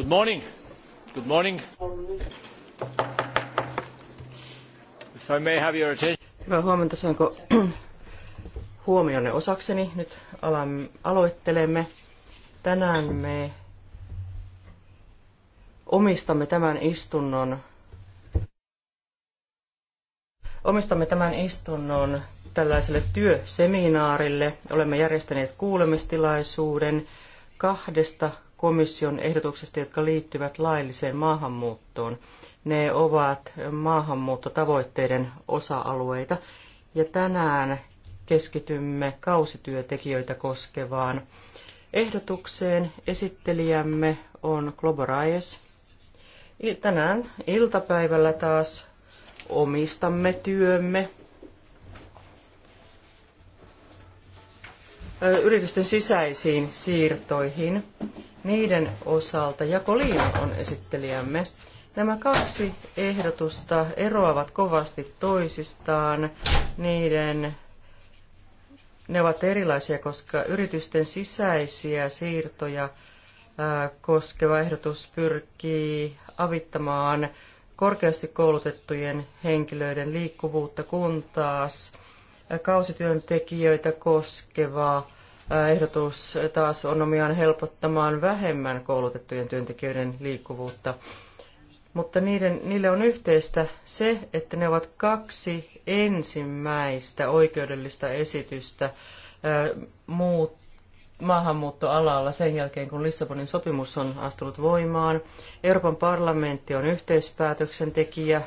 Good morning. Good morning. If I may have your attention. Hyvää huomenta, saanko huomionne osakseni. Nyt aloittelemme. Tänään me omistamme tämän istunnon omistamme tämän istunnon tällaiselle työseminaarille. Olemme järjestäneet kuulemistilaisuuden kahdesta komission ehdotuksista, jotka liittyvät lailliseen maahanmuuttoon. Ne ovat maahanmuuttotavoitteiden osa-alueita. Ja tänään keskitymme kausityötekijöitä koskevaan ehdotukseen. Esittelijämme on Globoraes. Tänään iltapäivällä taas omistamme työmme yritysten sisäisiin siirtoihin. Niiden osalta Jakoliina on esittelijämme. Nämä kaksi ehdotusta eroavat kovasti toisistaan. Niiden, ne ovat erilaisia, koska yritysten sisäisiä siirtoja koskeva ehdotus pyrkii avittamaan korkeasti koulutettujen henkilöiden liikkuvuutta, kun taas – kausityöntekijöitä koskeva ehdotus taas on omiaan helpottamaan vähemmän koulutettujen työntekijöiden liikkuvuutta. Mutta niiden, niille on yhteistä se, että ne ovat kaksi ensimmäistä oikeudellista esitystä muut, maahanmuuttoalalla sen jälkeen, kun Lissabonin sopimus on astunut voimaan. Euroopan parlamentti on yhteispäätöksentekijä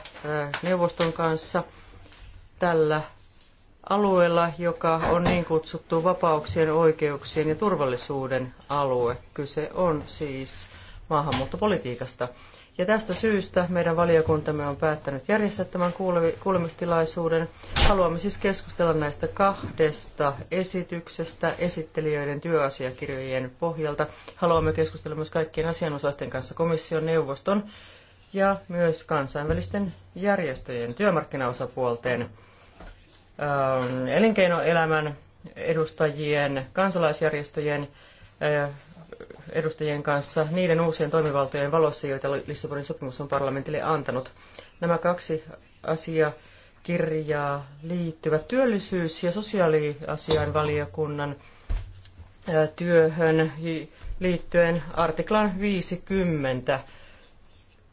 neuvoston kanssa tällä alueella, joka on niin kutsuttu vapauksien, oikeuksien ja turvallisuuden alue. Kyse on siis maahanmuuttopolitiikasta. Ja tästä syystä meidän valiokuntamme on päättänyt järjestää tämän kuulemistilaisuuden. Haluamme siis keskustella näistä kahdesta esityksestä esittelijöiden työasiakirjojen pohjalta. Haluamme keskustella myös kaikkien asianosaisten kanssa komission neuvoston ja myös kansainvälisten järjestöjen työmarkkinaosapuolten Ähm, elinkeinoelämän edustajien, kansalaisjärjestöjen äh, edustajien kanssa niiden uusien toimivaltojen valossa, joita Lissabonin sopimus on parlamentille antanut. Nämä kaksi asiakirjaa liittyvät työllisyys- ja sosiaaliasiainvaliokunnan äh, työhön liittyen artiklan 50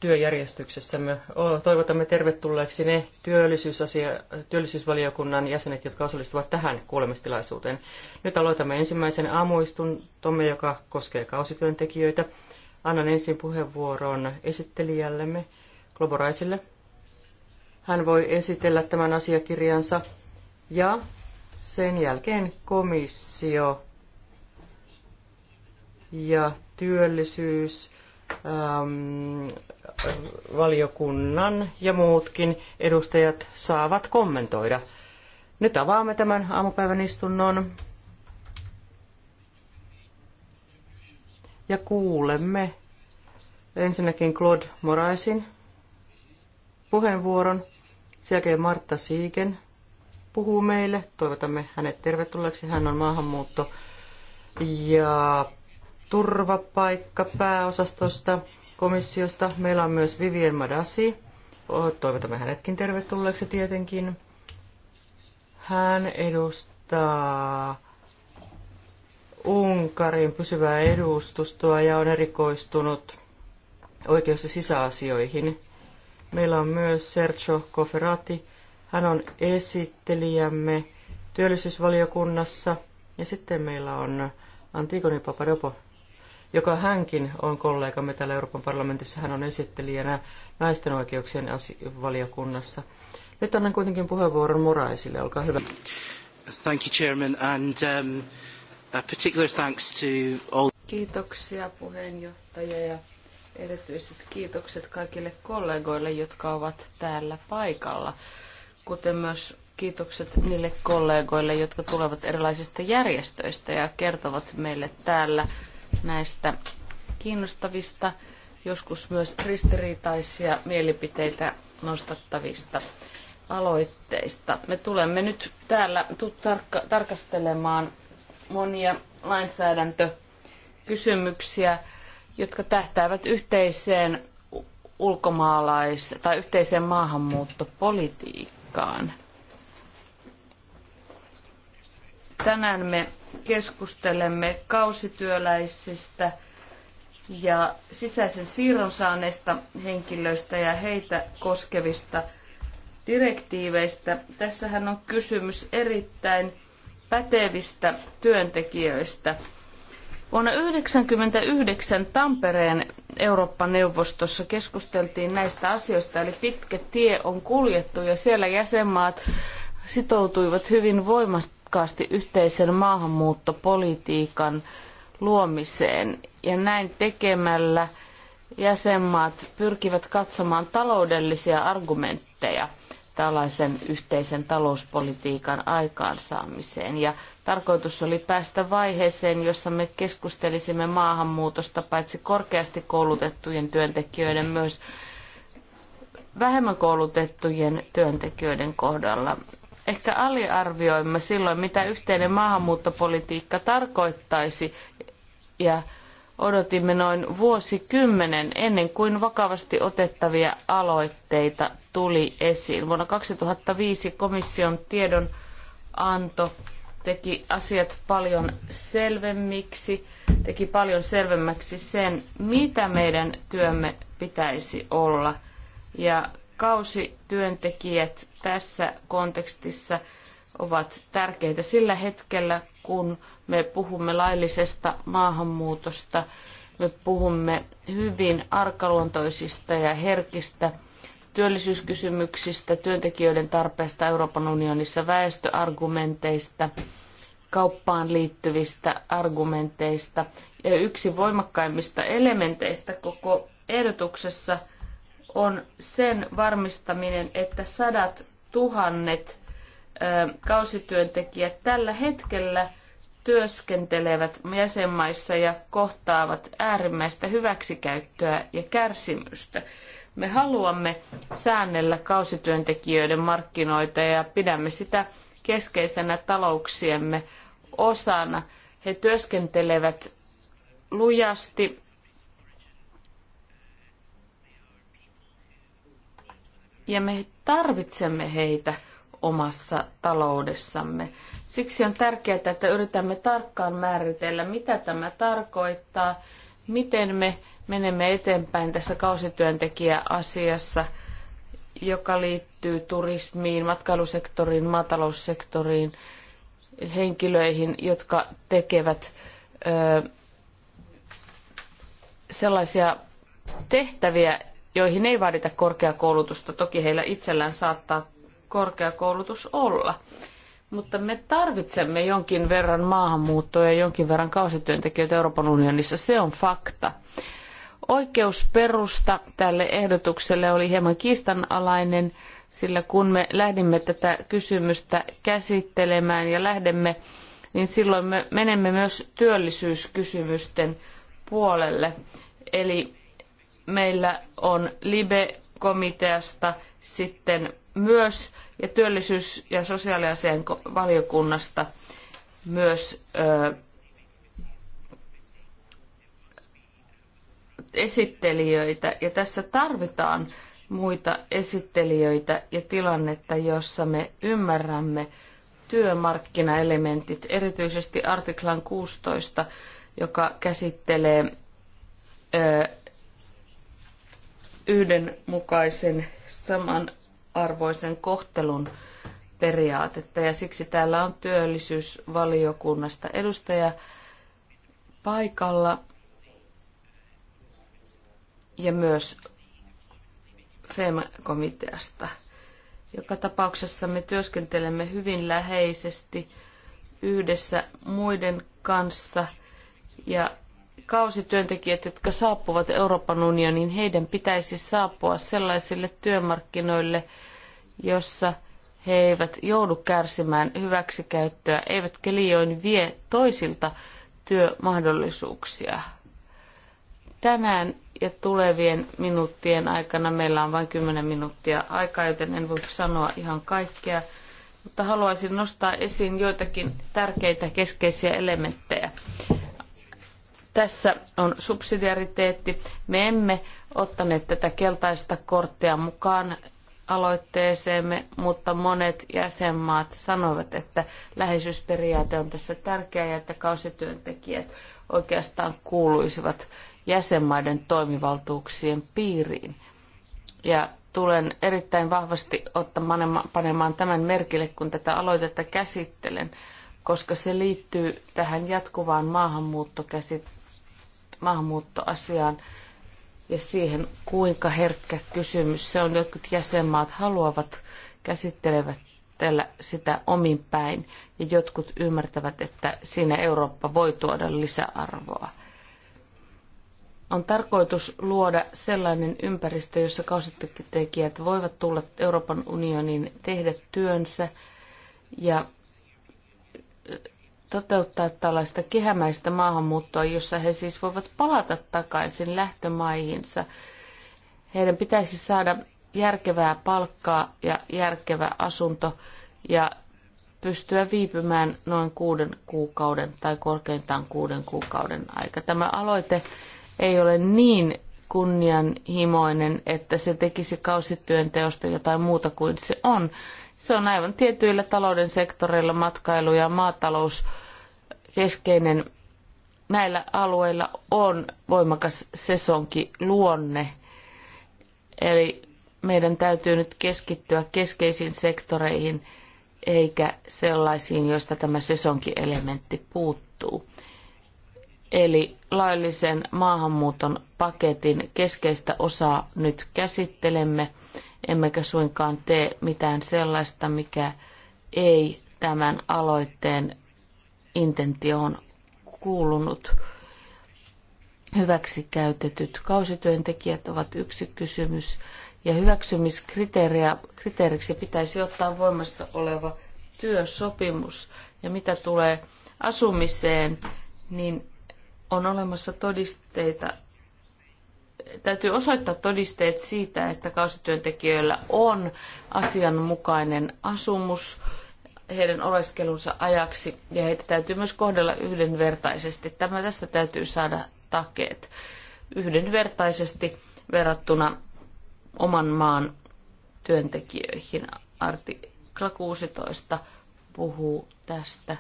työjärjestyksessämme. Toivotamme tervetulleeksi ne työllisyysasia, työllisyysvaliokunnan jäsenet, jotka osallistuvat tähän kuulemistilaisuuteen. Nyt aloitamme ensimmäisen aamuistuntomme, joka koskee kausityöntekijöitä. Annan ensin puheenvuoron esittelijällemme Globoraisille. Hän voi esitellä tämän asiakirjansa ja sen jälkeen komissio ja työllisyys Ähm, valiokunnan ja muutkin edustajat saavat kommentoida. Nyt avaamme tämän aamupäivän istunnon ja kuulemme ensinnäkin Claude Moraisin puheenvuoron. Sen jälkeen Martta Siiken puhuu meille. Toivotamme hänet tervetulleeksi. Hän on maahanmuutto- ja turvapaikka pääosastosta komissiosta. Meillä on myös Vivien Madasi. Toivotamme hänetkin tervetulleeksi tietenkin. Hän edustaa Unkarin pysyvää edustustoa ja on erikoistunut oikeus- ja sisäasioihin. Meillä on myös Sergio Koferati. Hän on esittelijämme työllisyysvaliokunnassa. Ja sitten meillä on Antigoni Papadopo, joka hänkin on kollegamme täällä Euroopan parlamentissa. Hän on esittelijänä naisten oikeuksien valiokunnassa. Nyt annan kuitenkin puheenvuoron Moraisille. Olkaa hyvä. Thank you, Chairman, and um, a particular thanks to all... Kiitoksia puheenjohtaja ja erityiset kiitokset kaikille kollegoille, jotka ovat täällä paikalla, kuten myös kiitokset niille kollegoille, jotka tulevat erilaisista järjestöistä ja kertovat meille täällä näistä kiinnostavista, joskus myös ristiriitaisia mielipiteitä nostattavista aloitteista. Me tulemme nyt täällä tarkka- tarkastelemaan monia lainsäädäntökysymyksiä, jotka tähtäävät yhteiseen ulkomaalais- tai yhteiseen maahanmuuttopolitiikkaan. Tänään me keskustelemme kausityöläisistä ja sisäisen siirron saaneista henkilöistä ja heitä koskevista direktiiveistä. Tässähän on kysymys erittäin pätevistä työntekijöistä. Vuonna 1999 Tampereen Eurooppa-neuvostossa keskusteltiin näistä asioista, eli pitkä tie on kuljettu ja siellä jäsenmaat sitoutuivat hyvin voimakkaasti yhteisen maahanmuuttopolitiikan luomiseen. Ja näin tekemällä jäsenmaat pyrkivät katsomaan taloudellisia argumentteja tällaisen yhteisen talouspolitiikan aikaansaamiseen. Ja tarkoitus oli päästä vaiheeseen, jossa me keskustelisimme maahanmuutosta paitsi korkeasti koulutettujen työntekijöiden myös vähemmän koulutettujen työntekijöiden kohdalla ehkä aliarvioimme silloin, mitä yhteinen maahanmuuttopolitiikka tarkoittaisi ja odotimme noin vuosikymmenen ennen kuin vakavasti otettavia aloitteita tuli esiin. Vuonna 2005 komission tiedonanto teki asiat paljon selvemmiksi, teki paljon selvemmäksi sen, mitä meidän työmme pitäisi olla. Ja Kausityöntekijät tässä kontekstissa ovat tärkeitä sillä hetkellä, kun me puhumme laillisesta maahanmuutosta. Me puhumme hyvin arkaluontoisista ja herkistä työllisyyskysymyksistä, työntekijöiden tarpeesta Euroopan unionissa, väestöargumenteista, kauppaan liittyvistä argumenteista. Ja yksi voimakkaimmista elementeistä koko ehdotuksessa – on sen varmistaminen, että sadat tuhannet kausityöntekijät tällä hetkellä työskentelevät jäsenmaissa ja kohtaavat äärimmäistä hyväksikäyttöä ja kärsimystä. Me haluamme säännellä kausityöntekijöiden markkinoita ja pidämme sitä keskeisenä talouksiemme osana. He työskentelevät lujasti ja me tarvitsemme heitä omassa taloudessamme. Siksi on tärkeää, että yritämme tarkkaan määritellä, mitä tämä tarkoittaa, miten me menemme eteenpäin tässä kausityöntekijäasiassa, joka liittyy turismiin, matkailusektoriin, maataloussektoriin, henkilöihin, jotka tekevät ö, sellaisia tehtäviä, joihin ei vaadita korkeakoulutusta. Toki heillä itsellään saattaa korkeakoulutus olla. Mutta me tarvitsemme jonkin verran maahanmuuttoa ja jonkin verran kausityöntekijöitä Euroopan unionissa. Se on fakta. Oikeusperusta tälle ehdotukselle oli hieman kiistanalainen, sillä kun me lähdimme tätä kysymystä käsittelemään ja lähdemme, niin silloin me menemme myös työllisyyskysymysten puolelle. Eli meillä on LIBE-komiteasta sitten myös ja työllisyys- ja sosiaaliasian valiokunnasta myös ö, esittelijöitä. Ja tässä tarvitaan muita esittelijöitä ja tilannetta, jossa me ymmärrämme työmarkkinaelementit, erityisesti artiklan 16, joka käsittelee ö, yhdenmukaisen samanarvoisen kohtelun periaatetta ja siksi täällä on työllisyysvaliokunnasta edustaja paikalla ja myös fema komiteasta Joka tapauksessa me työskentelemme hyvin läheisesti yhdessä muiden kanssa ja kausityöntekijät, jotka saapuvat Euroopan unioniin, heidän pitäisi saapua sellaisille työmarkkinoille, jossa he eivät joudu kärsimään hyväksikäyttöä, eivätkä liioin vie toisilta työmahdollisuuksia. Tänään ja tulevien minuuttien aikana meillä on vain 10 minuuttia aikaa, joten en voi sanoa ihan kaikkea, mutta haluaisin nostaa esiin joitakin tärkeitä keskeisiä elementtejä. Tässä on subsidiariteetti. Me emme ottaneet tätä keltaista korttia mukaan aloitteeseemme, mutta monet jäsenmaat sanovat, että läheisyysperiaate on tässä tärkeä ja että kausityöntekijät oikeastaan kuuluisivat jäsenmaiden toimivaltuuksien piiriin. Ja tulen erittäin vahvasti ottamaan panemaan tämän merkille, kun tätä aloitetta käsittelen, koska se liittyy tähän jatkuvaan maahanmuuttokäsitteeseen maahanmuuttoasiaan ja siihen, kuinka herkkä kysymys se on. Jotkut jäsenmaat haluavat käsittelevät tällä sitä omin päin ja jotkut ymmärtävät, että siinä Eurooppa voi tuoda lisäarvoa. On tarkoitus luoda sellainen ympäristö, jossa kausityöntekijät voivat tulla Euroopan unioniin tehdä työnsä ja toteuttaa tällaista kehämäistä maahanmuuttoa, jossa he siis voivat palata takaisin lähtömaihinsa. Heidän pitäisi saada järkevää palkkaa ja järkevä asunto ja pystyä viipymään noin kuuden kuukauden tai korkeintaan kuuden kuukauden aika. Tämä aloite ei ole niin kunnianhimoinen, että se tekisi kausityönteosta jotain muuta kuin se on. Se on aivan tietyillä talouden sektoreilla, matkailu ja maatalous keskeinen näillä alueilla on voimakas sesonki luonne. Eli meidän täytyy nyt keskittyä keskeisiin sektoreihin eikä sellaisiin, joista tämä sesonkielementti puuttuu. Eli laillisen maahanmuuton paketin keskeistä osaa nyt käsittelemme, emmekä suinkaan tee mitään sellaista, mikä ei tämän aloitteen intentio on kuulunut. Hyväksi käytetyt kausityöntekijät ovat yksi kysymys ja hyväksymiskriteeriksi pitäisi ottaa voimassa oleva työsopimus. Ja mitä tulee asumiseen, niin on olemassa todisteita, täytyy osoittaa todisteet siitä, että kausityöntekijöillä on asianmukainen asumus heidän oleskelunsa ajaksi ja heitä täytyy myös kohdella yhdenvertaisesti. Tämä tästä täytyy saada takeet yhdenvertaisesti verrattuna oman maan työntekijöihin. Artikla 16 puhuu tästä.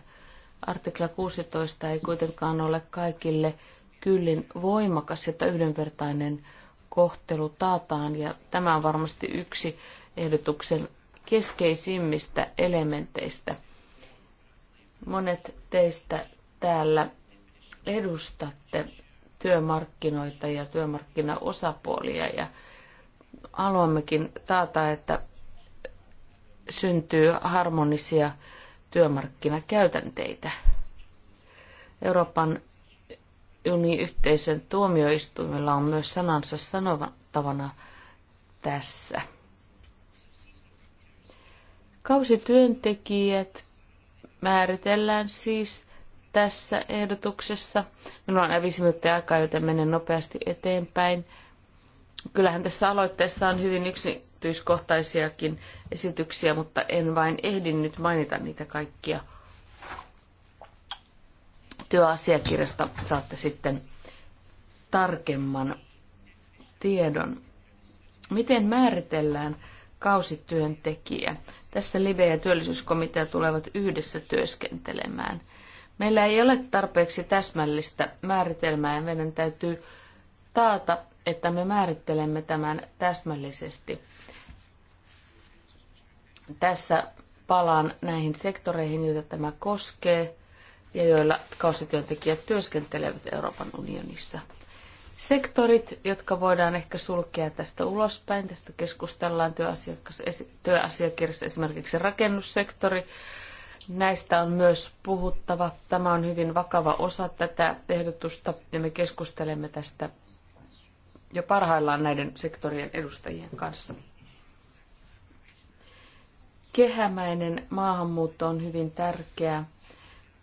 Artikla 16 ei kuitenkaan ole kaikille kyllin voimakas, että yhdenvertainen kohtelu taataan ja tämä on varmasti yksi ehdotuksen keskeisimmistä elementeistä. Monet teistä täällä edustatte työmarkkinoita ja työmarkkinaosapuolia ja haluammekin taata, että syntyy harmonisia työmarkkinakäytänteitä. Euroopan uniyhteisön tuomioistuimella on myös sanansa sanottavana tässä. Kausityöntekijät määritellään siis tässä ehdotuksessa. Minulla on viisi minuuttia aikaa, joten menen nopeasti eteenpäin. Kyllähän tässä aloitteessa on hyvin yksityiskohtaisiakin esityksiä, mutta en vain ehdi nyt mainita niitä kaikkia. Työasiakirjasta saatte sitten tarkemman tiedon. Miten määritellään kausityöntekijä? Tässä Libe- ja työllisyyskomitea tulevat yhdessä työskentelemään. Meillä ei ole tarpeeksi täsmällistä määritelmää ja meidän täytyy taata, että me määrittelemme tämän täsmällisesti. Tässä palaan näihin sektoreihin, joita tämä koskee ja joilla kausityöntekijät työskentelevät Euroopan unionissa sektorit, jotka voidaan ehkä sulkea tästä ulospäin. Tästä keskustellaan työasiakirjassa esimerkiksi rakennussektori. Näistä on myös puhuttava. Tämä on hyvin vakava osa tätä ehdotusta ja me keskustelemme tästä jo parhaillaan näiden sektorien edustajien kanssa. Kehämäinen maahanmuutto on hyvin tärkeää.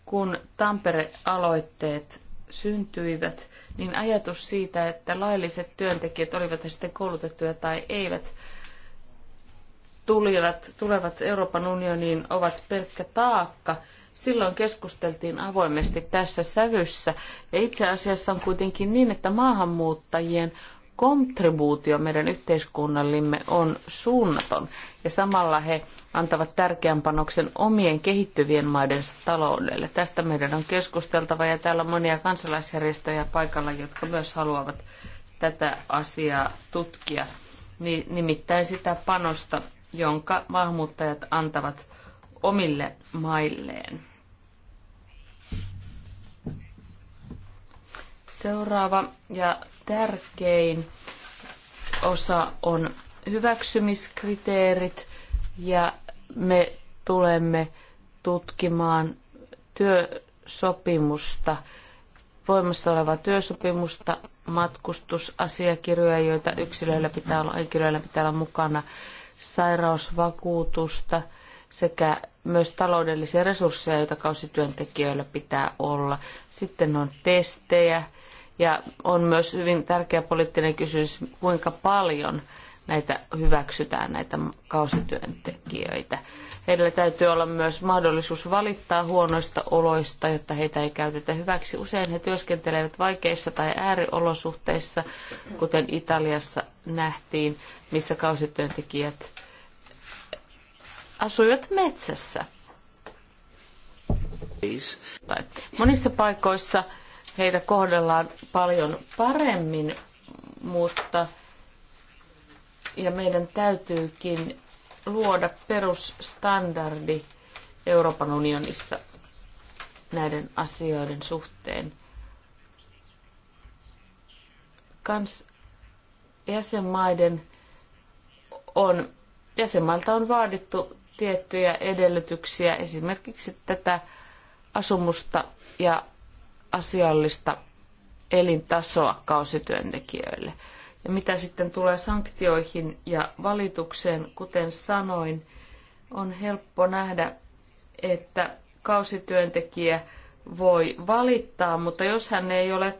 Kun Tampere-aloitteet syntyivät, niin ajatus siitä, että lailliset työntekijät, olivat he sitten koulutettuja tai eivät, tulivat, tulevat Euroopan unioniin, ovat pelkkä taakka. Silloin keskusteltiin avoimesti tässä sävyssä. Ja itse asiassa on kuitenkin niin, että maahanmuuttajien kontribuutio meidän yhteiskunnallimme on suunnaton ja samalla he antavat tärkeän panoksen omien kehittyvien maiden taloudelle. Tästä meidän on keskusteltava ja täällä on monia kansalaisjärjestöjä paikalla, jotka myös haluavat tätä asiaa tutkia. Nimittäin sitä panosta, jonka maahanmuuttajat antavat omille mailleen. Seuraava ja tärkein osa on hyväksymiskriteerit ja me tulemme tutkimaan työsopimusta, voimassa olevaa työsopimusta, matkustusasiakirjoja, joita yksilöillä pitää olla, henkilöillä pitää olla mukana, sairausvakuutusta sekä myös taloudellisia resursseja, joita kausityöntekijöillä pitää olla. Sitten on testejä ja on myös hyvin tärkeä poliittinen kysymys, kuinka paljon näitä hyväksytään, näitä kausityöntekijöitä. Heillä täytyy olla myös mahdollisuus valittaa huonoista oloista, jotta heitä ei käytetä hyväksi. Usein he työskentelevät vaikeissa tai ääriolosuhteissa, kuten Italiassa nähtiin, missä kausityöntekijät asuivat metsässä. Monissa paikoissa heitä kohdellaan paljon paremmin, mutta ja meidän täytyykin luoda perusstandardi Euroopan unionissa näiden asioiden suhteen. Kans jäsenmaiden on, jäsenmailta on vaadittu tiettyjä edellytyksiä, esimerkiksi tätä asumusta ja asiallista elintasoa kausityöntekijöille. Mitä sitten tulee sanktioihin ja valitukseen, kuten sanoin, on helppo nähdä, että kausityöntekijä voi valittaa, mutta jos hän ei ole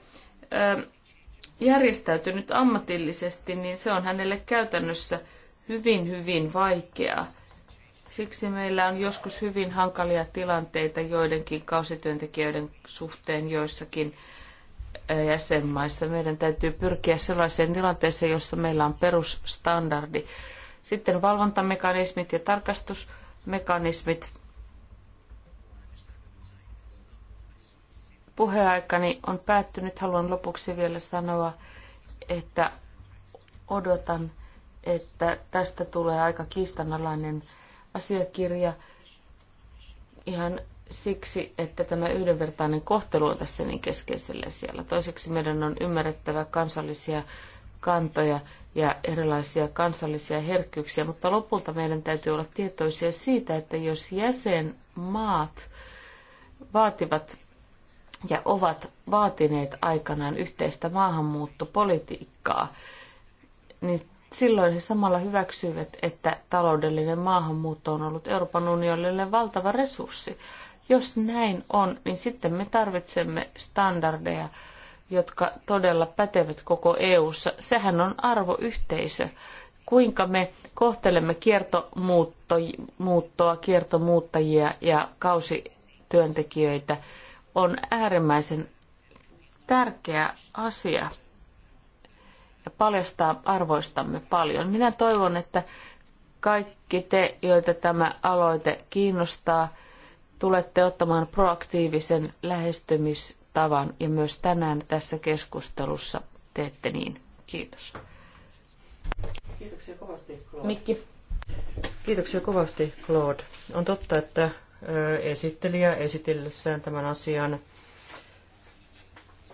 järjestäytynyt ammatillisesti, niin se on hänelle käytännössä hyvin, hyvin vaikeaa. Siksi meillä on joskus hyvin hankalia tilanteita joidenkin kausityöntekijöiden suhteen joissakin jäsenmaissa. Meidän täytyy pyrkiä sellaiseen tilanteeseen, jossa meillä on perusstandardi. Sitten valvontamekanismit ja tarkastusmekanismit. Puheaikani on päättynyt. Haluan lopuksi vielä sanoa, että odotan, että tästä tulee aika kiistanalainen asiakirja. Ihan siksi, että tämä yhdenvertainen kohtelu on tässä niin keskeisellä siellä. Toiseksi meidän on ymmärrettävä kansallisia kantoja ja erilaisia kansallisia herkkyyksiä, mutta lopulta meidän täytyy olla tietoisia siitä, että jos jäsenmaat vaativat ja ovat vaatineet aikanaan yhteistä maahanmuuttopolitiikkaa, niin silloin he samalla hyväksyivät, että taloudellinen maahanmuutto on ollut Euroopan unionille valtava resurssi. Jos näin on, niin sitten me tarvitsemme standardeja, jotka todella pätevät koko EU:ssa. Sehän on arvoyhteisö. Kuinka me kohtelemme kiertomuuttoa, kiertomuuttajia ja kausityöntekijöitä on äärimmäisen tärkeä asia ja paljastaa arvoistamme paljon. Minä toivon, että kaikki te, joita tämä aloite kiinnostaa, tulette ottamaan proaktiivisen lähestymistavan ja myös tänään tässä keskustelussa teette niin. Kiitos. Kiitoksia kovasti, Claude. Mikki. Kiitoksia kovasti, Claude. On totta, että esittelijä esitellessään tämän asian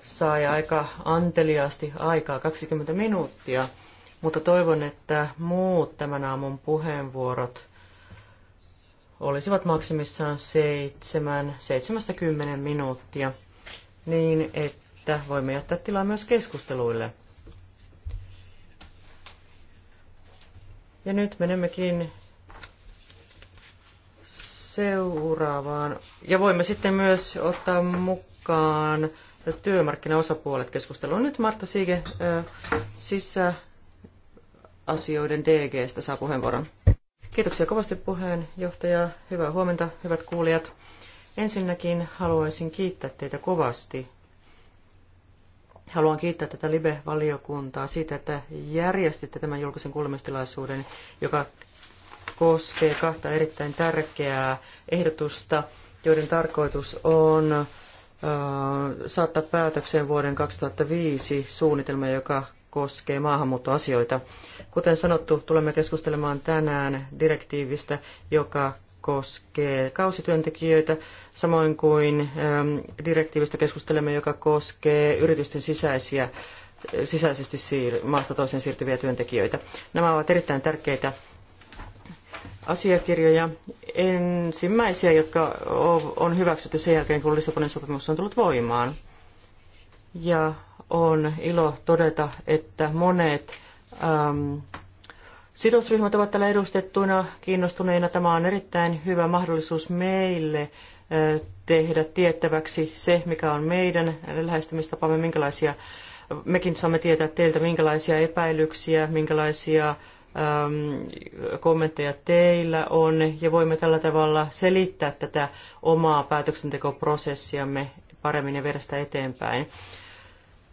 sai aika anteliaasti aikaa, 20 minuuttia, mutta toivon, että muut tämän aamun puheenvuorot – olisivat maksimissaan seitsemän, seitsemästä kymmenen minuuttia, niin että voimme jättää tilaa myös keskusteluille. Ja nyt menemmekin seuraavaan. Ja voimme sitten myös ottaa mukaan työmarkkinaosapuolet keskusteluun. Nyt Martta Siige äh, sisäasioiden DGstä saa puheenvuoron. Kiitoksia kovasti puheenjohtaja. Hyvää huomenta, hyvät kuulijat. Ensinnäkin haluaisin kiittää teitä kovasti. Haluan kiittää tätä Libe-valiokuntaa siitä, että järjestitte tämän julkisen kuulemistilaisuuden, joka koskee kahta erittäin tärkeää ehdotusta, joiden tarkoitus on äh, saattaa päätökseen vuoden 2005 suunnitelma, joka koskee maahanmuuttoasioita. Kuten sanottu, tulemme keskustelemaan tänään direktiivistä, joka koskee kausityöntekijöitä, samoin kuin ähm, direktiivistä keskustelemme, joka koskee yritysten sisäisiä, äh, sisäisesti maasta toiseen siirtyviä työntekijöitä. Nämä ovat erittäin tärkeitä asiakirjoja, ensimmäisiä, jotka on hyväksytty sen jälkeen, kun Lissabonin sopimus on tullut voimaan ja on ilo todeta, että monet äm, sidosryhmät ovat täällä edustettuina kiinnostuneina. Tämä on erittäin hyvä mahdollisuus meille äh, tehdä tiettäväksi se, mikä on meidän lähestymistapamme, minkälaisia, mekin saamme tietää teiltä, minkälaisia epäilyksiä, minkälaisia äm, kommentteja teillä on, ja voimme tällä tavalla selittää tätä omaa päätöksentekoprosessiamme paremmin ja viedä sitä eteenpäin.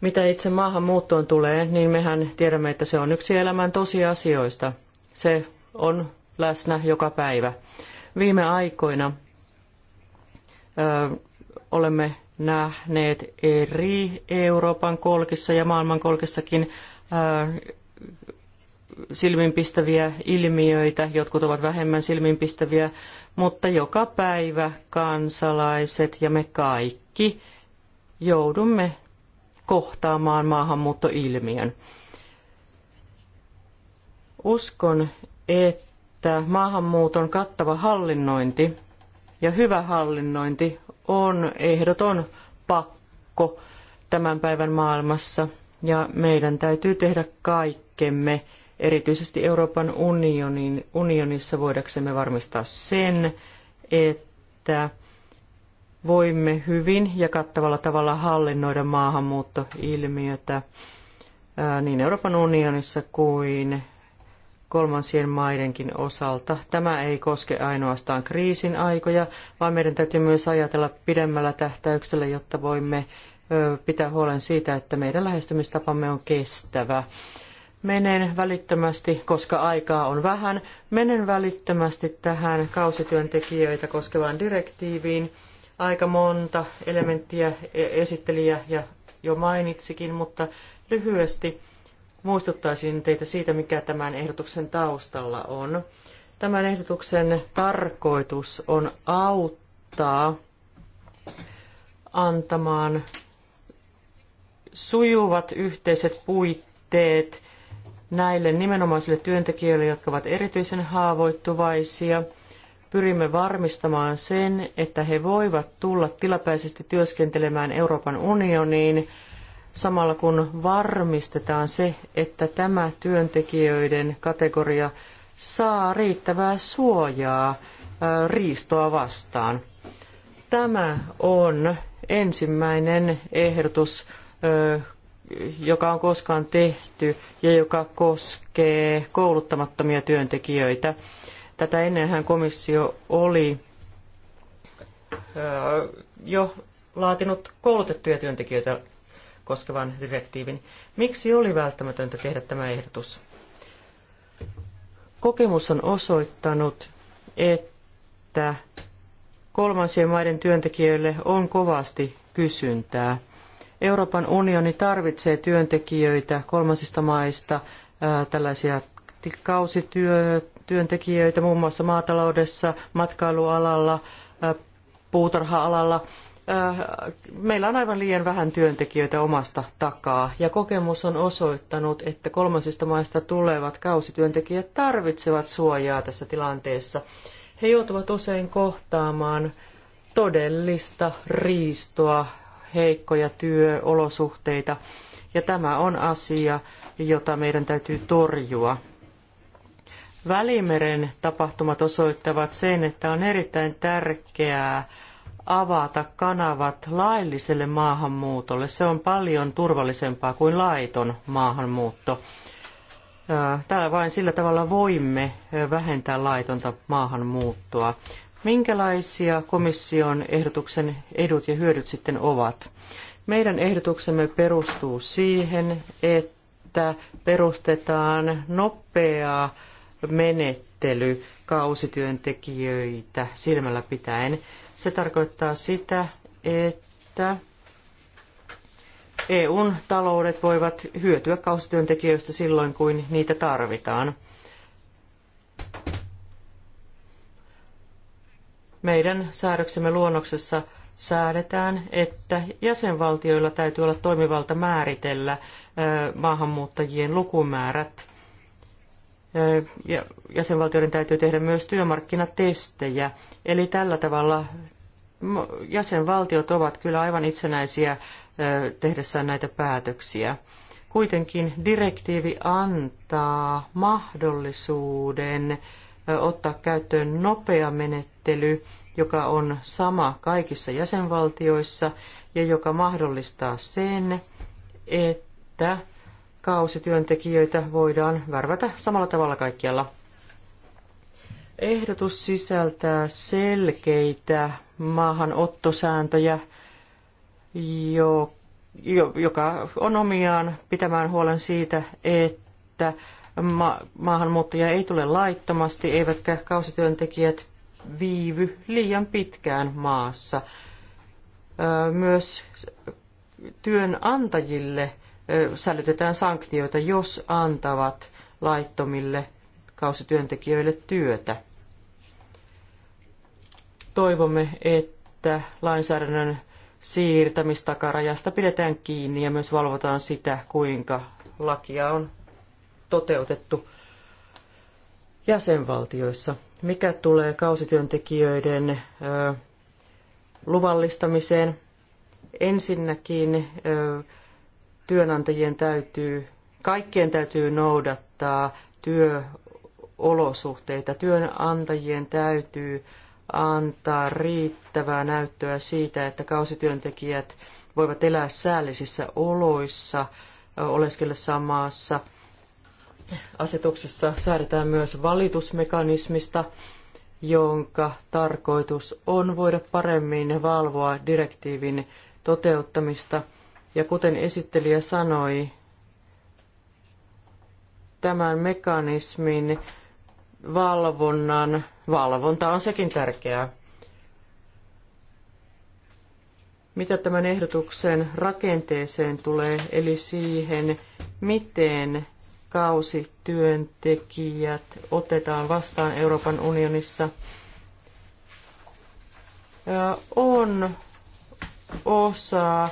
Mitä itse maahanmuuttoon tulee, niin mehän tiedämme, että se on yksi elämän tosiasioista. Se on läsnä joka päivä. Viime aikoina ö, olemme nähneet eri Euroopan kolkissa ja maailman kolkissakin ö, silminpistäviä ilmiöitä, jotkut ovat vähemmän silminpistäviä, mutta joka päivä kansalaiset ja me kaikki joudumme kohtaamaan maahanmuuttoilmiön. Uskon, että maahanmuuton kattava hallinnointi ja hyvä hallinnointi on ehdoton pakko tämän päivän maailmassa ja meidän täytyy tehdä kaikkemme, erityisesti Euroopan unionin, unionissa voidaksemme varmistaa sen, että voimme hyvin ja kattavalla tavalla hallinnoida maahanmuuttoilmiötä niin Euroopan unionissa kuin kolmansien maidenkin osalta. Tämä ei koske ainoastaan kriisin aikoja, vaan meidän täytyy myös ajatella pidemmällä tähtäyksellä, jotta voimme pitää huolen siitä, että meidän lähestymistapamme on kestävä. Menen välittömästi, koska aikaa on vähän, menen välittömästi tähän kausityöntekijöitä koskevaan direktiiviin. Aika monta elementtiä e- esittelijä ja jo mainitsikin, mutta lyhyesti muistuttaisin teitä siitä, mikä tämän ehdotuksen taustalla on. Tämän ehdotuksen tarkoitus on auttaa antamaan sujuvat yhteiset puitteet näille nimenomaisille työntekijöille, jotka ovat erityisen haavoittuvaisia – pyrimme varmistamaan sen, että he voivat tulla tilapäisesti työskentelemään Euroopan unioniin samalla kun varmistetaan se, että tämä työntekijöiden kategoria saa riittävää suojaa riistoa vastaan. Tämä on ensimmäinen ehdotus, joka on koskaan tehty ja joka koskee kouluttamattomia työntekijöitä. Tätä ennenhän komissio oli jo laatinut koulutettuja työntekijöitä koskevan direktiivin. Miksi oli välttämätöntä tehdä tämä ehdotus? Kokemus on osoittanut, että kolmansien maiden työntekijöille on kovasti kysyntää. Euroopan unioni tarvitsee työntekijöitä kolmansista maista, tällaisia kausityö, työntekijöitä muun muassa maataloudessa, matkailualalla, puutarha-alalla. Meillä on aivan liian vähän työntekijöitä omasta takaa ja kokemus on osoittanut, että kolmansista maista tulevat kausityöntekijät tarvitsevat suojaa tässä tilanteessa. He joutuvat usein kohtaamaan todellista riistoa, heikkoja työolosuhteita ja tämä on asia, jota meidän täytyy torjua. Välimeren tapahtumat osoittavat sen, että on erittäin tärkeää avata kanavat lailliselle maahanmuutolle. Se on paljon turvallisempaa kuin laiton maahanmuutto. Täällä vain sillä tavalla voimme vähentää laitonta maahanmuuttoa. Minkälaisia komission ehdotuksen edut ja hyödyt sitten ovat? Meidän ehdotuksemme perustuu siihen, että perustetaan nopeaa menettely kausityöntekijöitä silmällä pitäen. Se tarkoittaa sitä, että EUn taloudet voivat hyötyä kausityöntekijöistä silloin, kun niitä tarvitaan. Meidän säädöksemme luonnoksessa säädetään, että jäsenvaltioilla täytyy olla toimivalta määritellä maahanmuuttajien lukumäärät ja jäsenvaltioiden täytyy tehdä myös työmarkkinatestejä. Eli tällä tavalla jäsenvaltiot ovat kyllä aivan itsenäisiä tehdessään näitä päätöksiä. Kuitenkin direktiivi antaa mahdollisuuden ottaa käyttöön nopea menettely, joka on sama kaikissa jäsenvaltioissa ja joka mahdollistaa sen, että kausityöntekijöitä voidaan värvätä samalla tavalla kaikkialla. Ehdotus sisältää selkeitä maahanottosääntöjä, joka on omiaan pitämään huolen siitä, että ma- maahanmuuttaja ei tule laittomasti, eivätkä kausityöntekijät viivy liian pitkään maassa. Myös työnantajille – sälytetään sanktioita, jos antavat laittomille kausityöntekijöille työtä. Toivomme, että lainsäädännön siirtämistakarajasta pidetään kiinni ja myös valvotaan sitä, kuinka lakia on toteutettu jäsenvaltioissa. Mikä tulee kausityöntekijöiden luvallistamiseen? Ensinnäkin työnantajien täytyy, kaikkien täytyy noudattaa työolosuhteita. Työnantajien täytyy antaa riittävää näyttöä siitä, että kausityöntekijät voivat elää säällisissä oloissa oleskellessaan maassa. Asetuksessa säädetään myös valitusmekanismista, jonka tarkoitus on voida paremmin valvoa direktiivin toteuttamista – ja kuten esittelijä sanoi, tämän mekanismin valvonnan valvonta on sekin tärkeää. Mitä tämän ehdotuksen rakenteeseen tulee, eli siihen, miten kausityöntekijät otetaan vastaan Euroopan unionissa, on osa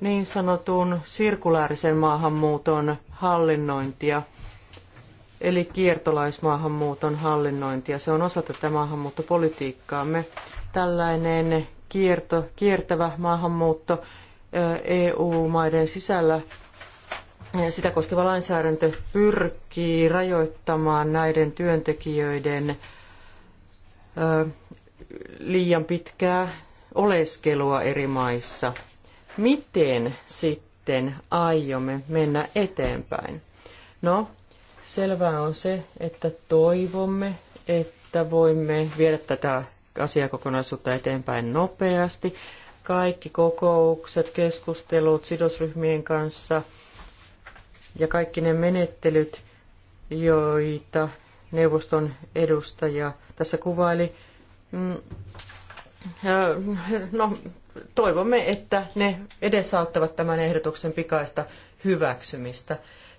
niin sanotun sirkulaarisen maahanmuuton hallinnointia, eli kiertolaismaahanmuuton hallinnointia. Se on osa tätä maahanmuuttopolitiikkaamme. Tällainen kierto, kiertävä maahanmuutto EU-maiden sisällä sitä koskeva lainsäädäntö pyrkii rajoittamaan näiden työntekijöiden liian pitkää oleskelua eri maissa – miten sitten aiomme mennä eteenpäin? No, selvää on se, että toivomme, että voimme viedä tätä asiakokonaisuutta eteenpäin nopeasti. Kaikki kokoukset, keskustelut sidosryhmien kanssa ja kaikki ne menettelyt, joita neuvoston edustaja tässä kuvaili, mm, no, toivomme, että ne edesauttavat tämän ehdotuksen pikaista hyväksymistä.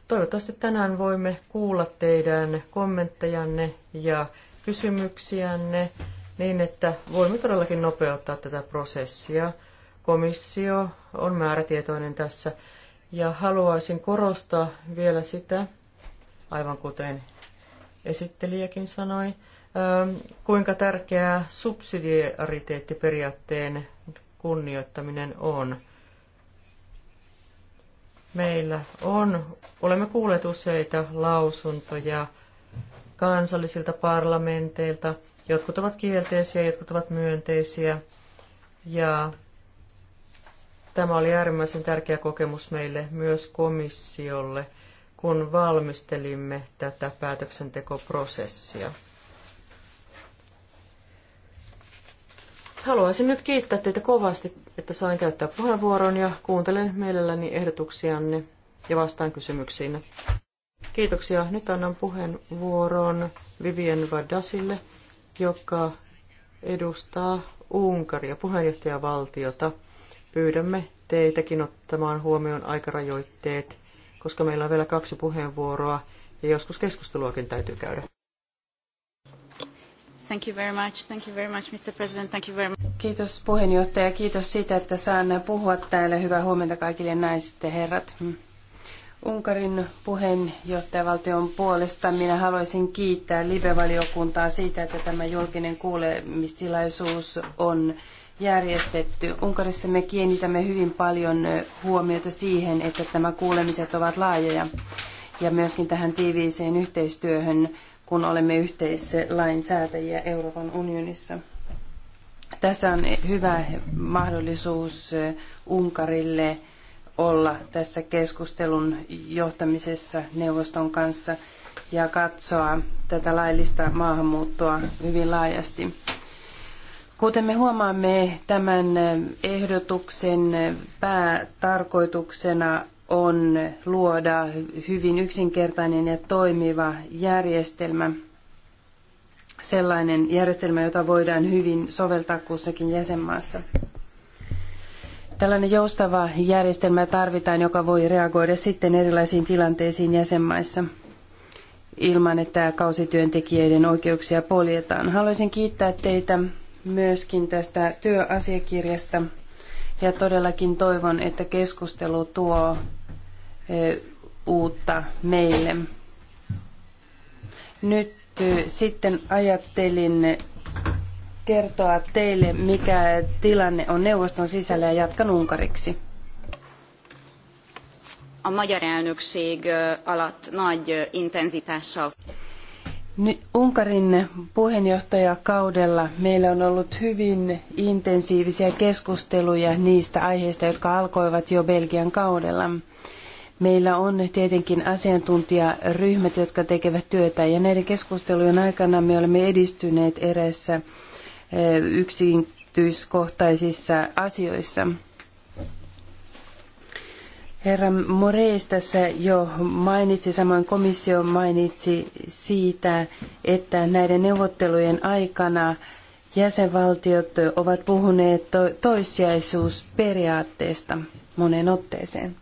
Toivottavasti tänään voimme kuulla teidän kommenttejanne ja kysymyksiänne niin, että voimme todellakin nopeuttaa tätä prosessia. Komissio on määrätietoinen tässä ja haluaisin korostaa vielä sitä, aivan kuten esittelijäkin sanoi, kuinka tärkeää subsidiariteettiperiaatteen kunnioittaminen on. Meillä on, olemme kuulleet useita lausuntoja kansallisilta parlamenteilta. Jotkut ovat kielteisiä, jotkut ovat myönteisiä. Ja tämä oli äärimmäisen tärkeä kokemus meille myös komissiolle, kun valmistelimme tätä päätöksentekoprosessia. Haluaisin nyt kiittää teitä kovasti, että sain käyttää puheenvuoron ja kuuntelen mielelläni ehdotuksianne ja vastaan kysymyksiin. Kiitoksia. Nyt annan puheenvuoron Vivien Vadasille, joka edustaa Unkaria puheenjohtajavaltiota. Pyydämme teitäkin ottamaan huomioon aikarajoitteet, koska meillä on vielä kaksi puheenvuoroa ja joskus keskusteluakin täytyy käydä. Thank you very much. Thank you very much, Mr. President. Thank you very much. Kiitos puheenjohtaja. Kiitos siitä, että saan puhua täällä. Hyvää huomenta kaikille naiset ja herrat. Hmm. Unkarin puheenjohtajavaltion puolesta minä haluaisin kiittää live-valiokuntaa siitä, että tämä julkinen kuulemistilaisuus on järjestetty. Unkarissa me kiinnitämme hyvin paljon huomiota siihen, että nämä kuulemiset ovat laajoja ja myöskin tähän tiiviiseen yhteistyöhön kun olemme yhteislainsäätäjiä Euroopan unionissa. Tässä on hyvä mahdollisuus Unkarille olla tässä keskustelun johtamisessa neuvoston kanssa ja katsoa tätä laillista maahanmuuttoa hyvin laajasti. Kuten me huomaamme, tämän ehdotuksen päätarkoituksena on luoda hyvin yksinkertainen ja toimiva järjestelmä, sellainen järjestelmä, jota voidaan hyvin soveltaa kussakin jäsenmaassa. Tällainen joustava järjestelmä tarvitaan, joka voi reagoida sitten erilaisiin tilanteisiin jäsenmaissa ilman, että kausityöntekijöiden oikeuksia poljetaan. Haluaisin kiittää teitä myöskin tästä työasiakirjasta ja todellakin toivon, että keskustelu tuo uutta meille. Nyt sitten ajattelin kertoa teille, mikä tilanne on neuvoston sisällä ja jatkan unkariksi. A magyar elnökség alatt nagy intenzitással. Unkarin puheenjohtajakaudella meillä on ollut hyvin intensiivisiä keskusteluja niistä aiheista, jotka alkoivat jo Belgian kaudella. Meillä on tietenkin asiantuntijaryhmät, jotka tekevät työtä ja näiden keskustelujen aikana me olemme edistyneet eräissä eh, yksityiskohtaisissa asioissa. Herra Moreis tässä jo mainitsi, samoin komissio mainitsi siitä, että näiden neuvottelujen aikana jäsenvaltiot ovat puhuneet toissijaisuusperiaatteesta moneen otteeseen.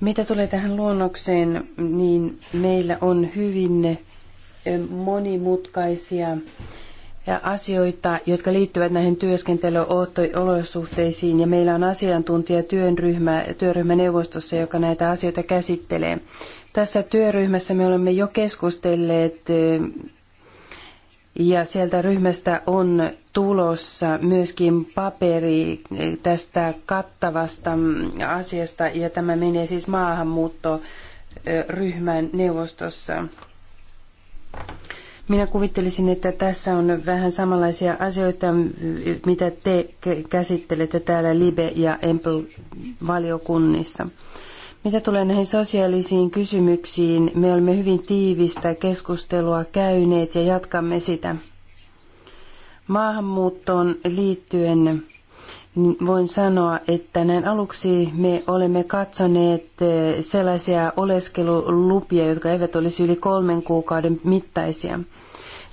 Mitä tulee tähän luonnokseen, niin meillä on hyvin eh, monimutkaisia eh, asioita, jotka liittyvät näihin työskentelyolosuhteisiin ja meillä on työryhmä, työryhmäneuvostossa, joka näitä asioita käsittelee. Tässä työryhmässä me olemme jo keskustelleet eh, ja sieltä ryhmästä on tulossa myöskin paperi tästä kattavasta asiasta, ja tämä menee siis maahanmuuttoryhmän neuvostossa. Minä kuvittelisin, että tässä on vähän samanlaisia asioita, mitä te käsittelette täällä Libe- ja Empel-valiokunnissa. Mitä tulee näihin sosiaalisiin kysymyksiin, me olemme hyvin tiivistä keskustelua käyneet ja jatkamme sitä. Maahanmuuttoon liittyen voin sanoa, että näin aluksi me olemme katsoneet eh, sellaisia oleskelulupia, jotka eivät olisi yli kolmen kuukauden mittaisia.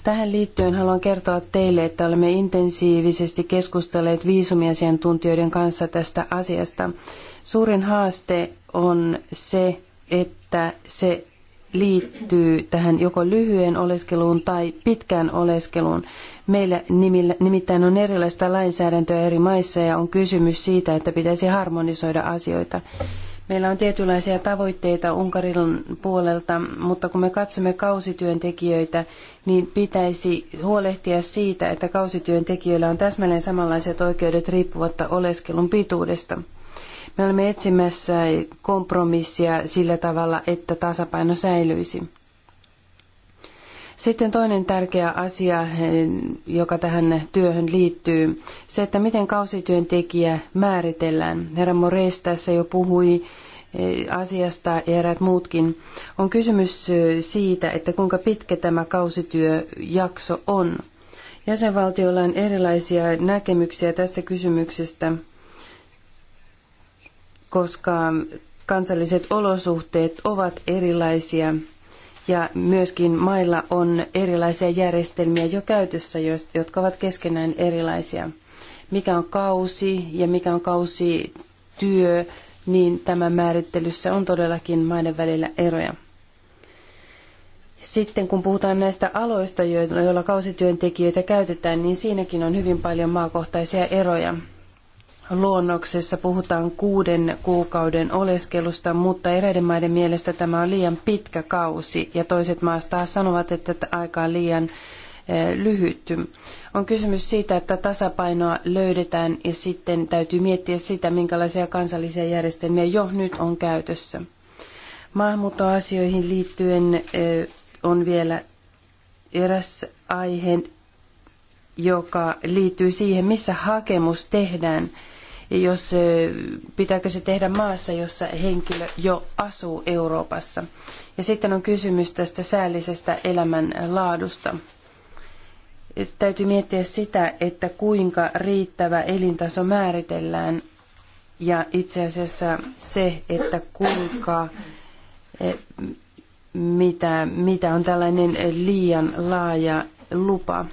Tähän liittyen haluan kertoa teille, että olemme intensiivisesti keskustelleet viisumiasiantuntijoiden kanssa tästä asiasta. Suurin haaste on se, että se liittyy tähän joko lyhyen oleskeluun tai pitkään oleskeluun. Meillä nimittäin on erilaista lainsäädäntöä eri maissa ja on kysymys siitä, että pitäisi harmonisoida asioita. Meillä on tietynlaisia tavoitteita Unkarin puolelta, mutta kun me katsomme kausityöntekijöitä, niin pitäisi huolehtia siitä, että kausityöntekijöillä on täsmälleen samanlaiset oikeudet riippuvatta oleskelun pituudesta. Me olemme etsimässä kompromissia sillä tavalla, että tasapaino säilyisi. Sitten toinen tärkeä asia, joka tähän työhön liittyy, se, että miten kausityöntekijä määritellään. Herra Mores tässä jo puhui eh, asiasta ja eräät muutkin. On kysymys eh, siitä, että kuinka pitkä tämä kausityöjakso on. Jäsenvaltioilla on erilaisia näkemyksiä tästä kysymyksestä – koska kansalliset olosuhteet ovat erilaisia ja myöskin mailla on erilaisia järjestelmiä jo käytössä, jotka ovat keskenään erilaisia. Mikä on kausi ja mikä on kausi työ, niin tämän määrittelyssä on todellakin maiden välillä eroja. Sitten kun puhutaan näistä aloista, joilla kausityöntekijöitä käytetään, niin siinäkin on hyvin paljon maakohtaisia eroja luonnoksessa puhutaan kuuden kuukauden oleskelusta, mutta eräiden maiden mielestä tämä on liian pitkä kausi ja toiset maat taas sanovat, että aika on liian eh, lyhyt. On kysymys siitä, että tasapainoa löydetään ja sitten täytyy miettiä sitä, minkälaisia kansallisia järjestelmiä jo nyt on käytössä. Maahanmuuttoasioihin liittyen eh, on vielä eräs aihe, joka liittyy siihen, missä hakemus tehdään jos pitääkö se tehdä maassa, jossa henkilö jo asuu Euroopassa. Ja sitten on kysymys tästä säällisestä elämänlaadusta. Täytyy miettiä sitä, että kuinka riittävä elintaso määritellään ja itse asiassa se, että kuinka mitä, mitä on tällainen liian laaja lupa.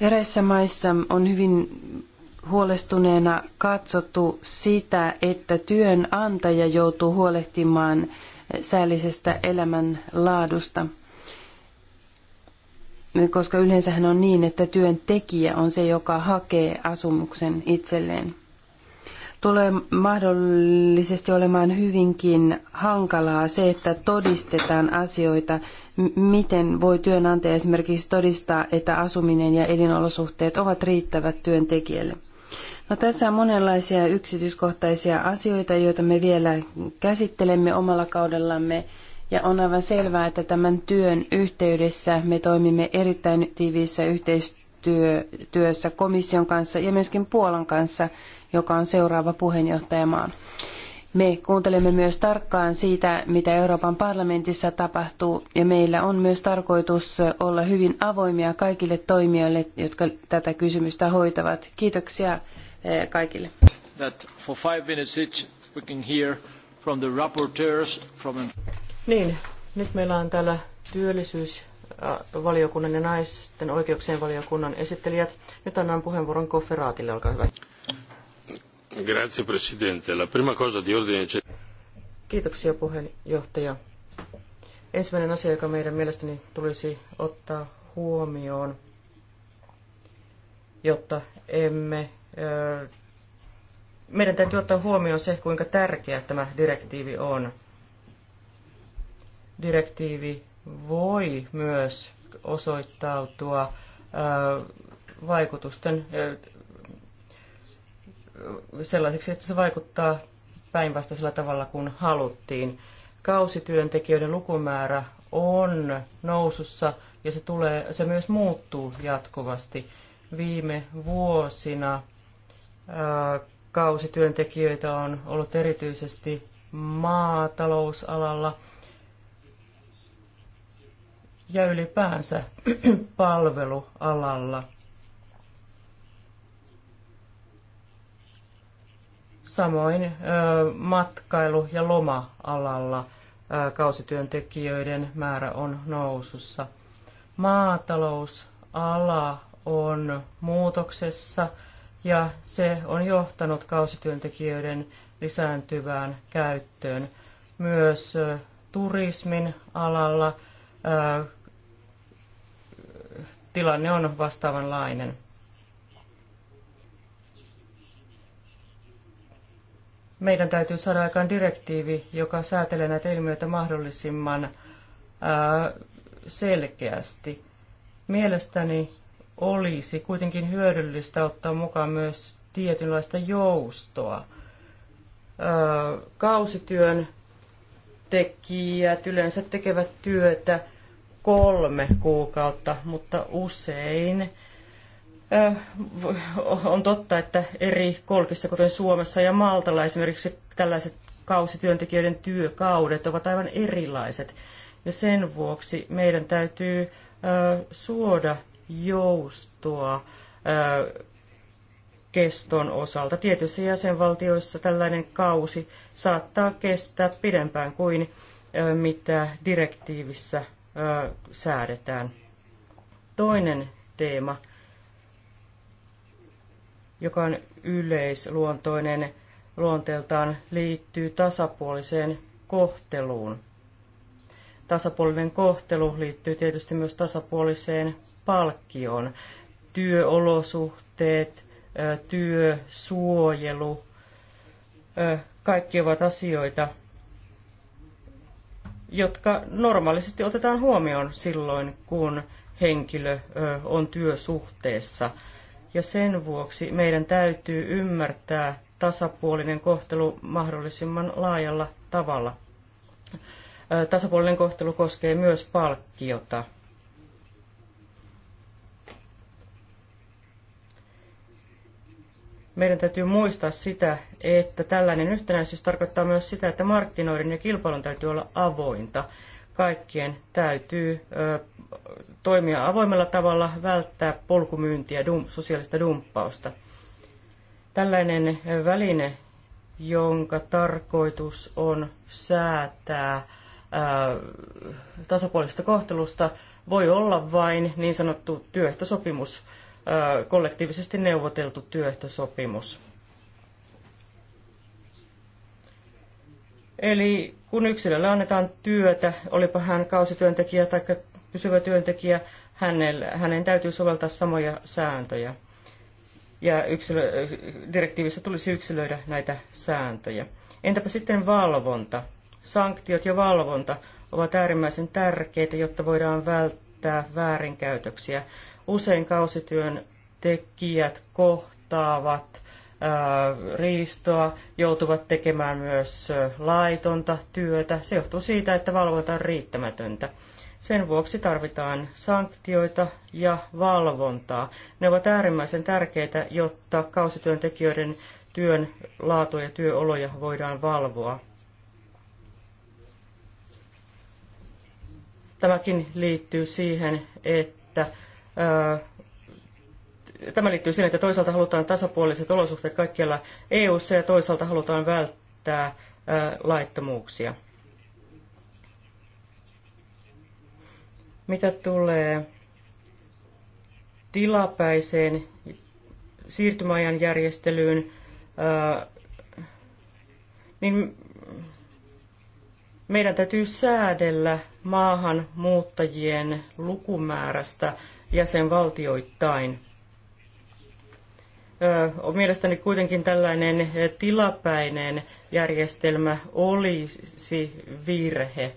Eräissä maissa on hyvin huolestuneena katsottu sitä, että työnantaja joutuu huolehtimaan säällisestä elämänlaadusta. Koska yleensähän on niin, että työntekijä on se, joka hakee asumuksen itselleen. Tulee mahdollisesti olemaan hyvinkin hankalaa se, että todistetaan asioita. Miten voi työnantaja esimerkiksi todistaa, että asuminen ja elinolosuhteet ovat riittävät työntekijälle? No, tässä on monenlaisia yksityiskohtaisia asioita, joita me vielä käsittelemme omalla kaudellamme. Ja on aivan selvää, että tämän työn yhteydessä me toimimme erittäin tiiviissä yhteistyössä komission kanssa ja myöskin Puolan kanssa, joka on seuraava puheenjohtajamaa. Me kuuntelemme myös tarkkaan siitä, mitä Euroopan parlamentissa tapahtuu, ja meillä on myös tarkoitus olla hyvin avoimia kaikille toimijoille, jotka tätä kysymystä hoitavat. Kiitoksia kaikille. From... Niin, nyt meillä on täällä työllisyysvaliokunnan ja naisten oikeuksien valiokunnan esittelijät. Nyt annan puheenvuoron Kofferaatille, olkaa hyvä. Grazie Presidente. La prima cosa di ordine... Kiitoksia puheenjohtaja. Ensimmäinen asia, joka meidän mielestäni tulisi ottaa huomioon, jotta emme... Meidän täytyy ottaa huomioon se, kuinka tärkeä tämä direktiivi on. Direktiivi voi myös osoittautua vaikutusten sellaiseksi, että se vaikuttaa päinvastaisella tavalla kuin haluttiin. Kausityöntekijöiden lukumäärä on nousussa ja se, tulee, se myös muuttuu jatkuvasti viime vuosina kausityöntekijöitä on ollut erityisesti maatalousalalla ja ylipäänsä palvelualalla. Samoin matkailu- ja loma-alalla kausityöntekijöiden määrä on nousussa. Maatalousala on muutoksessa ja se on johtanut kausityöntekijöiden lisääntyvään käyttöön. Myös turismin alalla tilanne on vastaavanlainen. Meidän täytyy saada aikaan direktiivi, joka säätelee näitä ilmiöitä mahdollisimman selkeästi. Mielestäni olisi kuitenkin hyödyllistä ottaa mukaan myös tietynlaista joustoa. Kausityön tekijät yleensä tekevät työtä kolme kuukautta, mutta usein on totta, että eri kolkissa, kuten Suomessa ja Maltalla esimerkiksi, tällaiset kausityöntekijöiden työkaudet ovat aivan erilaiset. Ja sen vuoksi meidän täytyy suoda joustoa keston osalta. Tietyissä jäsenvaltioissa tällainen kausi saattaa kestää pidempään kuin mitä direktiivissä säädetään. Toinen teema, joka on yleisluontoinen luonteeltaan, liittyy tasapuoliseen kohteluun. Tasapuolinen kohtelu liittyy tietysti myös tasapuoliseen palkkion. Työolosuhteet, työsuojelu, kaikki ovat asioita, jotka normaalisti otetaan huomioon silloin, kun henkilö on työsuhteessa. Ja sen vuoksi meidän täytyy ymmärtää tasapuolinen kohtelu mahdollisimman laajalla tavalla. Tasapuolinen kohtelu koskee myös palkkiota. meidän täytyy muistaa sitä, että tällainen yhtenäisyys tarkoittaa myös sitä, että markkinoiden ja kilpailun täytyy olla avointa. Kaikkien täytyy ö, toimia avoimella tavalla, välttää polkumyyntiä, dum, sosiaalista dumppausta. Tällainen väline, jonka tarkoitus on säätää ö, tasapuolisesta kohtelusta, voi olla vain niin sanottu työehtosopimus – kollektiivisesti neuvoteltu työehtosopimus. Eli kun yksilölle annetaan työtä, olipa hän kausityöntekijä tai pysyvä työntekijä, hänellä, hänen täytyy soveltaa samoja sääntöjä. Ja yksilö, direktiivissä tulisi yksilöidä näitä sääntöjä. Entäpä sitten valvonta? Sanktiot ja valvonta ovat äärimmäisen tärkeitä, jotta voidaan välttää väärinkäytöksiä. Usein kausityön tekijät kohtaavat riistoa, joutuvat tekemään myös laitonta työtä. Se johtuu siitä, että valvonta on riittämätöntä. Sen vuoksi tarvitaan sanktioita ja valvontaa. Ne ovat äärimmäisen tärkeitä, jotta kausityöntekijöiden työn laatu ja työoloja voidaan valvoa. Tämäkin liittyy siihen, että tämä liittyy siihen, että toisaalta halutaan tasapuoliset olosuhteet kaikkialla EU:ssa ja toisaalta halutaan välttää laittomuuksia. Mitä tulee tilapäiseen siirtymäajan järjestelyyn, niin meidän täytyy säädellä maahanmuuttajien lukumäärästä jäsenvaltioittain. Mielestäni kuitenkin tällainen tilapäinen järjestelmä olisi virhe.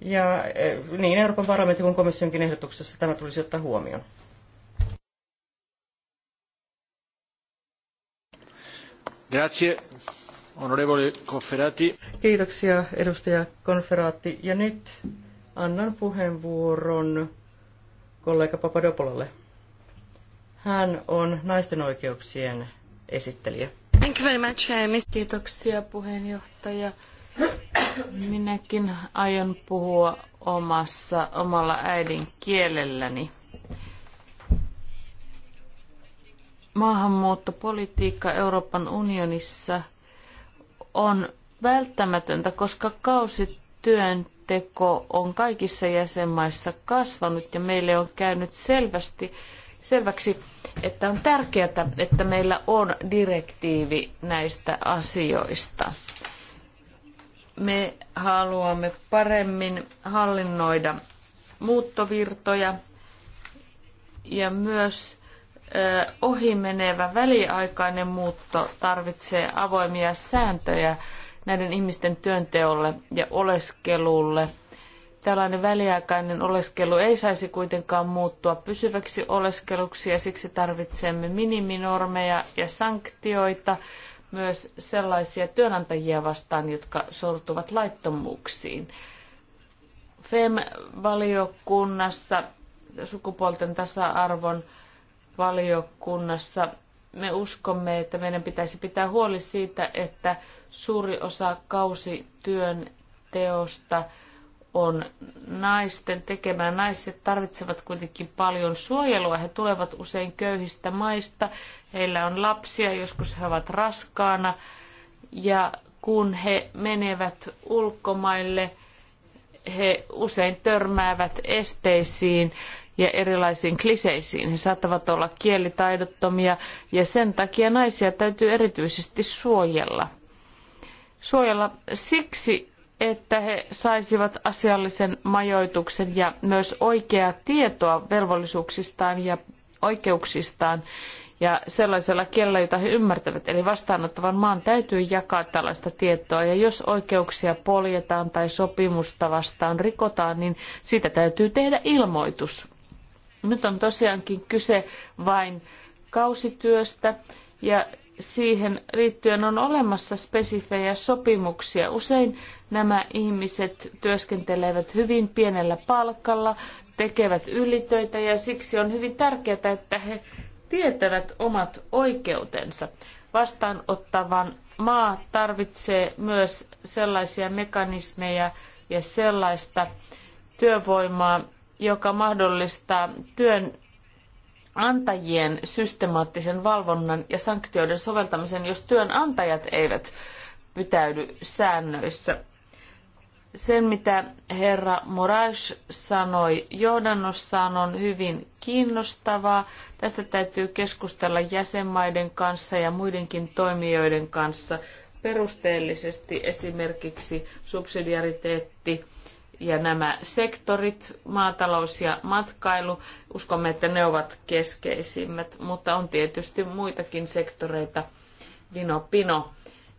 Ja niin Euroopan parlamentin kuin komissionkin ehdotuksessa tämä tulisi ottaa huomioon. Grazie. Honorevole Cofferati. Kiitoksia edustaja Konferaatti. Ja nyt annan puheenvuoron kollega Papadopololle. Hän on naisten oikeuksien esittelijä. Thank you very much, uh, Miss. Kiitoksia puheenjohtaja. Minäkin aion puhua omassa, omalla äidinkielelläni. Maahanmuuttopolitiikka Euroopan unionissa – on välttämätöntä, koska kausityönteko on kaikissa jäsenmaissa kasvanut ja meille on käynyt selvästi, selväksi, että on tärkeää, että meillä on direktiivi näistä asioista. Me haluamme paremmin hallinnoida muuttovirtoja ja myös ohimenevä väliaikainen muutto tarvitsee avoimia sääntöjä näiden ihmisten työnteolle ja oleskelulle. Tällainen väliaikainen oleskelu ei saisi kuitenkaan muuttua pysyväksi oleskeluksi ja siksi tarvitsemme miniminormeja ja sanktioita myös sellaisia työnantajia vastaan, jotka sortuvat laittomuuksiin. FEM-valiokunnassa sukupuolten tasa-arvon valiokunnassa me uskomme, että meidän pitäisi pitää huoli siitä, että suuri osa kausityön teosta on naisten tekemään. Naiset tarvitsevat kuitenkin paljon suojelua. He tulevat usein köyhistä maista. Heillä on lapsia, joskus he ovat raskaana. Ja kun he menevät ulkomaille, he usein törmäävät esteisiin ja erilaisiin kliseisiin. He saattavat olla kielitaidottomia ja sen takia naisia täytyy erityisesti suojella. Suojella siksi, että he saisivat asiallisen majoituksen ja myös oikeaa tietoa velvollisuuksistaan ja oikeuksistaan ja sellaisella kielellä, jota he ymmärtävät. Eli vastaanottavan maan täytyy jakaa tällaista tietoa, ja jos oikeuksia poljetaan tai sopimusta vastaan rikotaan, niin siitä täytyy tehdä ilmoitus. Nyt on tosiaankin kyse vain kausityöstä ja siihen liittyen on olemassa spesifejä sopimuksia. Usein nämä ihmiset työskentelevät hyvin pienellä palkalla, tekevät ylitöitä ja siksi on hyvin tärkeää, että he tietävät omat oikeutensa. Vastaanottavan maa tarvitsee myös sellaisia mekanismeja ja sellaista työvoimaa, joka mahdollistaa työn antajien systemaattisen valvonnan ja sanktioiden soveltamisen, jos työnantajat eivät pitäydy säännöissä. Sen, mitä herra Moraes sanoi johdannossaan, on hyvin kiinnostavaa. Tästä täytyy keskustella jäsenmaiden kanssa ja muidenkin toimijoiden kanssa perusteellisesti, esimerkiksi subsidiariteetti, ja nämä sektorit, maatalous ja matkailu, uskomme, että ne ovat keskeisimmät, mutta on tietysti muitakin sektoreita, vino pino,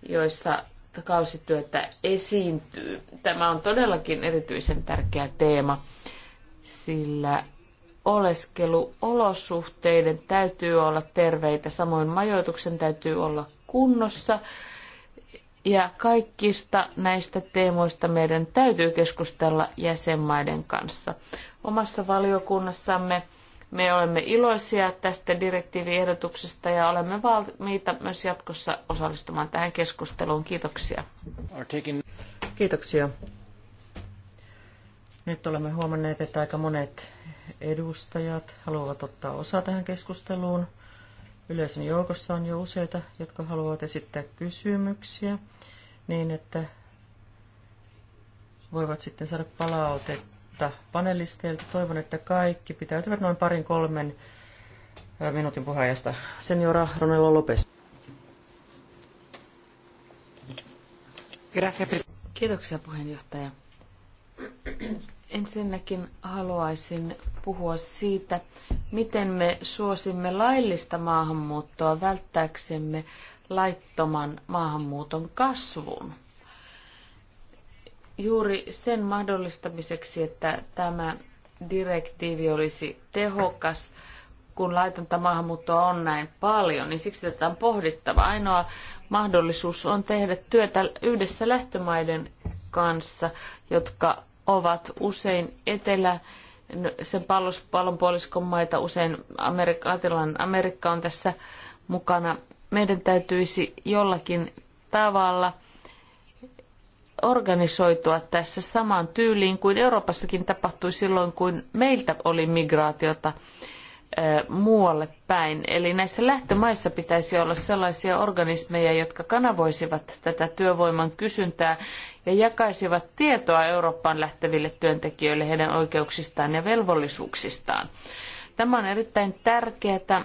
joissa kausityötä esiintyy. Tämä on todellakin erityisen tärkeä teema, sillä oleskeluolosuhteiden täytyy olla terveitä, samoin majoituksen täytyy olla kunnossa ja kaikista näistä teemoista meidän täytyy keskustella jäsenmaiden kanssa. Omassa valiokunnassamme me olemme iloisia tästä direktiiviehdotuksesta ja olemme valmiita myös jatkossa osallistumaan tähän keskusteluun. Kiitoksia. Kiitoksia. Nyt olemme huomanneet, että aika monet edustajat haluavat ottaa osaa tähän keskusteluun. Yleisön joukossa on jo useita, jotka haluavat esittää kysymyksiä niin, että voivat sitten saada palautetta panelisteilta. Toivon, että kaikki pitäytyvät noin parin kolmen minuutin puheenjohtajasta. Seniora Ronelo Lopes. Kiitoksia puheenjohtaja. Ensinnäkin haluaisin puhua siitä, miten me suosimme laillista maahanmuuttoa välttääksemme laittoman maahanmuuton kasvun. Juuri sen mahdollistamiseksi, että tämä direktiivi olisi tehokas, kun laitonta maahanmuuttoa on näin paljon, niin siksi tätä on pohdittava. Ainoa mahdollisuus on tehdä työtä yhdessä lähtömaiden kanssa, jotka ovat usein etelä no, sen pallonpuoliskon maita, usein Amerikka, Latinalainen Amerikka on tässä mukana. Meidän täytyisi jollakin tavalla organisoitua tässä samaan tyyliin kuin Euroopassakin tapahtui silloin, kun meiltä oli migraatiota muualle päin. Eli näissä lähtömaissa pitäisi olla sellaisia organismeja, jotka kanavoisivat tätä työvoiman kysyntää ja jakaisivat tietoa Eurooppaan lähteville työntekijöille heidän oikeuksistaan ja velvollisuuksistaan. Tämä on erittäin tärkeää,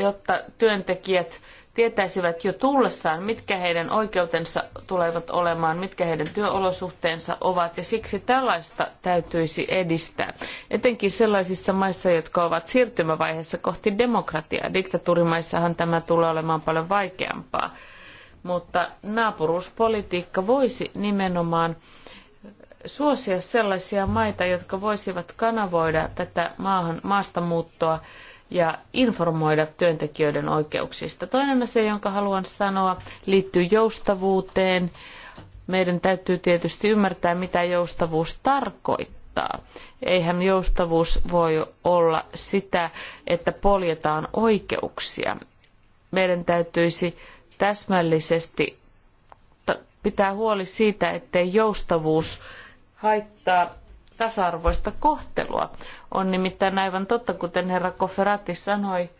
jotta työntekijät tietäisivät jo tullessaan, mitkä heidän oikeutensa tulevat olemaan, mitkä heidän työolosuhteensa ovat, ja siksi tällaista täytyisi edistää. Etenkin sellaisissa maissa, jotka ovat siirtymävaiheessa kohti demokratiaa. Diktatuurimaissahan tämä tulee olemaan paljon vaikeampaa mutta naapuruuspolitiikka voisi nimenomaan suosia sellaisia maita, jotka voisivat kanavoida tätä maahan, maastamuuttoa ja informoida työntekijöiden oikeuksista. Toinen asia, jonka haluan sanoa, liittyy joustavuuteen. Meidän täytyy tietysti ymmärtää, mitä joustavuus tarkoittaa. Eihän joustavuus voi olla sitä, että poljetaan oikeuksia. Meidän täytyisi täsmällisesti pitää huoli siitä, ettei joustavuus haittaa tasa-arvoista kohtelua. On nimittäin aivan totta, kuten herra Koferati sanoi,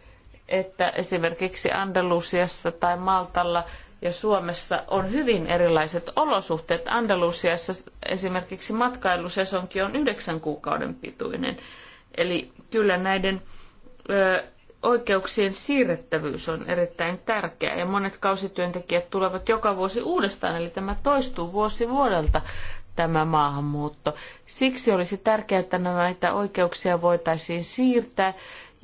että esimerkiksi Andalusiassa tai Maltalla ja Suomessa on hyvin erilaiset olosuhteet. Andalusiassa esimerkiksi matkailusesonki on yhdeksän kuukauden pituinen. Eli kyllä näiden ö, oikeuksien siirrettävyys on erittäin tärkeä ja monet kausityöntekijät tulevat joka vuosi uudestaan, eli tämä toistuu vuosi vuodelta tämä maahanmuutto. Siksi olisi tärkeää, että näitä oikeuksia voitaisiin siirtää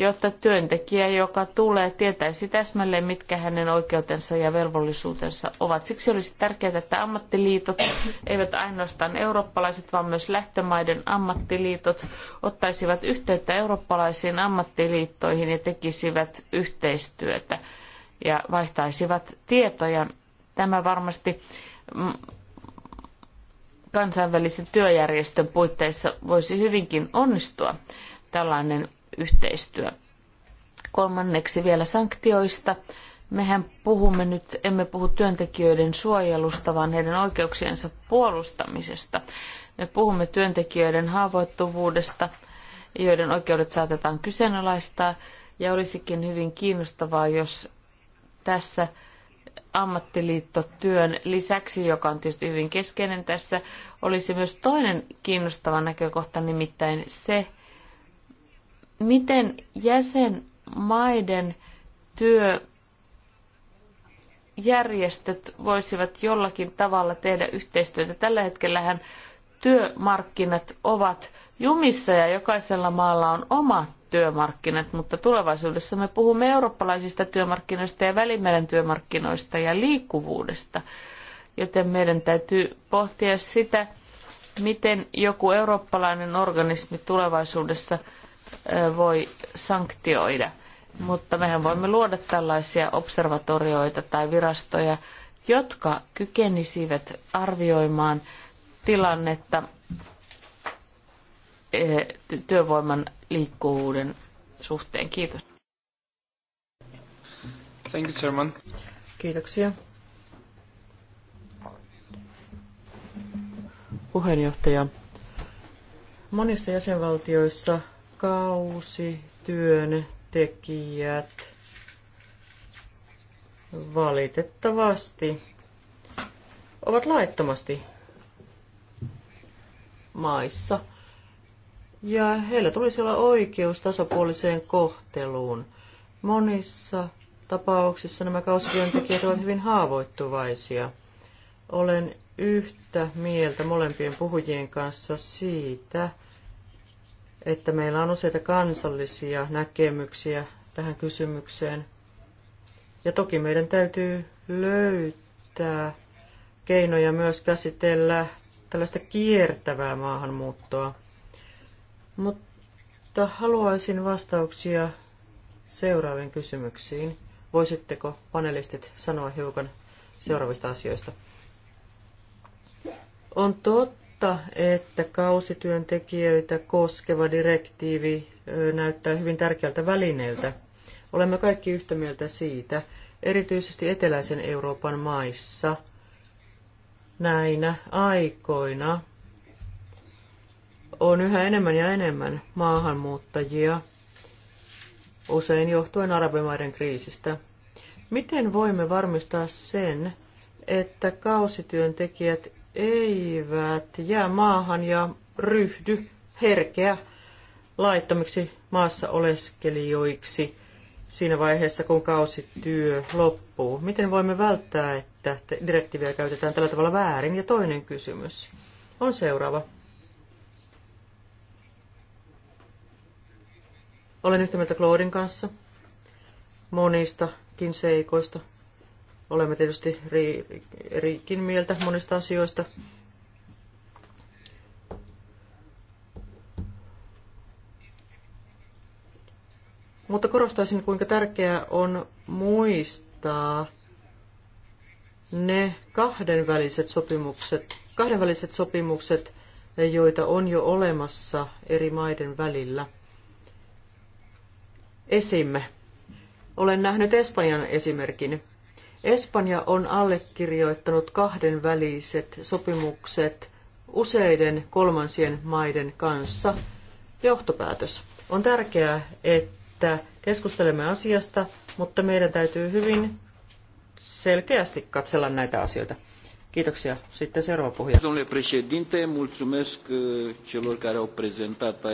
jotta työntekijä, joka tulee, tietäisi täsmälleen, mitkä hänen oikeutensa ja velvollisuutensa ovat. Siksi olisi tärkeää, että ammattiliitot, eivät ainoastaan eurooppalaiset, vaan myös lähtömaiden ammattiliitot, ottaisivat yhteyttä eurooppalaisiin ammattiliittoihin ja tekisivät yhteistyötä ja vaihtaisivat tietoja. Tämä varmasti mm, kansainvälisen työjärjestön puitteissa voisi hyvinkin onnistua tällainen yhteistyö. Kolmanneksi vielä sanktioista. Mehän puhumme nyt, emme puhu työntekijöiden suojelusta, vaan heidän oikeuksiensa puolustamisesta. Me puhumme työntekijöiden haavoittuvuudesta, joiden oikeudet saatetaan kyseenalaistaa, ja olisikin hyvin kiinnostavaa, jos tässä ammattiliittotyön lisäksi, joka on tietysti hyvin keskeinen tässä, olisi myös toinen kiinnostava näkökohta, nimittäin se, miten jäsenmaiden työjärjestöt voisivat jollakin tavalla tehdä yhteistyötä. Tällä hetkellähän työmarkkinat ovat jumissa ja jokaisella maalla on omat työmarkkinat, mutta tulevaisuudessa me puhumme eurooppalaisista työmarkkinoista ja välimeren työmarkkinoista ja liikkuvuudesta. Joten meidän täytyy pohtia sitä, miten joku eurooppalainen organismi tulevaisuudessa – voi sanktioida. Mutta mehän voimme luoda tällaisia observatorioita tai virastoja, jotka kykenisivät arvioimaan tilannetta työvoiman liikkuvuuden suhteen. Kiitos. Thank you, Chairman. Kiitoksia. Puheenjohtaja, monissa jäsenvaltioissa kausi tekijät. valitettavasti ovat laittomasti maissa. Ja heillä tulisi olla oikeus tasapuoliseen kohteluun. Monissa tapauksissa nämä kausityöntekijät ovat hyvin haavoittuvaisia. Olen yhtä mieltä molempien puhujien kanssa siitä, että meillä on useita kansallisia näkemyksiä tähän kysymykseen. Ja toki meidän täytyy löytää keinoja myös käsitellä tällaista kiertävää maahanmuuttoa. Mutta haluaisin vastauksia seuraaviin kysymyksiin. Voisitteko panelistit sanoa hiukan seuraavista asioista? On totta totta, että kausityöntekijöitä koskeva direktiivi näyttää hyvin tärkeältä välineeltä. Olemme kaikki yhtä mieltä siitä, erityisesti eteläisen Euroopan maissa näinä aikoina on yhä enemmän ja enemmän maahanmuuttajia, usein johtuen arabimaiden kriisistä. Miten voimme varmistaa sen, että kausityöntekijät eivät jää maahan ja ryhdy herkeä laittomiksi maassa oleskelijoiksi siinä vaiheessa, kun kausityö loppuu. Miten voimme välttää, että direktiiviä käytetään tällä tavalla väärin? Ja toinen kysymys on seuraava. Olen yhtä mieltä Claudin kanssa monistakin seikoista, Olemme tietysti ri, erikin mieltä monista asioista. Mutta korostaisin, kuinka tärkeää on muistaa ne kahdenväliset sopimukset, kahdenväliset sopimukset, joita on jo olemassa eri maiden välillä. Esimme. Olen nähnyt Espanjan esimerkin. Espanja on allekirjoittanut kahdenväliset sopimukset useiden kolmansien maiden kanssa. Johtopäätös. On tärkeää, että keskustelemme asiasta, mutta meidän täytyy hyvin selkeästi katsella näitä asioita. Kiitoksia. Sitten seuraava puhuja.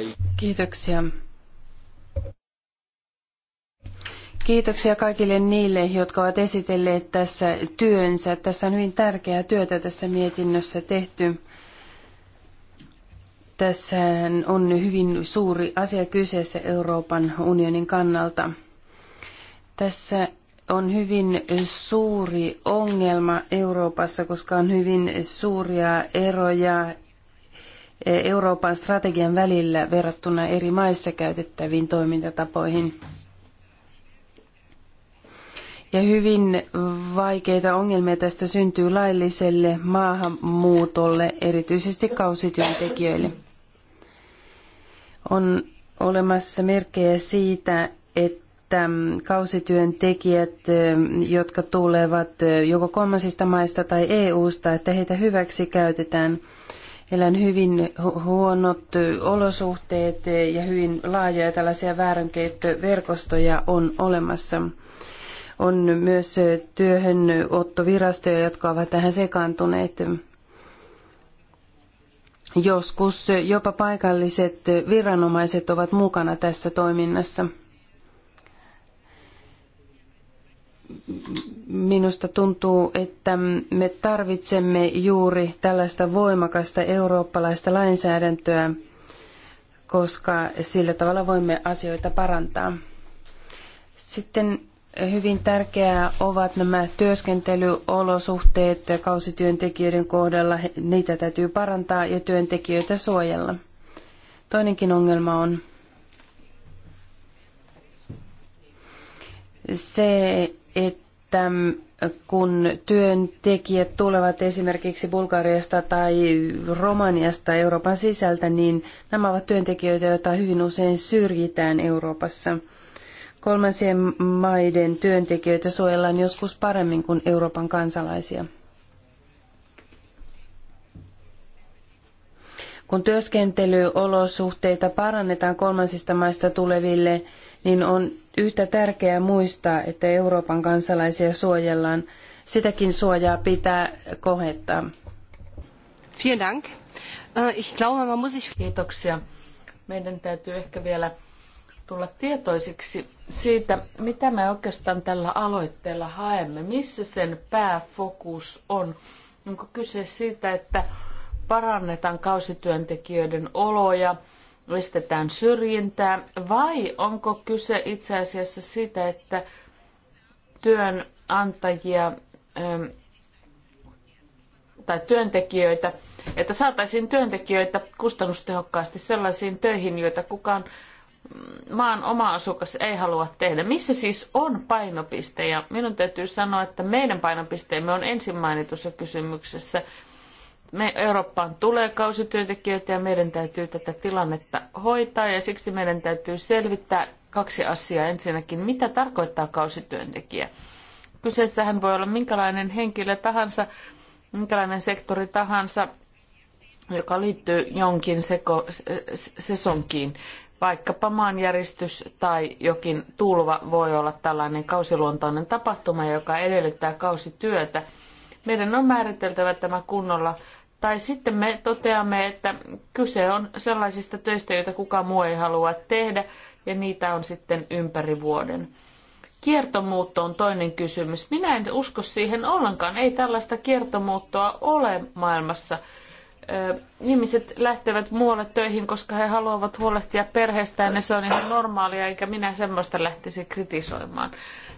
Eh, Kiitoksia Kiitoksia kaikille niille, jotka ovat esitelleet tässä työnsä. Tässä on hyvin tärkeää työtä tässä mietinnössä tehty. Tässä on hyvin suuri asia kyseessä Euroopan unionin kannalta. Tässä on hyvin suuri ongelma Euroopassa, koska on hyvin suuria eroja Euroopan strategian välillä verrattuna eri maissa käytettäviin toimintatapoihin. Ja hyvin vaikeita ongelmia tästä syntyy lailliselle maahanmuutolle, erityisesti kausityöntekijöille. On olemassa merkkejä siitä, että kausityöntekijät, jotka tulevat joko kolmansista maista tai EU-sta, että heitä hyväksi käytetään. Elän hyvin huonot olosuhteet ja hyvin laajoja tällaisia väärinkäyttöverkostoja on olemassa. On myös työhönottovirastoja, jotka ovat tähän sekaantuneet. Joskus jopa paikalliset viranomaiset ovat mukana tässä toiminnassa. Minusta tuntuu, että me tarvitsemme juuri tällaista voimakasta eurooppalaista lainsäädäntöä, koska sillä tavalla voimme asioita parantaa. Sitten Hyvin tärkeää ovat nämä työskentelyolosuhteet kausityöntekijöiden kohdalla. Niitä täytyy parantaa ja työntekijöitä suojella. Toinenkin ongelma on se, että kun työntekijät tulevat esimerkiksi Bulgariasta tai Romaniasta Euroopan sisältä, niin nämä ovat työntekijöitä, joita hyvin usein syrjitään Euroopassa – Kolmansien maiden työntekijöitä suojellaan joskus paremmin kuin Euroopan kansalaisia. Kun työskentelyolosuhteita parannetaan kolmansista maista tuleville, niin on yhtä tärkeää muistaa, että Euroopan kansalaisia suojellaan. Sitäkin suojaa pitää kohettaa. Äh, Kiitoksia. Meidän täytyy ehkä vielä tulla tietoisiksi siitä, mitä me oikeastaan tällä aloitteella haemme, missä sen pääfokus on. Onko kyse siitä, että parannetaan kausityöntekijöiden oloja, estetään syrjintää, vai onko kyse itse asiassa siitä, että työnantajia ähm, tai työntekijöitä, että saataisiin työntekijöitä kustannustehokkaasti sellaisiin töihin, joita kukaan maan oma asukas ei halua tehdä. Missä siis on painopiste? Ja minun täytyy sanoa, että meidän painopisteemme on ensin mainitussa kysymyksessä. Me Eurooppaan tulee kausityöntekijöitä ja meidän täytyy tätä tilannetta hoitaa ja siksi meidän täytyy selvittää kaksi asiaa. Ensinnäkin, mitä tarkoittaa kausityöntekijä? Kyseessähän voi olla minkälainen henkilö tahansa, minkälainen sektori tahansa, joka liittyy jonkin seko, sesonkiin. Vaikkapa maanjäristys tai jokin tulva voi olla tällainen kausiluontoinen tapahtuma, joka edellyttää kausityötä. Meidän on määriteltävä tämä kunnolla tai sitten me toteamme, että kyse on sellaisista töistä, joita kukaan muu ei halua tehdä, ja niitä on sitten ympäri vuoden. Kiertomuutto on toinen kysymys. Minä en usko siihen ollenkaan. Ei tällaista kiertomuuttoa ole maailmassa ihmiset lähtevät muualle töihin, koska he haluavat huolehtia perheestään ja se on ihan normaalia, eikä minä semmoista lähtisi kritisoimaan.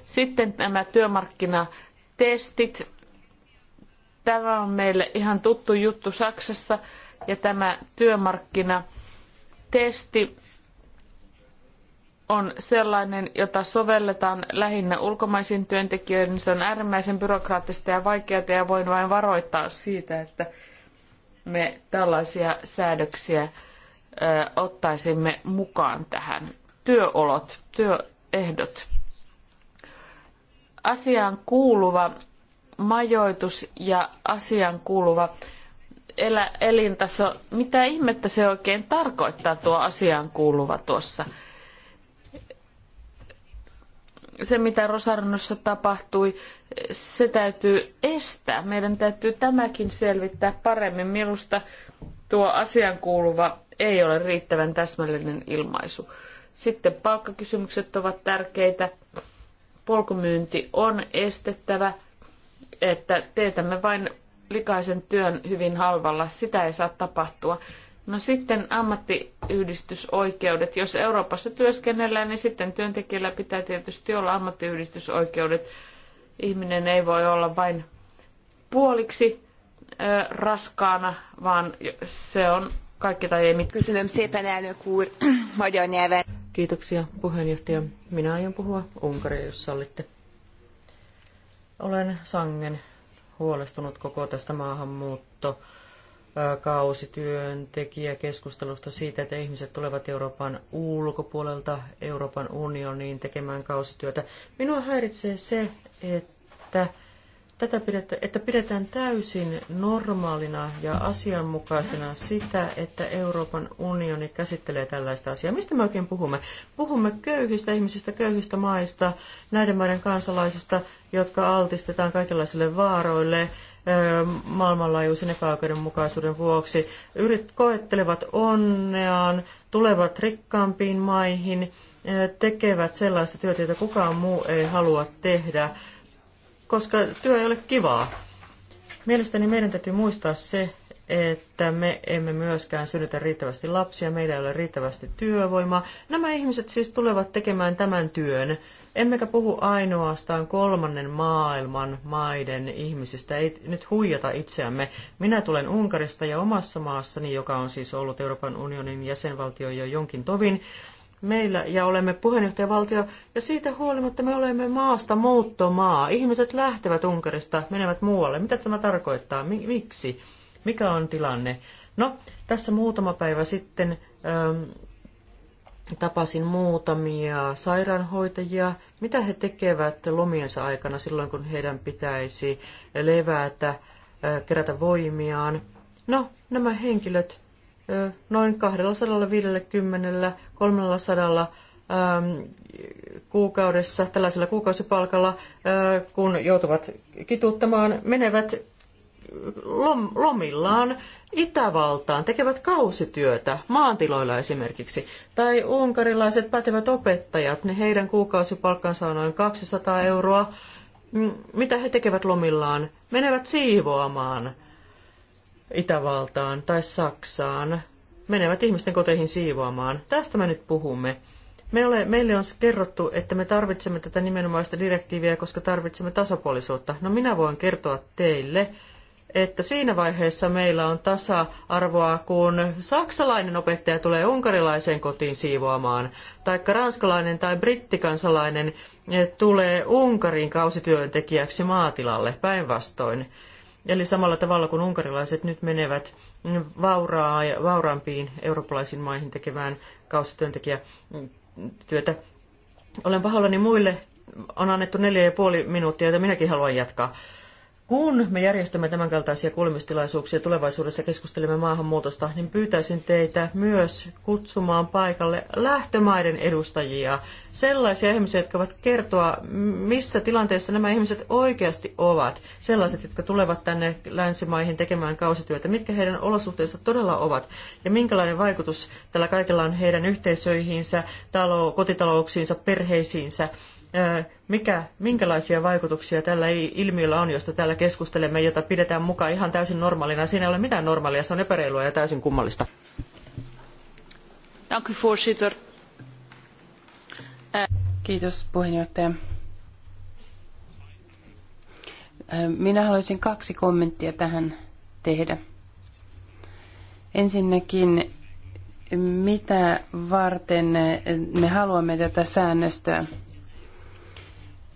Sitten nämä työmarkkinatestit. Tämä on meille ihan tuttu juttu Saksassa ja tämä työmarkkinatesti on sellainen, jota sovelletaan lähinnä ulkomaisiin työntekijöihin. Se on äärimmäisen byrokraattista ja vaikeaa ja voin vain varoittaa siitä, että me tällaisia säädöksiä ottaisimme mukaan tähän. Työolot, työehdot. Asiaan kuuluva majoitus ja asiaan kuuluva elä, elintaso, mitä ihmettä se oikein tarkoittaa tuo asiaan kuuluva tuossa? Se, mitä Rosarnossa tapahtui, se täytyy estää. Meidän täytyy tämäkin selvittää paremmin. Minusta tuo asian kuuluva ei ole riittävän täsmällinen ilmaisu. Sitten palkkakysymykset ovat tärkeitä. Polkumyynti on estettävä, että teetämme vain likaisen työn hyvin halvalla. Sitä ei saa tapahtua. No sitten ammattiyhdistysoikeudet. Jos Euroopassa työskennellään, niin sitten työntekijällä pitää tietysti olla ammattiyhdistysoikeudet Ihminen ei voi olla vain puoliksi raskaana, vaan se on kaikki tai ei mitään. Kysynöm szépen, elnök magyar nyelven. Kiitoksia puheenjohtaja. Minä aion puhua Unkaria, jos sallitte. Olen sangen huolestunut koko tästä maahanmuutto keskustelusta siitä, että ihmiset tulevat Euroopan ulkopuolelta Euroopan unioniin tekemään kausityötä. Minua häiritsee se, että, tätä pidetä, että pidetään täysin normaalina ja asianmukaisena sitä, että Euroopan unioni käsittelee tällaista asiaa. Mistä me oikein puhumme? Puhumme köyhistä ihmisistä, köyhistä maista, näiden maiden kansalaisista, jotka altistetaan kaikenlaisille vaaroille, maailmanlaajuisen epäoikeudenmukaisuuden vuoksi. Yrit koettelevat onneaan, tulevat rikkaampiin maihin, tekevät sellaista työtä, jota kukaan muu ei halua tehdä, koska työ ei ole kivaa. Mielestäni meidän täytyy muistaa se, että me emme myöskään synnytä riittävästi lapsia, meillä ei ole riittävästi työvoimaa. Nämä ihmiset siis tulevat tekemään tämän työn Emmekä puhu ainoastaan kolmannen maailman maiden ihmisistä, ei nyt huijata itseämme. Minä tulen Unkarista ja omassa maassani, joka on siis ollut Euroopan unionin jäsenvaltio jo jonkin tovin, meillä ja olemme puheenjohtajavaltio, ja siitä huolimatta me olemme maasta muuttomaa. Ihmiset lähtevät Unkarista, menevät muualle. Mitä tämä tarkoittaa? Miksi? Mikä on tilanne? No, tässä muutama päivä sitten tapasin muutamia sairaanhoitajia, mitä he tekevät lomiensa aikana silloin, kun heidän pitäisi levätä, kerätä voimiaan? No, nämä henkilöt noin 250 300 ähm, kuukaudessa, tällaisella kuukausipalkalla, äh, kun joutuvat kituuttamaan, menevät lomillaan Itävaltaan, tekevät kausityötä maantiloilla esimerkiksi. Tai unkarilaiset pätevät opettajat, ne niin heidän kuukausipalkkansa on noin 200 euroa. Mm, mitä he tekevät lomillaan? Menevät siivoamaan Itävaltaan tai Saksaan. Menevät ihmisten koteihin siivoamaan. Tästä me nyt puhumme. Me ole, meille on kerrottu, että me tarvitsemme tätä nimenomaista direktiiviä, koska tarvitsemme tasapuolisuutta. No minä voin kertoa teille, että siinä vaiheessa meillä on tasa-arvoa, kun saksalainen opettaja tulee unkarilaiseen kotiin siivoamaan, tai ranskalainen tai brittikansalainen eh, tulee Unkarin kausityöntekijäksi maatilalle päinvastoin. Eli samalla tavalla kuin unkarilaiset nyt menevät vauraa, vauraampiin eurooppalaisiin maihin tekemään kausityöntekijätyötä. Olen pahoillani muille. On annettu neljä ja puoli minuuttia, jota minäkin haluan jatkaa. Kun me järjestämme tämänkaltaisia kuulemistilaisuuksia tulevaisuudessa keskustelemme maahanmuutosta, niin pyytäisin teitä myös kutsumaan paikalle lähtömaiden edustajia, sellaisia ihmisiä, jotka ovat kertoa, missä tilanteessa nämä ihmiset oikeasti ovat, sellaiset, jotka tulevat tänne länsimaihin tekemään kausityötä, mitkä heidän olosuhteensa todella ovat ja minkälainen vaikutus tällä kaikella on heidän yhteisöihinsä, kotitalouksiinsa, perheisiinsä mikä, minkälaisia vaikutuksia tällä ilmiöllä on, josta täällä keskustelemme, jota pidetään mukaan ihan täysin normaalina. Siinä ei ole mitään normaalia, se on epäreilua ja täysin kummallista. Eh. Kiitos, puheenjohtaja. Eh, minä haluaisin kaksi kommenttia tähän tehdä. Ensinnäkin, mitä varten me haluamme tätä säännöstöä?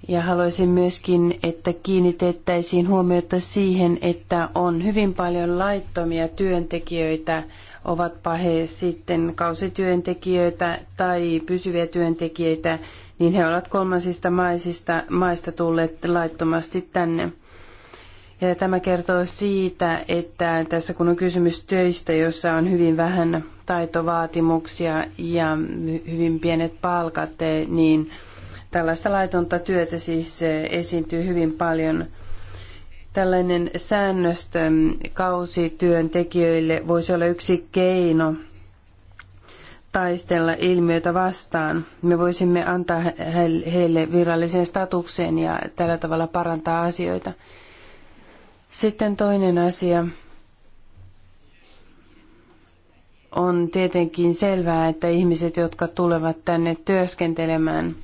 Ja haluaisin myöskin, että kiinnitettäisiin huomiota siihen, että on hyvin paljon laittomia työntekijöitä, ovatpa he sitten kausityöntekijöitä tai pysyviä työntekijöitä, niin he ovat kolmansista maisista, maista tulleet laittomasti tänne. Ja tämä kertoo siitä, että tässä kun on kysymys töistä, jossa on hyvin vähän taitovaatimuksia ja hyvin pienet palkat, niin – Tällaista laitonta työtä siis eh, esiintyy hyvin paljon. Tällainen säännöstö mm, kausityöntekijöille voisi olla yksi keino taistella ilmiötä vastaan. Me voisimme antaa heille virallisen statuksen ja tällä tavalla parantaa asioita. Sitten toinen asia on tietenkin selvää, että ihmiset, jotka tulevat tänne työskentelemään –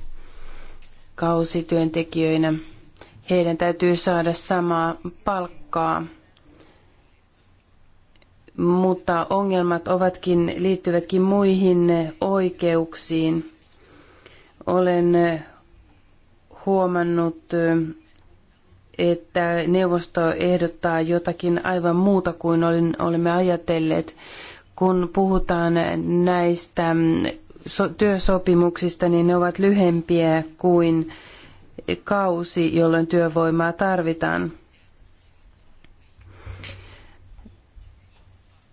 kausityöntekijöinä. Heidän täytyy saada samaa palkkaa. Mutta ongelmat ovatkin, liittyvätkin muihin oikeuksiin. Olen huomannut, että neuvosto ehdottaa jotakin aivan muuta kuin olemme ajatelleet kun puhutaan näistä työsopimuksista, niin ne ovat lyhempiä kuin kausi, jolloin työvoimaa tarvitaan.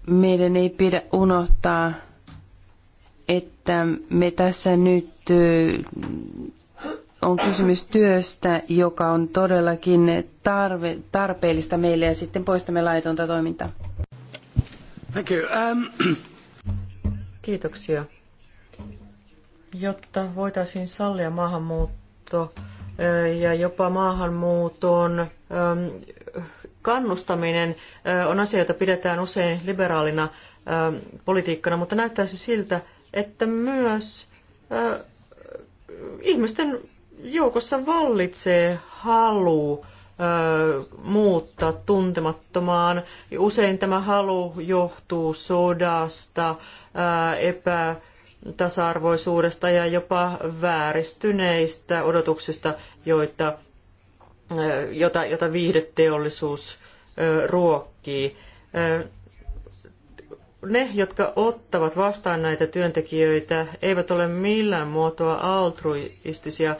Meidän ei pidä unohtaa, että me tässä nyt on kysymys työstä, joka on todellakin tarve, tarpeellista meille ja sitten poistamme laitonta toimintaa. Thank you. Um... Kiitoksia jotta voitaisiin sallia maahanmuutto ja jopa maahanmuuton kannustaminen on asia, jota pidetään usein liberaalina politiikkana, mutta näyttäisi siltä, että myös ihmisten joukossa vallitsee halu muuttaa tuntemattomaan. Usein tämä halu johtuu sodasta, epä tasa-arvoisuudesta ja jopa vääristyneistä odotuksista, joita, jota, jota viihdeteollisuus ruokkii. Ne, jotka ottavat vastaan näitä työntekijöitä, eivät ole millään muotoa altruistisia,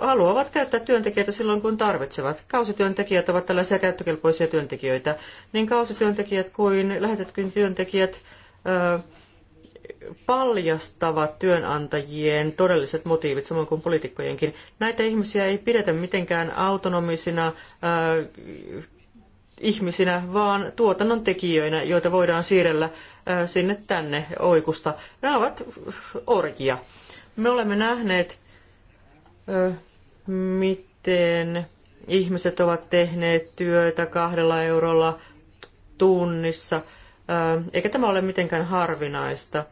haluavat käyttää työntekijöitä silloin, kun tarvitsevat. Kausityöntekijät ovat tällaisia käyttökelpoisia työntekijöitä. Niin kausityöntekijät kuin lähetetkin työntekijät paljastavat työnantajien todelliset motiivit, samoin kuin poliitikkojenkin. Näitä ihmisiä ei pidetä mitenkään autonomisina äh, ihmisinä, vaan tuotannon tekijöinä, joita voidaan siirrellä äh, sinne tänne oikusta. Nämä ovat orjia. Me olemme nähneet, äh, miten ihmiset ovat tehneet työtä kahdella eurolla tunnissa, eikä tämä ole mitenkään harvinaista.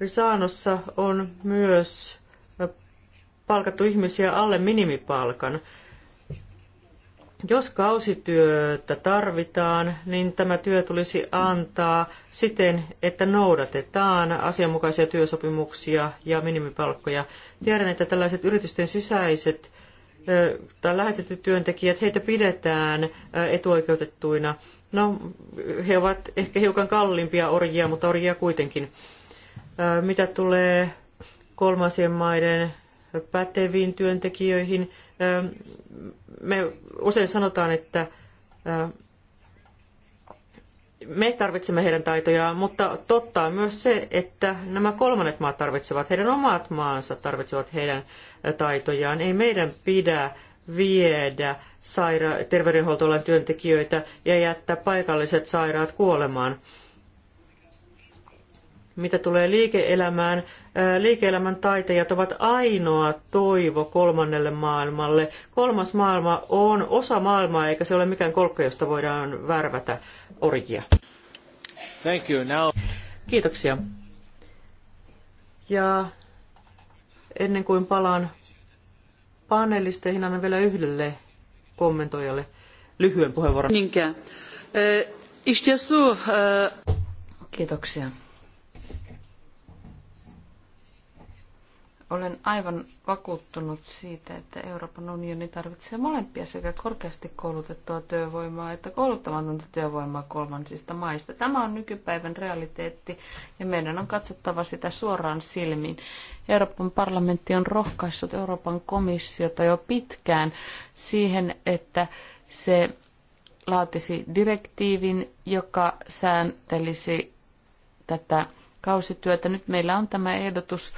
Risaanossa on myös palkattu ihmisiä alle minimipalkan. Jos kausityötä tarvitaan, niin tämä työ tulisi antaa siten, että noudatetaan asianmukaisia työsopimuksia ja minimipalkkoja. Tiedän, että tällaiset yritysten sisäiset tai lähetetyt työntekijät, heitä pidetään etuoikeutettuina. No, he ovat ehkä hiukan kalliimpia orjia, mutta orjia kuitenkin. Mitä tulee kolmansien maiden päteviin työntekijöihin, me usein sanotaan, että me tarvitsemme heidän taitojaan, mutta totta on myös se, että nämä kolmannet maat tarvitsevat, heidän omat maansa tarvitsevat heidän taitojaan. Ei meidän pidä viedä saira- terveydenhuoltoalan työntekijöitä ja jättää paikalliset sairaat kuolemaan. Mitä tulee liike-elämään, liike-elämän taiteilijat ovat ainoa toivo kolmannelle maailmalle. Kolmas maailma on osa maailmaa, eikä se ole mikään kolkko, josta voidaan värvätä orjia. Thank you. Now... Kiitoksia. Ja ennen kuin palaan panelisteihin, annan vielä yhdelle kommentoijalle lyhyen puheenvuoron. Niinkään. Kiitoksia. Olen aivan vakuuttunut siitä, että Euroopan unioni tarvitsee molempia sekä korkeasti koulutettua työvoimaa että kouluttamatonta työvoimaa kolmansista maista. Tämä on nykypäivän realiteetti ja meidän on katsottava sitä suoraan silmiin. Euroopan parlamentti on rohkaissut Euroopan komissiota jo pitkään siihen, että se laatisi direktiivin, joka sääntelisi tätä kausityötä. Nyt meillä on tämä ehdotus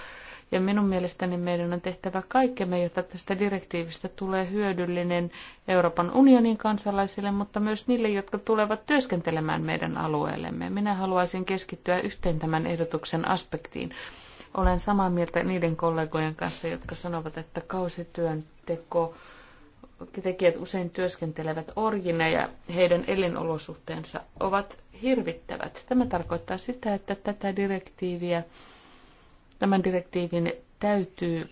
ja minun mielestäni meidän on tehtävä kaikkemme, jotta tästä direktiivistä tulee hyödyllinen Euroopan unionin kansalaisille, mutta myös niille, jotka tulevat työskentelemään meidän alueellemme. Minä haluaisin keskittyä yhteen tämän ehdotuksen aspektiin. Olen samaa mieltä niiden kollegojen kanssa, jotka sanovat, että kausityönteko tekijät usein työskentelevät orjina ja heidän elinolosuhteensa ovat hirvittävät. Tämä tarkoittaa sitä, että tätä direktiiviä tämän direktiivin täytyy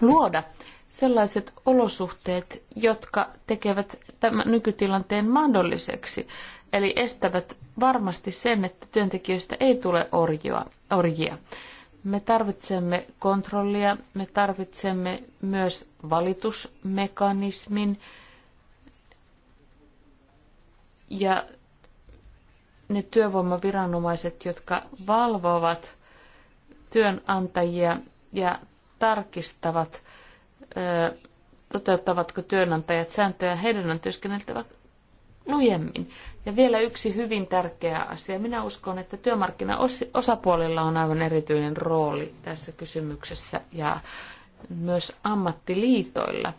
luoda sellaiset olosuhteet, jotka tekevät tämän nykytilanteen mahdolliseksi, eli estävät varmasti sen, että työntekijöistä ei tule orjia. orjia. Me tarvitsemme kontrollia, me tarvitsemme myös valitusmekanismin ja ne työvoimaviranomaiset, jotka valvovat työnantajia ja tarkistavat, toteuttavatko työnantajat sääntöjä. Heidän on työskenneltävä lujemmin. Ja vielä yksi hyvin tärkeä asia. Minä uskon, että työmarkkinaosapuolilla on aivan erityinen rooli tässä kysymyksessä ja myös ammattiliitoilla.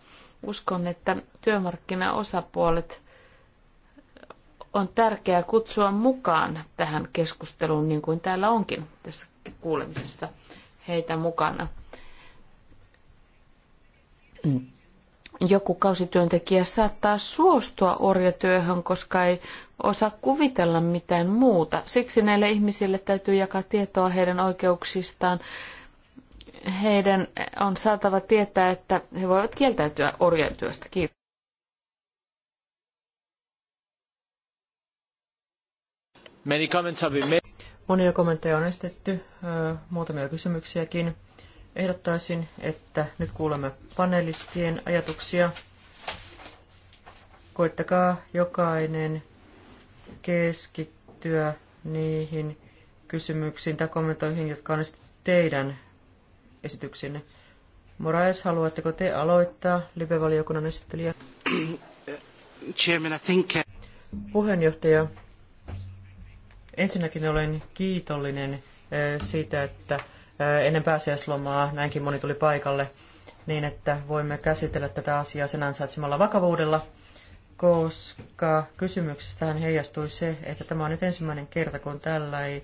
Uskon, että työmarkkinaosapuolet on tärkeää kutsua mukaan tähän keskusteluun, niin kuin täällä onkin tässä kuulemisessa heitä mukana. Joku kausityöntekijä saattaa suostua orjatyöhön, koska ei osaa kuvitella mitään muuta. Siksi näille ihmisille täytyy jakaa tietoa heidän oikeuksistaan. Heidän on saatava tietää, että he voivat kieltäytyä orjatyöstä. Kiitos. Many comments have been made. Monia kommentteja on esitetty, muutamia kysymyksiäkin. Ehdottaisin, että nyt kuulemme panelistien ajatuksia. Koittakaa jokainen keskittyä niihin kysymyksiin tai kommentoihin, jotka on teidän esityksinne. Moraes, haluatteko te aloittaa, live-valiokunnan esittelijä? Chairman, I think... Uh, Puheenjohtaja, Ensinnäkin olen kiitollinen siitä, että ennen pääsiäislomaa näinkin moni tuli paikalle niin, että voimme käsitellä tätä asiaa sen ansaitsemalla vakavuudella, koska kysymyksestähän heijastui se, että tämä on nyt ensimmäinen kerta, kun tällainen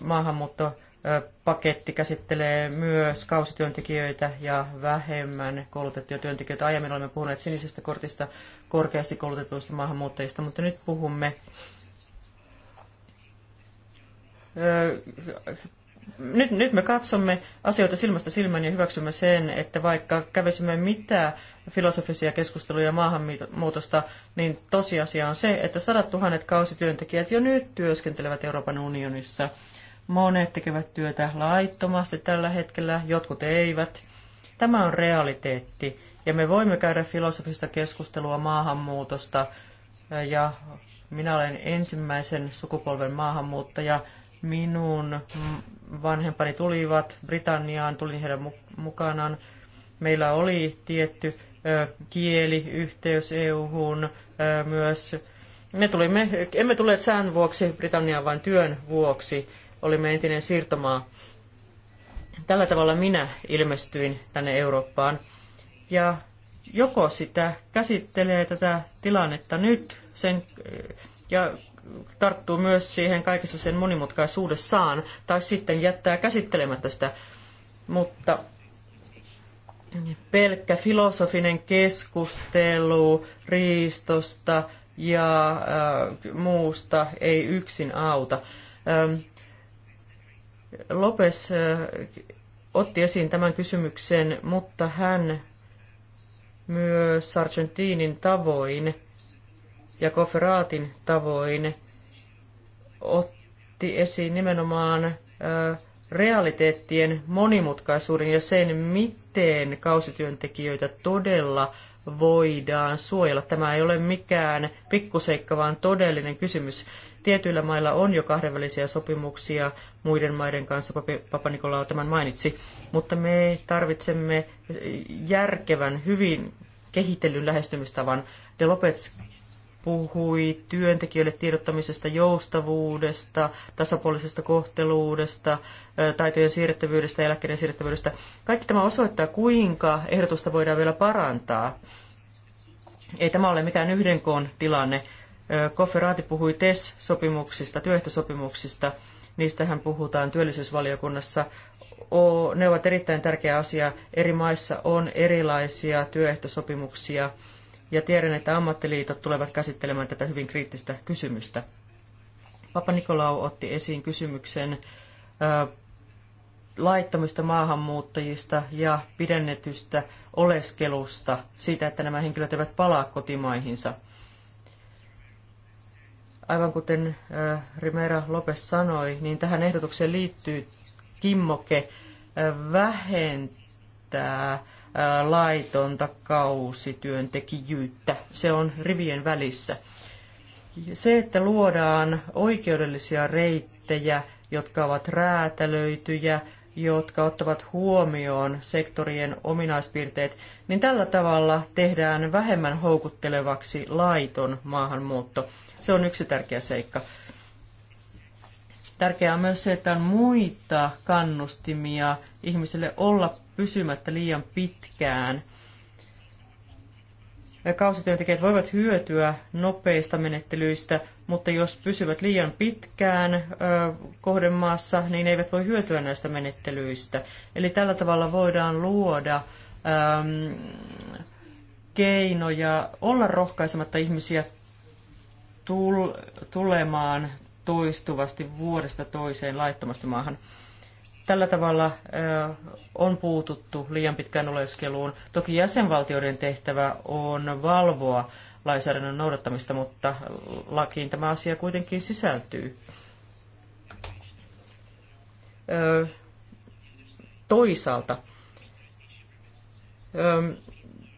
maahanmuuttopaketti käsittelee myös kausityöntekijöitä ja vähemmän koulutettuja työntekijöitä. Aiemmin olemme puhuneet sinisestä kortista korkeasti koulutetuista maahanmuuttajista, mutta nyt puhumme nyt, nyt me katsomme asioita silmästä silmään ja hyväksymme sen, että vaikka kävisimme mitä filosofisia keskusteluja maahanmuutosta, niin tosiasia on se, että sadat tuhannet kausityöntekijät jo nyt työskentelevät Euroopan unionissa. Monet tekevät työtä laittomasti tällä hetkellä, jotkut eivät. Tämä on realiteetti, ja me voimme käydä filosofista keskustelua maahanmuutosta, ja minä olen ensimmäisen sukupolven maahanmuuttaja, Minun vanhempani tulivat Britanniaan, tulin heidän mukanaan. Meillä oli tietty kieliyhteys EU-hun myös. Me tulimme, emme tulleet sään vuoksi Britanniaan, vain työn vuoksi. Olimme entinen siirtomaa. Tällä tavalla minä ilmestyin tänne Eurooppaan. Ja joko sitä käsittelee tätä tilannetta nyt sen, ja tarttuu myös siihen kaikessa sen monimutkaisuudessaan tai sitten jättää käsittelemättä sitä. Mutta pelkkä filosofinen keskustelu riistosta ja äh, muusta ei yksin auta. Ähm, Lopes äh, otti esiin tämän kysymyksen, mutta hän myös Sargentinin tavoin ja Kofraatin tavoin otti esiin nimenomaan realiteettien monimutkaisuuden ja sen, miten kausityöntekijöitä todella voidaan suojella. Tämä ei ole mikään pikkuseikka, vaan todellinen kysymys. Tietyillä mailla on jo kahdenvälisiä sopimuksia muiden maiden kanssa, Papa Nikolaou tämän mainitsi, mutta me tarvitsemme järkevän, hyvin kehitellyn lähestymistavan. De Lopez puhui työntekijöille tiedottamisesta, joustavuudesta, tasapuolisesta kohteluudesta, taitojen siirrettävyydestä, eläkkeiden siirrettävyydestä. Kaikki tämä osoittaa, kuinka ehdotusta voidaan vielä parantaa. Ei tämä ole mikään yhdenkoon tilanne. Kofferaati puhui TES-sopimuksista, työehtosopimuksista. Niistähän puhutaan työllisyysvaliokunnassa ne ovat erittäin tärkeä asia. Eri maissa on erilaisia työehtosopimuksia ja tiedän, että ammattiliitot tulevat käsittelemään tätä hyvin kriittistä kysymystä. Papa Nikolau otti esiin kysymyksen laittomista maahanmuuttajista ja pidennetystä oleskelusta, siitä, että nämä henkilöt eivät palaa kotimaihinsa. Aivan kuten Rimera Lopes sanoi, niin tähän ehdotukseen liittyy kimmoke vähentää laitonta kausityöntekijyyttä. Se on rivien välissä. Se, että luodaan oikeudellisia reittejä, jotka ovat räätälöityjä, jotka ottavat huomioon sektorien ominaispiirteet, niin tällä tavalla tehdään vähemmän houkuttelevaksi laiton maahanmuutto. Se on yksi tärkeä seikka. Tärkeää on myös se, että on muita kannustimia ihmisille olla pysymättä liian pitkään. Kausityöntekijät voivat hyötyä nopeista menettelyistä, mutta jos pysyvät liian pitkään kohdemaassa, niin eivät voi hyötyä näistä menettelyistä. Eli tällä tavalla voidaan luoda keinoja olla rohkaisematta ihmisiä tulemaan toistuvasti vuodesta toiseen laittomasti maahan. Tällä tavalla on puututtu liian pitkään oleskeluun. Toki jäsenvaltioiden tehtävä on valvoa lainsäädännön noudattamista, mutta lakiin tämä asia kuitenkin sisältyy. toisaalta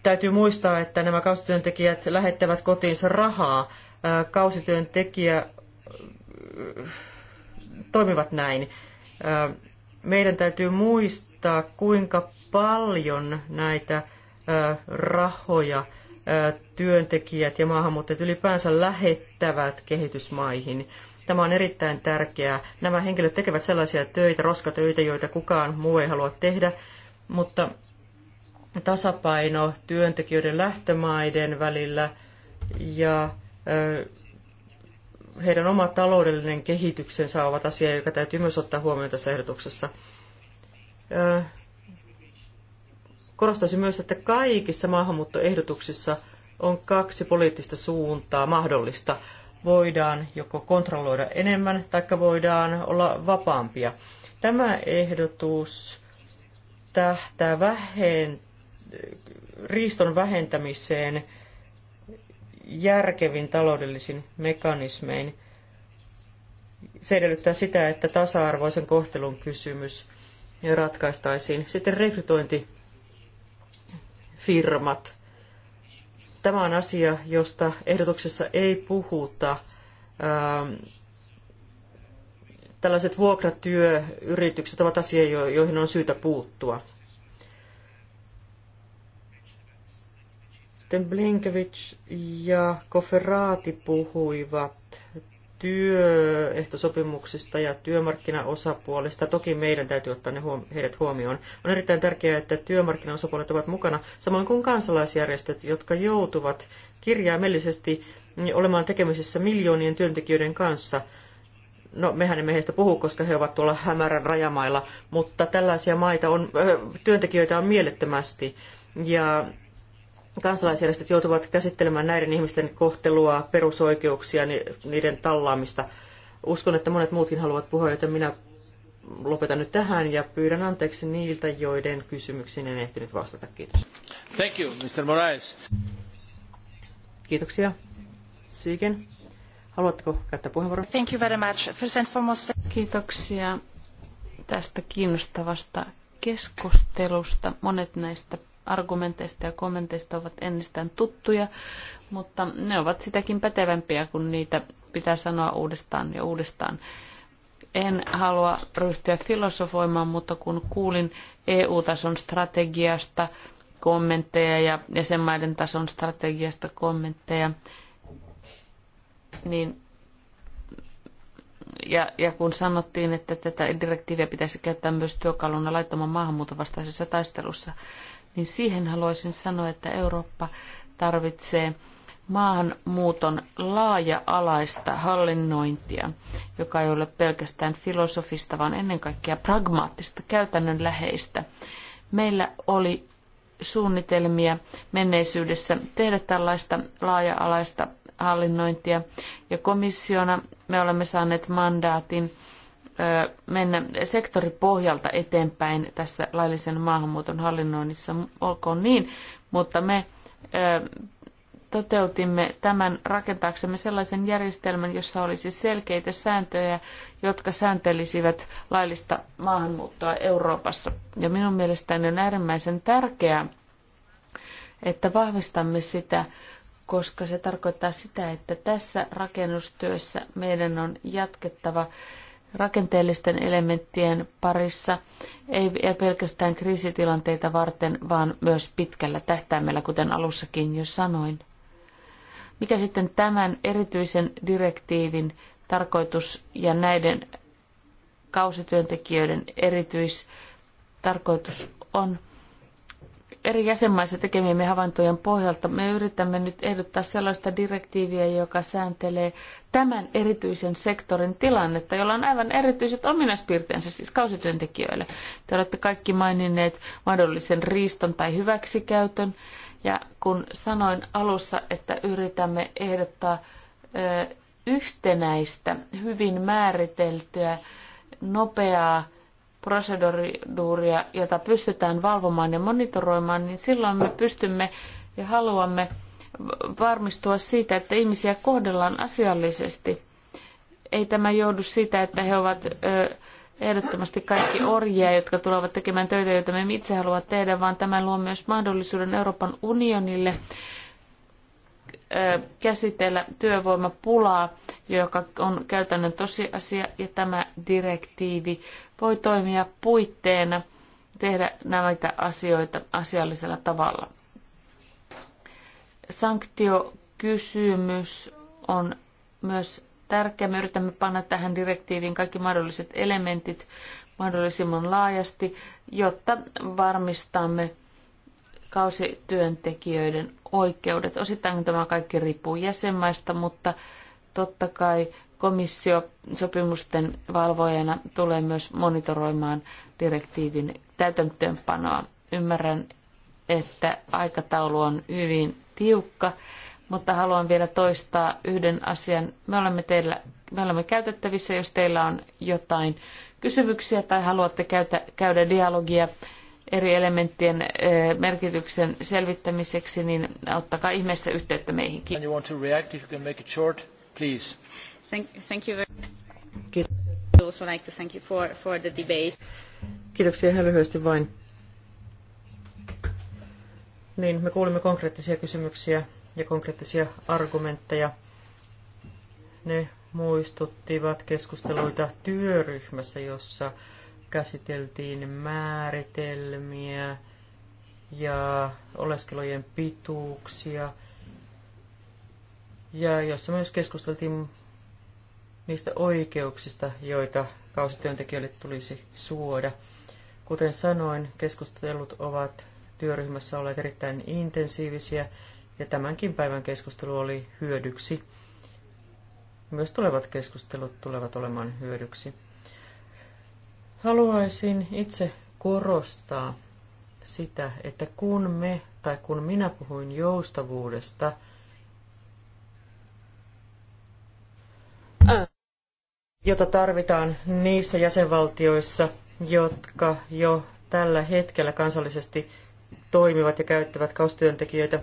täytyy muistaa, että nämä kausityöntekijät lähettävät kotiinsa rahaa. Kausityöntekijä toimivat näin. Meidän täytyy muistaa, kuinka paljon näitä rahoja työntekijät ja maahanmuuttajat ylipäänsä lähettävät kehitysmaihin. Tämä on erittäin tärkeää. Nämä henkilöt tekevät sellaisia töitä, roskatöitä, joita kukaan muu ei halua tehdä, mutta tasapaino työntekijöiden lähtömaiden välillä ja heidän oma taloudellinen kehityksensä ovat asia, joka täytyy myös ottaa huomioon tässä ehdotuksessa. Korostaisin myös, että kaikissa maahanmuuttoehdotuksissa on kaksi poliittista suuntaa mahdollista. Voidaan joko kontrolloida enemmän tai voidaan olla vapaampia. Tämä ehdotus tähtää vähen, riiston vähentämiseen järkevin taloudellisin mekanismein. Se edellyttää sitä, että tasa-arvoisen kohtelun kysymys ratkaistaisiin. Sitten rekrytointifirmat. Tämä on asia, josta ehdotuksessa ei puhuta. Ähm, tällaiset vuokratyöyritykset ovat asia, joihin on syytä puuttua. Sitten Blinkevic ja Koferaati puhuivat työehtosopimuksista ja työmarkkinaosapuolista. Toki meidän täytyy ottaa ne huom- heidät huomioon. On erittäin tärkeää, että työmarkkinaosapuolet ovat mukana, samoin kuin kansalaisjärjestöt, jotka joutuvat kirjaimellisesti olemaan tekemisissä miljoonien työntekijöiden kanssa. No, mehän emme heistä puhu, koska he ovat tuolla hämärän rajamailla, mutta tällaisia maita on, työntekijöitä on mielettömästi. Ja kansalaisjärjestöt joutuvat käsittelemään näiden ihmisten kohtelua, perusoikeuksia, niiden tallaamista. Uskon, että monet muutkin haluavat puhua, joten minä lopetan nyt tähän ja pyydän anteeksi niiltä, joiden kysymyksiin en ehtinyt vastata. Kiitos. Thank you, Mr. Moraes. Kiitoksia. Siiken. Haluatteko käyttää puheenvuoron? Thank you very much. First and foremost... Kiitoksia tästä kiinnostavasta keskustelusta. Monet näistä argumenteista ja kommenteista ovat ennestään tuttuja, mutta ne ovat sitäkin pätevämpiä, kun niitä pitää sanoa uudestaan ja uudestaan. En halua ryhtyä filosofoimaan, mutta kun kuulin EU-tason strategiasta kommentteja ja jäsenmaiden tason strategiasta kommentteja, niin ja, ja kun sanottiin, että tätä direktiiviä pitäisi käyttää myös työkaluna laittoman maahanmuuton vastaisessa taistelussa, niin siihen haluaisin sanoa, että Eurooppa tarvitsee maahanmuuton laaja-alaista hallinnointia, joka ei ole pelkästään filosofista, vaan ennen kaikkea pragmaattista, käytännönläheistä. Meillä oli suunnitelmia menneisyydessä tehdä tällaista laaja-alaista hallinnointia, ja komissiona me olemme saaneet mandaatin mennä sektoripohjalta eteenpäin tässä laillisen maahanmuuton hallinnoinnissa, olkoon niin, mutta me toteutimme tämän rakentaaksemme sellaisen järjestelmän, jossa olisi selkeitä sääntöjä, jotka sääntelisivät laillista maahanmuuttoa Euroopassa. Ja minun mielestäni on äärimmäisen tärkeää, että vahvistamme sitä, koska se tarkoittaa sitä, että tässä rakennustyössä meidän on jatkettava rakenteellisten elementtien parissa, ei, pelkästään kriisitilanteita varten, vaan myös pitkällä tähtäimellä, kuten alussakin jo sanoin. Mikä sitten tämän erityisen direktiivin tarkoitus ja näiden kausityöntekijöiden erityistarkoitus on? eri jäsenmaissa tekemiemme havaintojen pohjalta me yritämme nyt ehdottaa sellaista direktiiviä, joka sääntelee tämän erityisen sektorin tilannetta, jolla on aivan erityiset ominaispiirteensä siis kausityöntekijöille. Te olette kaikki maininneet mahdollisen riiston tai hyväksikäytön. Ja kun sanoin alussa, että yritämme ehdottaa yhtenäistä, hyvin määriteltyä, nopeaa proseduuria, jota pystytään valvomaan ja monitoroimaan, niin silloin me pystymme ja haluamme varmistua siitä, että ihmisiä kohdellaan asiallisesti. Ei tämä joudu siitä, että he ovat ehdottomasti kaikki orjia, jotka tulevat tekemään töitä, joita me itse haluamme tehdä, vaan tämä luo myös mahdollisuuden Euroopan unionille käsitellä työvoimapulaa, joka on käytännön tosiasia, ja tämä direktiivi voi toimia puitteena tehdä näitä asioita asiallisella tavalla. Sanktiokysymys on myös tärkeä. Me yritämme panna tähän direktiiviin kaikki mahdolliset elementit mahdollisimman laajasti, jotta varmistamme kausityöntekijöiden oikeudet. Osittain tämä kaikki riippuu jäsenmaista, mutta totta kai komissio sopimusten valvojana tulee myös monitoroimaan direktiivin täytäntöönpanoa. Ymmärrän, että aikataulu on hyvin tiukka, mutta haluan vielä toistaa yhden asian. Me olemme, teillä, me olemme käytettävissä, jos teillä on jotain kysymyksiä tai haluatte käydä dialogia eri elementtien eh, merkityksen selvittämiseksi, niin ottakaa ihmeessä yhteyttä meihin. Kiitos. Kiitoksia ihan lyhyesti vain. Niin, me kuulimme konkreettisia kysymyksiä ja konkreettisia argumentteja. Ne muistuttivat keskusteluita työryhmässä, jossa käsiteltiin määritelmiä ja oleskelujen pituuksia, ja jossa myös keskusteltiin niistä oikeuksista, joita kausityöntekijöille tulisi suoda. Kuten sanoin, keskustelut ovat työryhmässä olleet erittäin intensiivisiä, ja tämänkin päivän keskustelu oli hyödyksi. Myös tulevat keskustelut tulevat olemaan hyödyksi. Haluaisin itse korostaa sitä, että kun me tai kun minä puhuin joustavuudesta, jota tarvitaan niissä jäsenvaltioissa, jotka jo tällä hetkellä kansallisesti toimivat ja käyttävät kaustyöntekijöitä,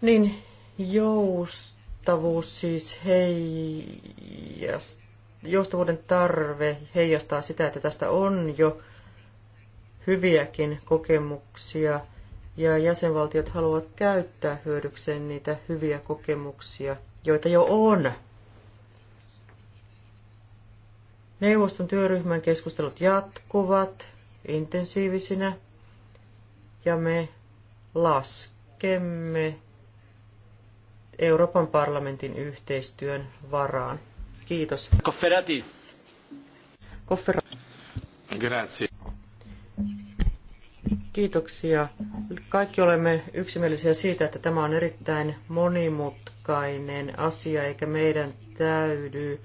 niin joustavuus siis heijastaa joustavuuden tarve heijastaa sitä, että tästä on jo hyviäkin kokemuksia ja jäsenvaltiot haluavat käyttää hyödykseen niitä hyviä kokemuksia, joita jo on. Neuvoston työryhmän keskustelut jatkuvat intensiivisinä ja me laskemme Euroopan parlamentin yhteistyön varaan. Kiitos. Kofferati. Grazie. Kiitoksia. Kaikki olemme yksimielisiä siitä, että tämä on erittäin monimutkainen asia, eikä meidän täydy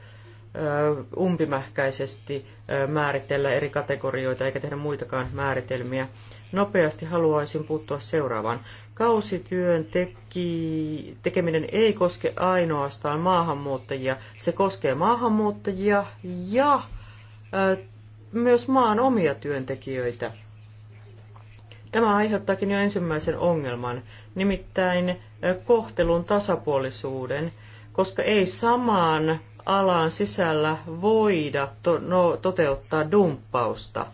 umpimähkäisesti määritellä eri kategorioita eikä tehdä muitakaan määritelmiä. Nopeasti haluaisin puuttua seuraavaan. Kausityön teki, tekeminen ei koske ainoastaan maahanmuuttajia. Se koskee maahanmuuttajia ja äh, myös maan omia työntekijöitä. Tämä aiheuttaakin jo ensimmäisen ongelman, nimittäin kohtelun tasapuolisuuden, koska ei samaan alan sisällä voida to, no, toteuttaa dumppausta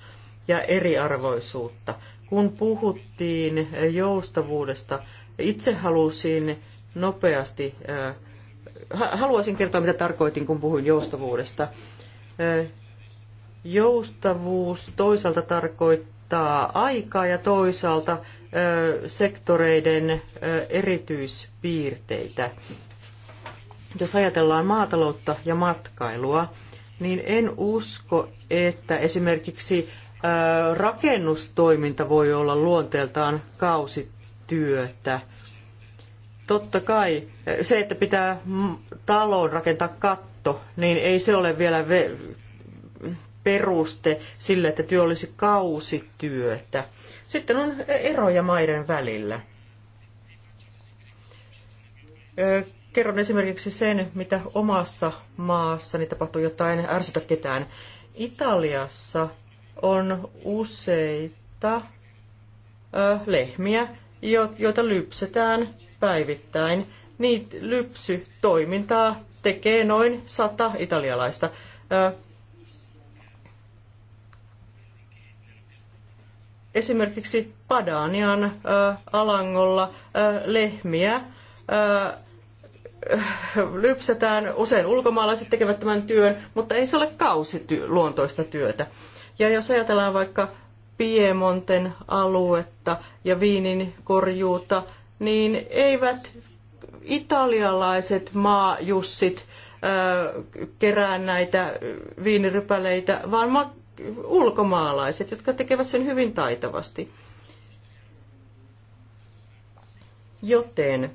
ja eriarvoisuutta. Kun puhuttiin joustavuudesta, itse halusin nopeasti, äh, haluaisin kertoa mitä tarkoitin, kun puhuin joustavuudesta. Äh, joustavuus toisaalta tarkoittaa aikaa ja toisaalta äh, sektoreiden erityispiirteitä jos ajatellaan maataloutta ja matkailua, niin en usko, että esimerkiksi rakennustoiminta voi olla luonteeltaan kausityötä. Totta kai se, että pitää taloon rakentaa katto, niin ei se ole vielä peruste sille, että työ olisi kausityötä. Sitten on e, eroja maiden välillä kerron esimerkiksi sen, mitä omassa maassani tapahtuu, jotta en ärsytä ketään. Italiassa on useita ö, lehmiä, jo, joita lypsetään päivittäin. Niitä lypsytoimintaa tekee noin sata italialaista. Ö, esimerkiksi Padanian ö, alangolla ö, lehmiä ö, lypsetään. Usein ulkomaalaiset tekevät tämän työn, mutta ei se ole kausiluontoista työtä. Ja jos ajatellaan vaikka Piemonten aluetta ja viinin korjuuta, niin eivät italialaiset maajussit kerää näitä viinirypäleitä, vaan ulkomaalaiset, jotka tekevät sen hyvin taitavasti. Joten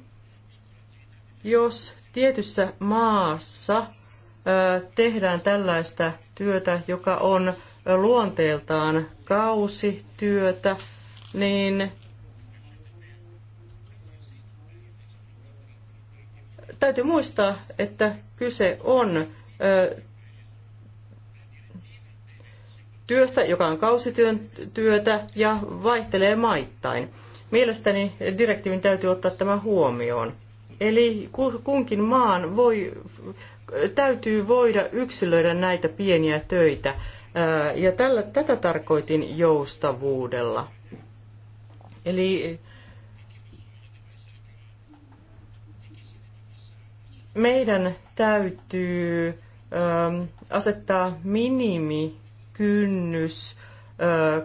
jos tietyssä maassa tehdään tällaista työtä, joka on luonteeltaan kausityötä, niin täytyy muistaa, että kyse on työstä, joka on kausityön työtä ja vaihtelee maittain. Mielestäni direktiivin täytyy ottaa tämä huomioon. Eli kunkin maan voi, täytyy voida yksilöidä näitä pieniä töitä. Ja tällä, tätä tarkoitin joustavuudella. Eli meidän täytyy asettaa minimikynnys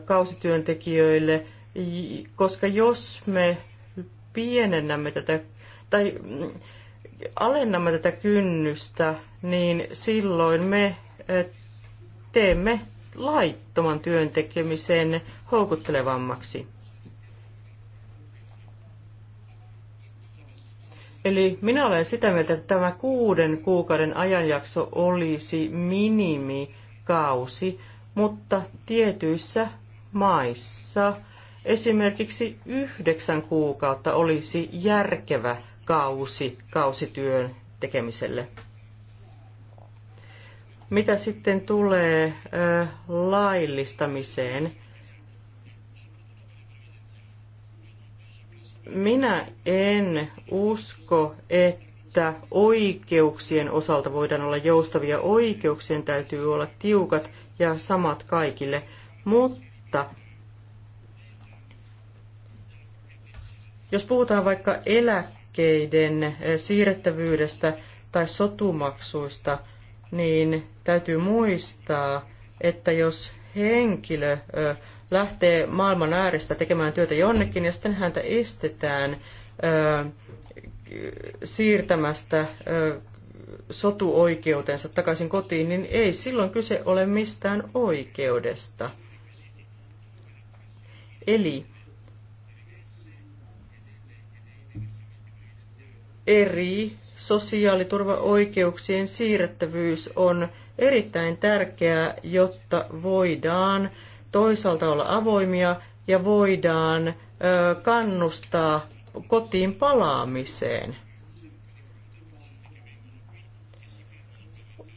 kausityöntekijöille, koska jos me pienennämme tätä tai mm, alennamme tätä kynnystä, niin silloin me teemme laittoman työn tekemisen houkuttelevammaksi. Eli minä olen sitä mieltä, että tämä kuuden kuukauden ajanjakso olisi minimikausi, mutta tietyissä maissa esimerkiksi yhdeksän kuukautta olisi järkevä kausi kausityön tekemiselle. Mitä sitten tulee ö, laillistamiseen? Minä en usko, että oikeuksien osalta voidaan olla joustavia. Oikeuksien täytyy olla tiukat ja samat kaikille, mutta jos puhutaan vaikka eläkkeestä, lääkkeiden eh, siirrettävyydestä tai sotumaksuista, niin täytyy muistaa, että jos henkilö eh, lähtee maailman ääristä tekemään työtä jonnekin ja sitten häntä estetään eh, siirtämästä sotuoikeutensa takaisin kotiin, niin ei silloin kyse ole mistään oikeudesta. Eli eri sosiaaliturvaoikeuksien siirrettävyys on erittäin tärkeää, jotta voidaan toisaalta olla avoimia ja voidaan kannustaa kotiin palaamiseen.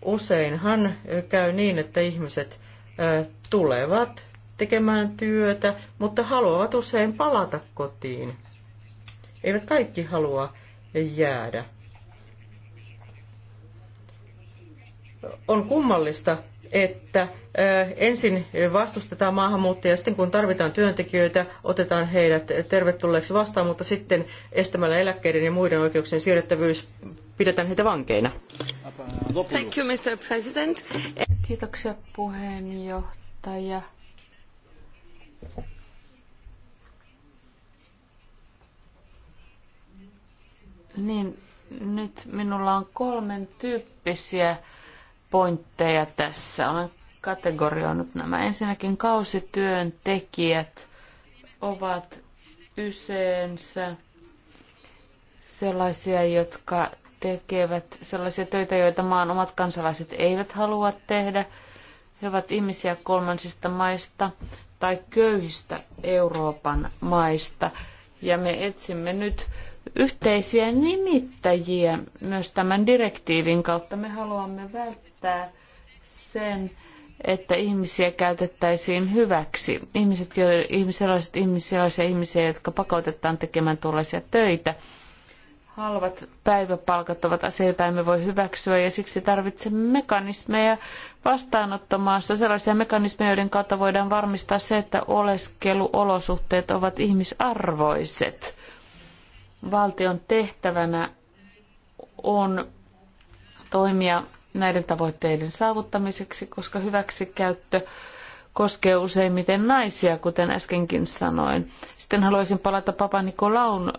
Useinhan käy niin, että ihmiset tulevat tekemään työtä, mutta haluavat usein palata kotiin. Eivät kaikki halua jäädä. On kummallista, että ensin vastustetaan maahanmuuttajia, sitten kun tarvitaan työntekijöitä, otetaan heidät tervetulleeksi vastaan, mutta sitten estämällä eläkkeiden ja muiden oikeuksien siirrettävyys pidetään heitä vankeina. Thank you, Mr. President. Kiitoksia puheenjohtaja. Niin, nyt minulla on kolmen tyyppisiä pointteja tässä. Olen kategorioinut nämä. Ensinnäkin kausityöntekijät ovat yseensä sellaisia, jotka tekevät sellaisia töitä, joita maan omat kansalaiset eivät halua tehdä. He ovat ihmisiä kolmansista maista tai köyhistä Euroopan maista. Ja me etsimme nyt yhteisiä nimittäjiä myös tämän direktiivin kautta. Me haluamme välttää sen, että ihmisiä käytettäisiin hyväksi. Ihmiset, jo, sellaiset ihmiset, sellaisia ihmisiä, jotka pakotetaan tekemään tuollaisia töitä. Halvat päiväpalkat ovat asia, jota emme voi hyväksyä ja siksi tarvitsemme mekanismeja vastaanottomaassa. sellaisia mekanismeja, joiden kautta voidaan varmistaa se, että oleskeluolosuhteet ovat ihmisarvoiset valtion tehtävänä on toimia näiden tavoitteiden saavuttamiseksi, koska hyväksikäyttö koskee useimmiten naisia, kuten äskenkin sanoin. Sitten haluaisin palata Papa Nikolaun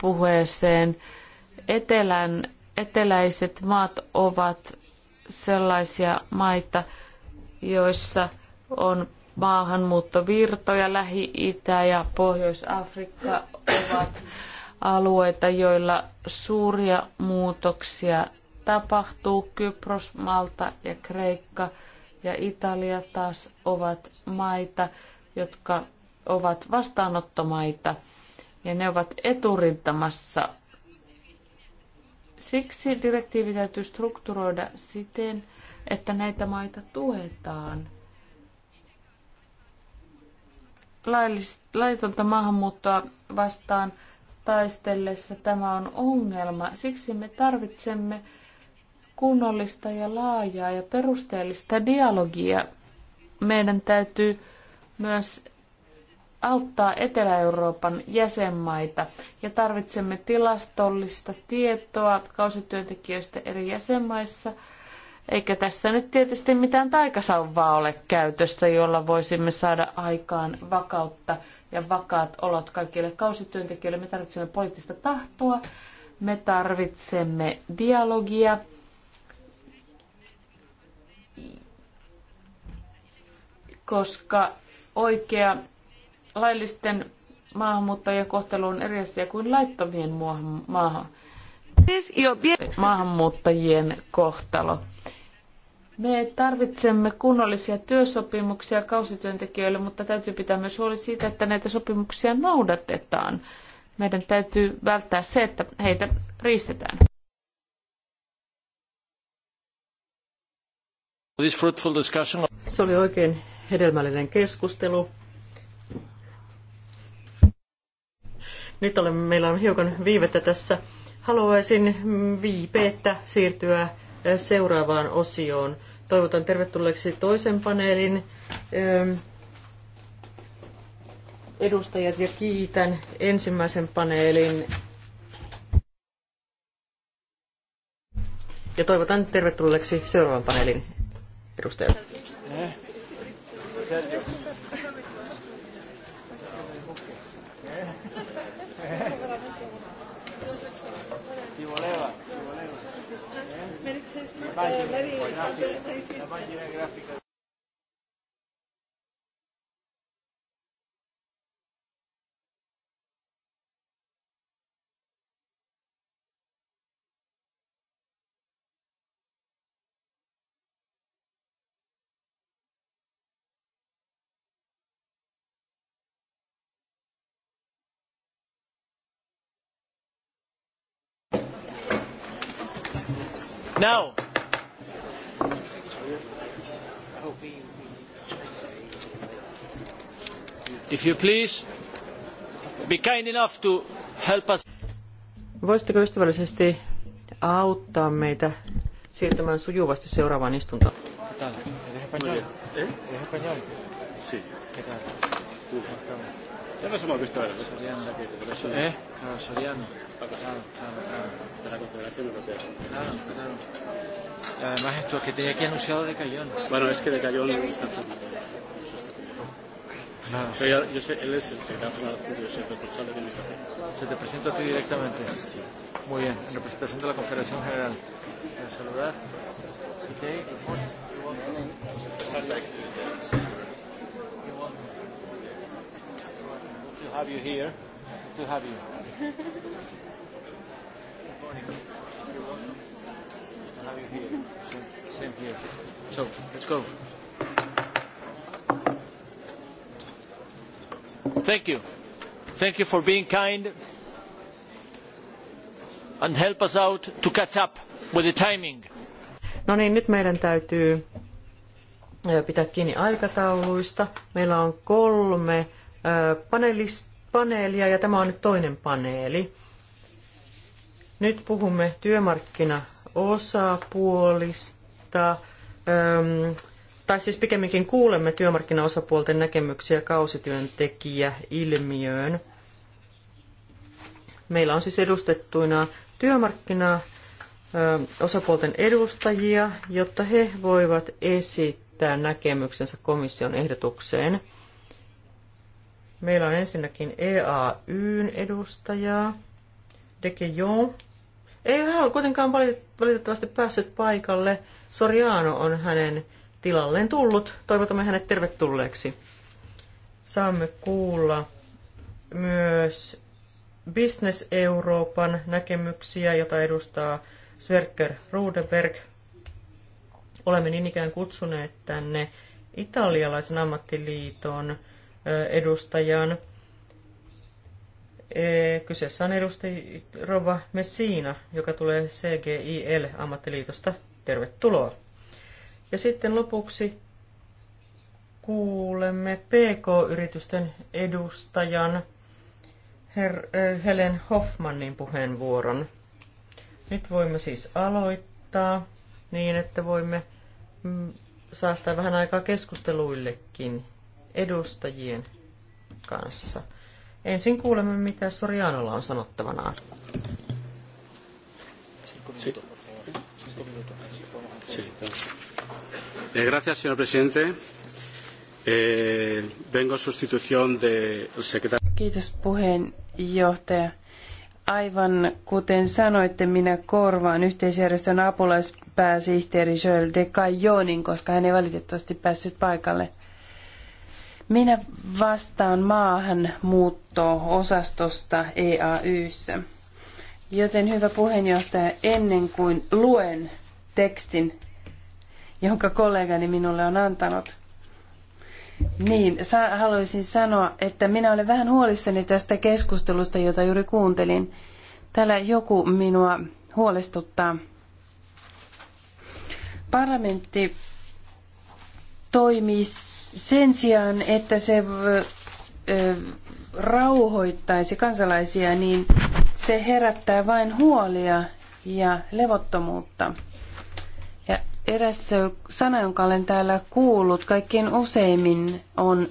puheeseen. Etelän, eteläiset maat ovat sellaisia maita, joissa on maahanmuuttovirtoja. Lähi-Itä ja Pohjois-Afrikka ovat alueita, joilla suuria muutoksia tapahtuu. Kypros, Malta ja Kreikka ja Italia taas ovat maita, jotka ovat vastaanottomaita ja ne ovat eturintamassa. Siksi direktiivi täytyy strukturoida siten, että näitä maita tuetaan – laitonta maahanmuuttoa vastaan taistellessa tämä on ongelma. Siksi me tarvitsemme kunnollista ja laajaa ja perusteellista dialogia. Meidän täytyy myös auttaa Etelä-Euroopan jäsenmaita ja tarvitsemme tilastollista tietoa kausityöntekijöistä eri jäsenmaissa – eikä tässä nyt tietysti mitään taikasauvaa ole käytössä, jolla voisimme saada aikaan vakautta ja vakaat olot kaikille kausityöntekijöille. Me tarvitsemme poliittista tahtoa, me tarvitsemme dialogia. koska oikea laillisten maahanmuuttajien kohtelu on eri asia kuin laittomien maahan, maahan, siis maahanmuuttajien kohtalo. Me tarvitsemme kunnollisia työsopimuksia kausityöntekijöille, mutta täytyy pitää myös huoli siitä, että näitä sopimuksia noudatetaan. Meidän täytyy välttää se, että heitä riistetään. Se oli oikein hedelmällinen keskustelu. Nyt olemme, meillä on hiukan viivettä tässä. Haluaisin viipeettä siirtyä seuraavaan osioon. Toivotan tervetulleeksi toisen paneelin ehm, edustajat ja kiitän ensimmäisen paneelin ja toivotan tervetulleeksi seuraavan paneelin edustajat. Eh? No. now If you please, be kind enough to help us. Voisitteko ystävällisesti auttaa meitä siirtymään sujuvasti seuraavaan istuntoon? Eh? Eh? Ya nos hemos visto varias Soriano. O sea, que por ¿Eh? Claro, Soriano. Claro, claro, claro. De la Europea. Sí. Claro, Y además esto que tenía aquí anunciado de Cayón. Bueno, es que de Cayón está formado. Claro. Soy, yo sé, él es el secretario de yo responsable de mi Se te presento a ti directamente. Muy bien, en representación de la Confederación General. Voy a saludar. Okay. Good morning. have you here. To have you. Good morning. You're welcome. To have you here. Same, same here. So, let's go. Thank you. Thank you for being kind and help us out to catch up with the timing. No niin, nyt meidän täytyy pitää kiinni aikatauluista. Meillä on kolme paneelist, paneelia ja tämä on nyt toinen paneeli. Nyt puhumme työmarkkinaosapuolista, äm, tai siis pikemminkin kuulemme työmarkkinaosapuolten näkemyksiä kausityöntekijäilmiöön. Meillä on siis edustettuina työmarkkina osapuolten edustajia, jotta he voivat esittää näkemyksensä komission ehdotukseen – Meillä on ensinnäkin EAYn edustaja, De Kejon. Ei hän kuitenkaan valitettavasti päässyt paikalle. Soriano on hänen tilalleen tullut. Toivotamme hänet tervetulleeksi. Saamme kuulla myös Business Euroopan näkemyksiä, jota edustaa Sverker Rudeberg. Olemme niin ikään kutsuneet tänne italialaisen ammattiliiton edustajaan. E, kyseessä on edustaja Rova Messina, joka tulee CGIL-ammattiliitosta. Tervetuloa. Ja sitten lopuksi kuulemme PK-yritysten edustajan Her- Helen Hoffmannin puheenvuoron. Nyt voimme siis aloittaa niin, että voimme mm, säästää vähän aikaa keskusteluillekin edustajien kanssa. Ensin kuulemme, mitä Sorianolla on sanottavanaan. Eh, gracias, señor presidente. Eh, vengo sustitución del secretario. Kiitos puheenjohtaja. Aivan kuten sanoitte, minä korvaan yhteisjärjestön apulaispääsihteeri Joel de Cajonin, koska hän ei valitettavasti päässyt paikalle. Minä vastaan maahanmuutto-osastosta EAYssä. Joten hyvä puheenjohtaja, ennen kuin luen tekstin, jonka kollegani minulle on antanut, niin, haluaisin sanoa, että minä olen vähän huolissani tästä keskustelusta, jota juuri kuuntelin. Täällä joku minua huolestuttaa. Parlamentti toimii sen sijaan, että se rauhoittaisi kansalaisia, niin se herättää vain huolia ja levottomuutta. Ja eräs sana, jonka olen täällä kuullut kaikkein useimmin, on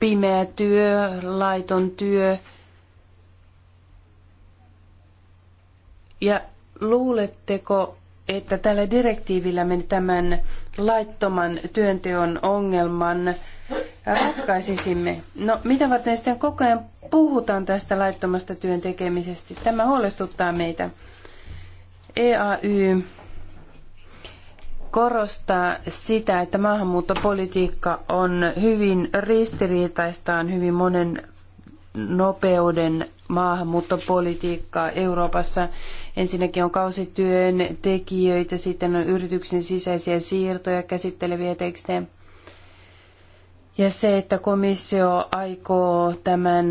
pimeä työ, laiton työ. Ja luuletteko, että tällä direktiivillä me tämän laittoman työnteon ongelman ratkaisisimme. No, mitä varten sitten koko ajan puhutaan tästä laittomasta työn tekemisestä? Tämä huolestuttaa meitä. EAY korostaa sitä, että maahanmuuttopolitiikka on hyvin ristiriitaista, on hyvin monen nopeuden maahanmuuttopolitiikkaa Euroopassa. Ensinnäkin on kausityön tekijöitä, sitten on yrityksen sisäisiä siirtoja käsitteleviä tekstejä. Ja se, että komissio aikoo tämän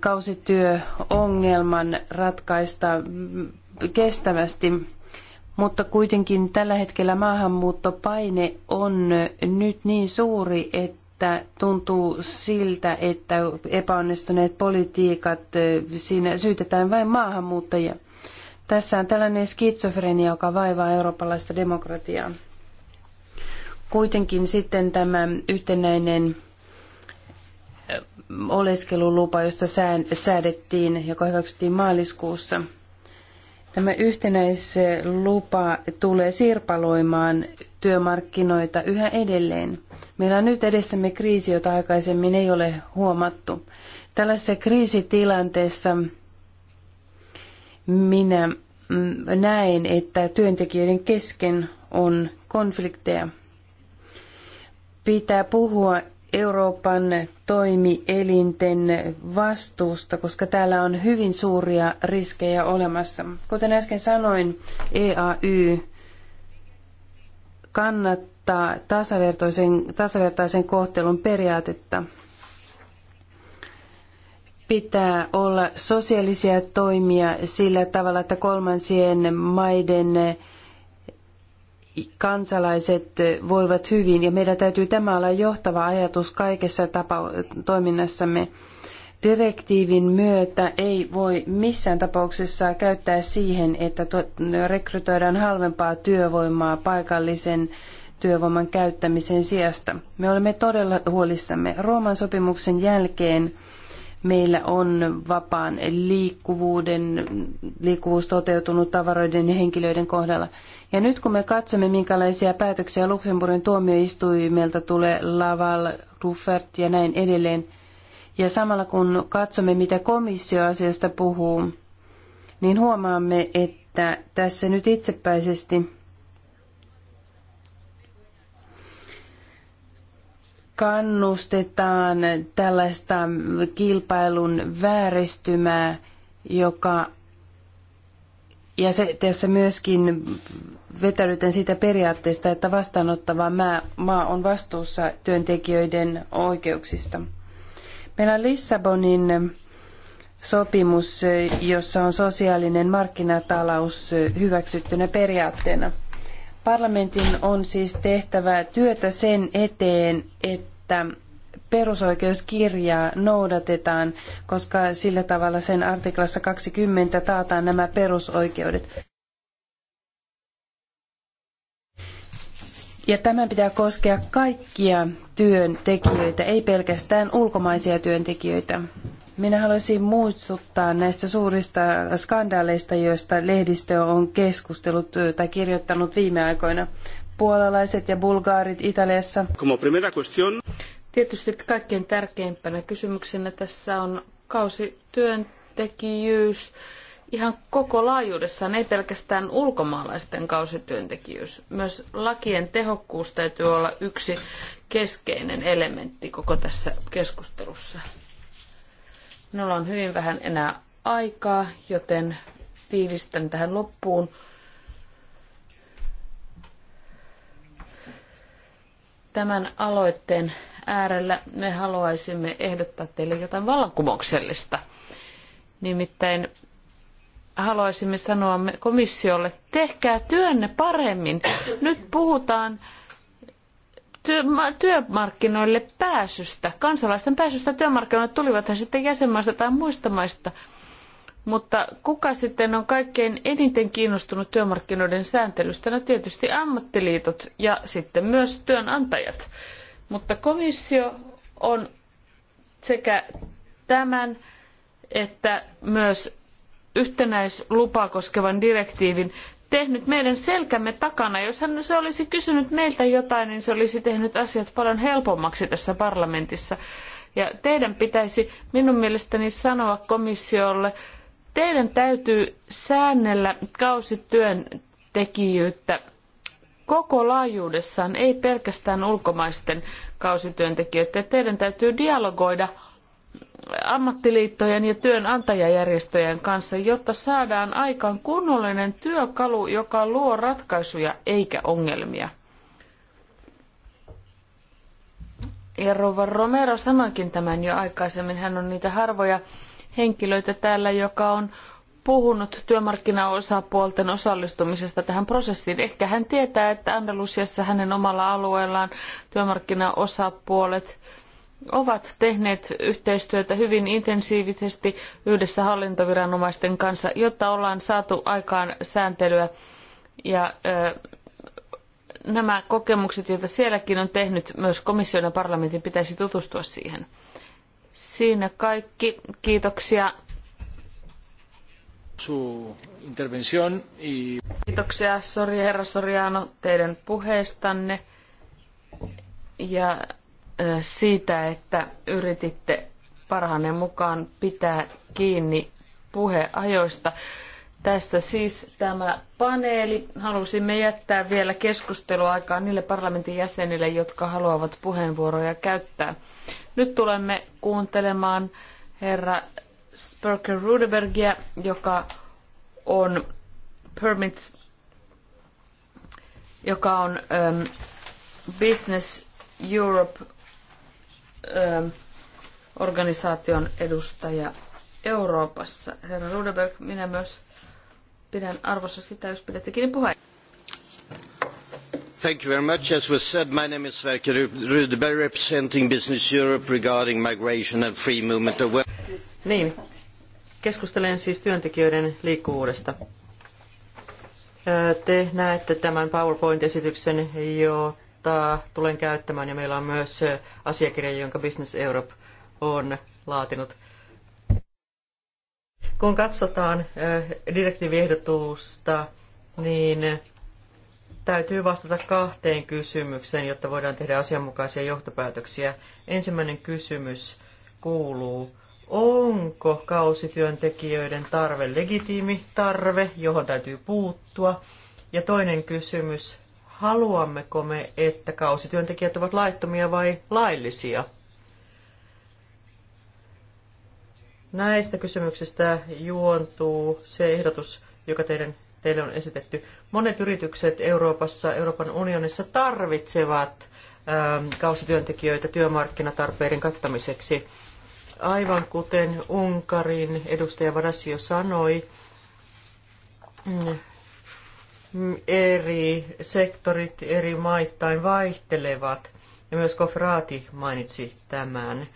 kausityöongelman ratkaista kestävästi, mutta kuitenkin tällä hetkellä maahanmuuttopaine on nyt niin suuri, että että tuntuu siltä, että epäonnistuneet politiikat, siinä syytetään vain maahanmuuttajia. Tässä on tällainen skitsofrenia, joka vaivaa eurooppalaista demokratiaa. Kuitenkin sitten tämä yhtenäinen oleskelulupa, josta säädettiin, joka hyväksyttiin maaliskuussa – Tämä yhtenäislupa tulee sirpaloimaan työmarkkinoita yhä edelleen. Meillä on nyt edessämme kriisi, jota aikaisemmin ei ole huomattu. Tällaisessa kriisitilanteessa minä mm, näen, että työntekijöiden kesken on konflikteja. Pitää puhua Euroopan toimielinten vastuusta, koska täällä on hyvin suuria riskejä olemassa. Kuten äsken sanoin, EAY kannattaa tasavertaisen, tasavertaisen kohtelun periaatetta. Pitää olla sosiaalisia toimia sillä tavalla, että kolmansien maiden kansalaiset voivat hyvin ja meidän täytyy tämä olla johtava ajatus kaikessa tapa- toiminnassamme. Direktiivin myötä ei voi missään tapauksessa käyttää siihen, että rekrytoidaan halvempaa työvoimaa paikallisen työvoiman käyttämisen sijasta. Me olemme todella huolissamme. Rooman sopimuksen jälkeen meillä on vapaan liikkuvuuden, liikkuvuus toteutunut tavaroiden ja henkilöiden kohdalla. Ja nyt kun me katsomme, minkälaisia päätöksiä Luxemburgin tuomioistuimelta tulee Laval, Ruffert ja näin edelleen, ja samalla kun katsomme, mitä komissio asiasta puhuu, niin huomaamme, että tässä nyt itsepäisesti kannustetaan tällaista kilpailun vääristymää, joka ja se, tässä myöskin vetäydytään siitä periaatteesta, että vastaanottava maa, maa on vastuussa työntekijöiden oikeuksista. Meillä on Lissabonin sopimus, jossa on sosiaalinen markkinatalous hyväksyttynä periaatteena. Parlamentin on siis tehtävä työtä sen eteen, että että perusoikeuskirjaa noudatetaan, koska sillä tavalla sen artiklassa 20 taataan nämä perusoikeudet. Ja tämän pitää koskea kaikkia työntekijöitä, ei pelkästään ulkomaisia työntekijöitä. Minä haluaisin muistuttaa näistä suurista skandaaleista, joista lehdistö on keskustellut tai kirjoittanut viime aikoina puolalaiset ja bulgaarit Italiassa. Tietysti kaikkein tärkeimpänä kysymyksenä tässä on kausityöntekijyys ihan koko laajuudessaan, ei pelkästään ulkomaalaisten kausityöntekijyys. Myös lakien tehokkuus täytyy olla yksi keskeinen elementti koko tässä keskustelussa. Minulla on hyvin vähän enää aikaa, joten tiivistän tähän loppuun. tämän aloitteen äärellä me haluaisimme ehdottaa teille jotain vallankumouksellista. Nimittäin haluaisimme sanoa komissiolle, tehkää työnne paremmin. Nyt puhutaan työmarkkinoille pääsystä, kansalaisten pääsystä työmarkkinoille, tulivat he sitten jäsenmaista tai muista maista – mutta kuka sitten on kaikkein eniten kiinnostunut työmarkkinoiden sääntelystä? No tietysti ammattiliitot ja sitten myös työnantajat. Mutta komissio on sekä tämän että myös yhtenäislupaa koskevan direktiivin tehnyt meidän selkämme takana. Jos hän se olisi kysynyt meiltä jotain, niin se olisi tehnyt asiat paljon helpommaksi tässä parlamentissa. Ja teidän pitäisi minun mielestäni sanoa komissiolle, Teidän täytyy säännellä kausityöntekijyyttä koko laajuudessaan, ei pelkästään ulkomaisten kausityöntekijöiden. Teidän täytyy dialogoida ammattiliittojen ja työnantajajärjestöjen kanssa, jotta saadaan aikaan kunnollinen työkalu, joka luo ratkaisuja eikä ongelmia. Ja Rova Romero sanoikin tämän jo aikaisemmin. Hän on niitä harvoja henkilöitä täällä, joka on puhunut työmarkkinaosapuolten osallistumisesta tähän prosessiin. Ehkä hän tietää, että Andalusiassa hänen omalla alueellaan työmarkkinaosapuolet ovat tehneet yhteistyötä hyvin intensiivisesti yhdessä hallintoviranomaisten kanssa, jotta ollaan saatu aikaan sääntelyä. Ja ö, nämä kokemukset, joita sielläkin on tehnyt, myös komission ja parlamentin pitäisi tutustua siihen. Siinä kaikki. Kiitoksia. Su intervención y... Kiitoksia, Sori herra Soriano, teidän puheestanne ja siitä, että yrititte parhaanne mukaan pitää kiinni puheajoista. Tässä siis tämä paneeli. Halusimme jättää vielä keskusteluaikaa niille parlamentin jäsenille, jotka haluavat puheenvuoroja käyttää. Nyt tulemme kuuntelemaan herra Sperker Rudebergia, joka on Permits, joka on um, Business Europe um, organisaation edustaja Euroopassa. Herra Rudeberg, minä myös pidän arvossa sitä, jos pidätte kiinni puheen. Thank you very much. As was said, my name is Sverker Rudberg, representing Business Europe regarding migration and free movement of work. Niin, keskustelen siis työntekijöiden liikkuvuudesta. Te näette tämän PowerPoint-esityksen, jota tulen käyttämään, ja meillä on myös asiakirja, jonka Business Europe on laatinut. Kun katsotaan direktiiviehdotusta, niin täytyy vastata kahteen kysymykseen, jotta voidaan tehdä asianmukaisia johtopäätöksiä. Ensimmäinen kysymys kuuluu, onko kausityöntekijöiden tarve legitiimi tarve, johon täytyy puuttua? Ja toinen kysymys, haluammeko me, että kausityöntekijät ovat laittomia vai laillisia? Näistä kysymyksistä juontuu se ehdotus, joka teidän, teille on esitetty. Monet yritykset Euroopassa, Euroopan unionissa tarvitsevat ähm, kausityöntekijöitä työmarkkinatarpeiden kattamiseksi. Aivan kuten Unkarin edustaja Vadasio sanoi, mm, eri sektorit eri maittain vaihtelevat, ja myös Kofraati mainitsi tämän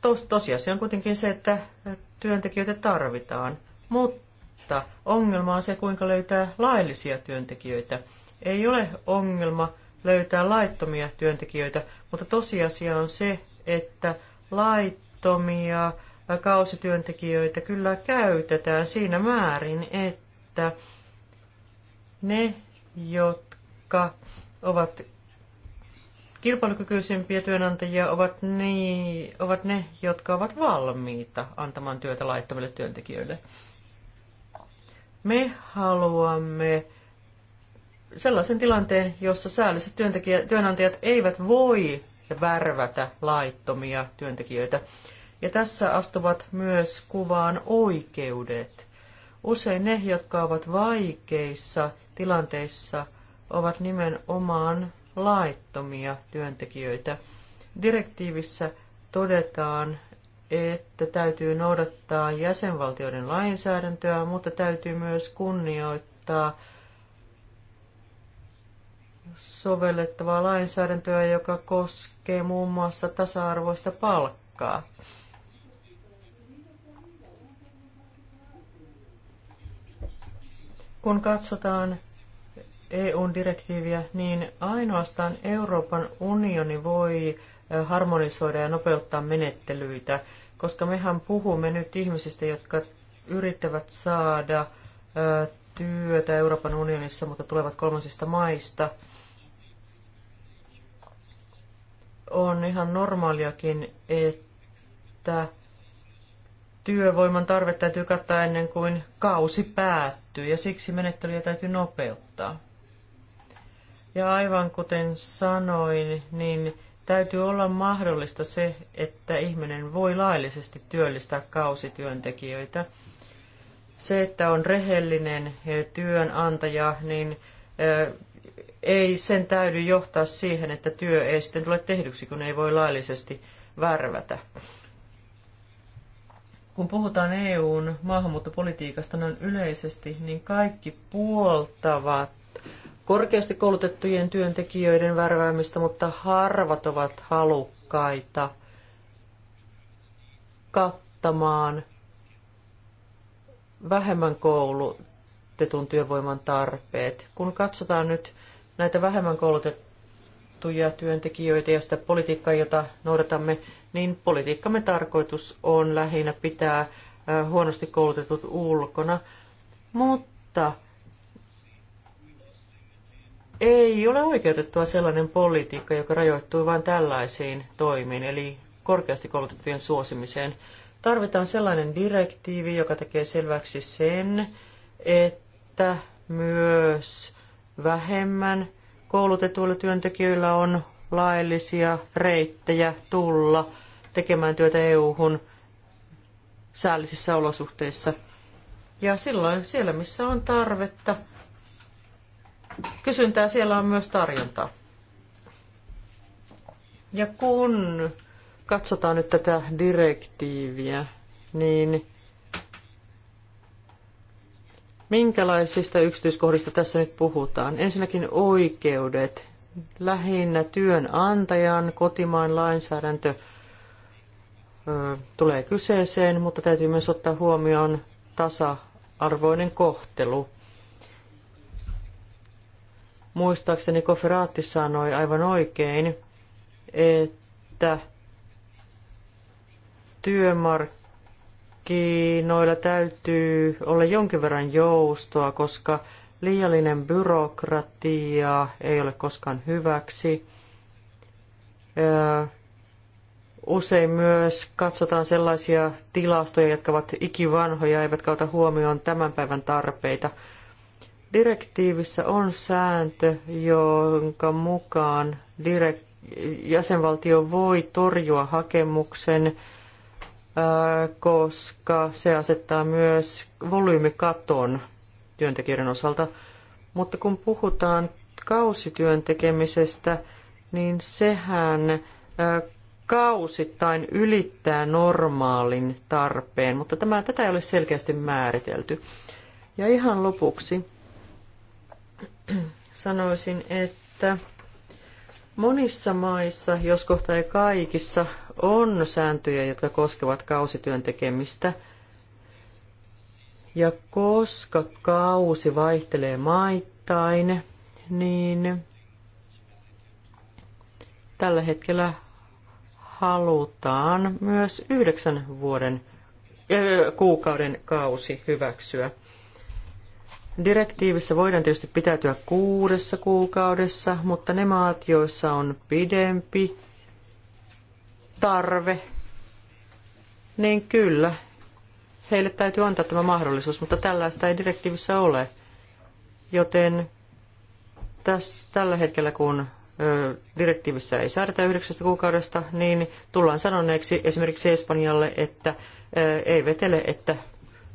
tos, tosiasia on kuitenkin se, että työntekijöitä tarvitaan, mutta ongelma on se, kuinka löytää laillisia työntekijöitä. Ei ole ongelma löytää laittomia työntekijöitä, mutta tosiasia on se, että laittomia kausityöntekijöitä kyllä käytetään siinä määrin, että ne, jotka ovat Kilpailukykyisempiä työnantajia ovat, niin, ovat ne, jotka ovat valmiita antamaan työtä laittomille työntekijöille. Me haluamme sellaisen tilanteen, jossa säälliset työnantajat eivät voi värvätä laittomia työntekijöitä. Ja tässä astuvat myös kuvaan oikeudet. Usein ne, jotka ovat vaikeissa tilanteissa, ovat nimenomaan laittomia työntekijöitä. Direktiivissä todetaan, että täytyy noudattaa jäsenvaltioiden lainsäädäntöä, mutta täytyy myös kunnioittaa sovellettavaa lainsäädäntöä, joka koskee muun muassa tasa-arvoista palkkaa. Kun katsotaan EU-direktiiviä, niin ainoastaan Euroopan unioni voi harmonisoida ja nopeuttaa menettelyitä, koska mehän puhumme nyt ihmisistä, jotka yrittävät saada työtä Euroopan unionissa, mutta tulevat kolmansista maista. On ihan normaaliakin, että työvoiman tarve täytyy kattaa ennen kuin kausi päättyy, ja siksi menettelyjä täytyy nopeuttaa. Ja aivan kuten sanoin, niin täytyy olla mahdollista se, että ihminen voi laillisesti työllistää kausityöntekijöitä. Se, että on rehellinen työnantaja, niin ei sen täydy johtaa siihen, että työ ei sitten tule tehdyksi, kun ei voi laillisesti värvätä. Kun puhutaan EUn maahanmuuttopolitiikasta noin yleisesti, niin kaikki puoltavat korkeasti koulutettujen työntekijöiden värväämistä, mutta harvat ovat halukkaita kattamaan vähemmän koulutetun työvoiman tarpeet. Kun katsotaan nyt näitä vähemmän koulutettuja työntekijöitä ja sitä politiikkaa, jota noudatamme, niin politiikkamme tarkoitus on lähinnä pitää huonosti koulutetut ulkona. Mutta ei ole oikeutettua sellainen politiikka, joka rajoittuu vain tällaisiin toimiin, eli korkeasti koulutettujen suosimiseen. Tarvitaan sellainen direktiivi, joka tekee selväksi sen, että myös vähemmän koulutetuilla työntekijöillä on laillisia reittejä tulla tekemään työtä EU-hun säällisissä olosuhteissa. Ja silloin siellä, missä on tarvetta, kysyntää, siellä on myös tarjontaa. Ja kun katsotaan nyt tätä direktiiviä, niin minkälaisista yksityiskohdista tässä nyt puhutaan? Ensinnäkin oikeudet, lähinnä työnantajan kotimaan lainsäädäntö tulee kyseeseen, mutta täytyy myös ottaa huomioon tasa-arvoinen kohtelu. Muistaakseni Koferaatti sanoi aivan oikein, että työmarkkinoilla täytyy olla jonkin verran joustoa, koska liiallinen byrokratia ei ole koskaan hyväksi. Usein myös katsotaan sellaisia tilastoja, jotka ovat ikivanhoja, eivätkä ota huomioon tämän päivän tarpeita. Direktiivissä on sääntö, jonka mukaan direk- jäsenvaltio voi torjua hakemuksen, äh, koska se asettaa myös volyymikaton työntekijöiden osalta. Mutta kun puhutaan kausityön tekemisestä, niin sehän äh, kausittain ylittää normaalin tarpeen, mutta tämä, tätä ei ole selkeästi määritelty. Ja ihan lopuksi sanoisin, että monissa maissa, jos kohta ei kaikissa, on sääntöjä, jotka koskevat kausityön tekemistä. Ja koska kausi vaihtelee maittain, niin tällä hetkellä halutaan myös yhdeksän vuoden kuukauden kausi hyväksyä. Direktiivissä voidaan tietysti pitäytyä kuudessa kuukaudessa, mutta ne maat, joissa on pidempi tarve, niin kyllä, heille täytyy antaa tämä mahdollisuus, mutta tällaista ei direktiivissä ole. Joten tässä, tällä hetkellä, kun ö, direktiivissä ei säädetä yhdeksästä kuukaudesta, niin tullaan sanoneeksi esimerkiksi Espanjalle, että ö, ei vetele, että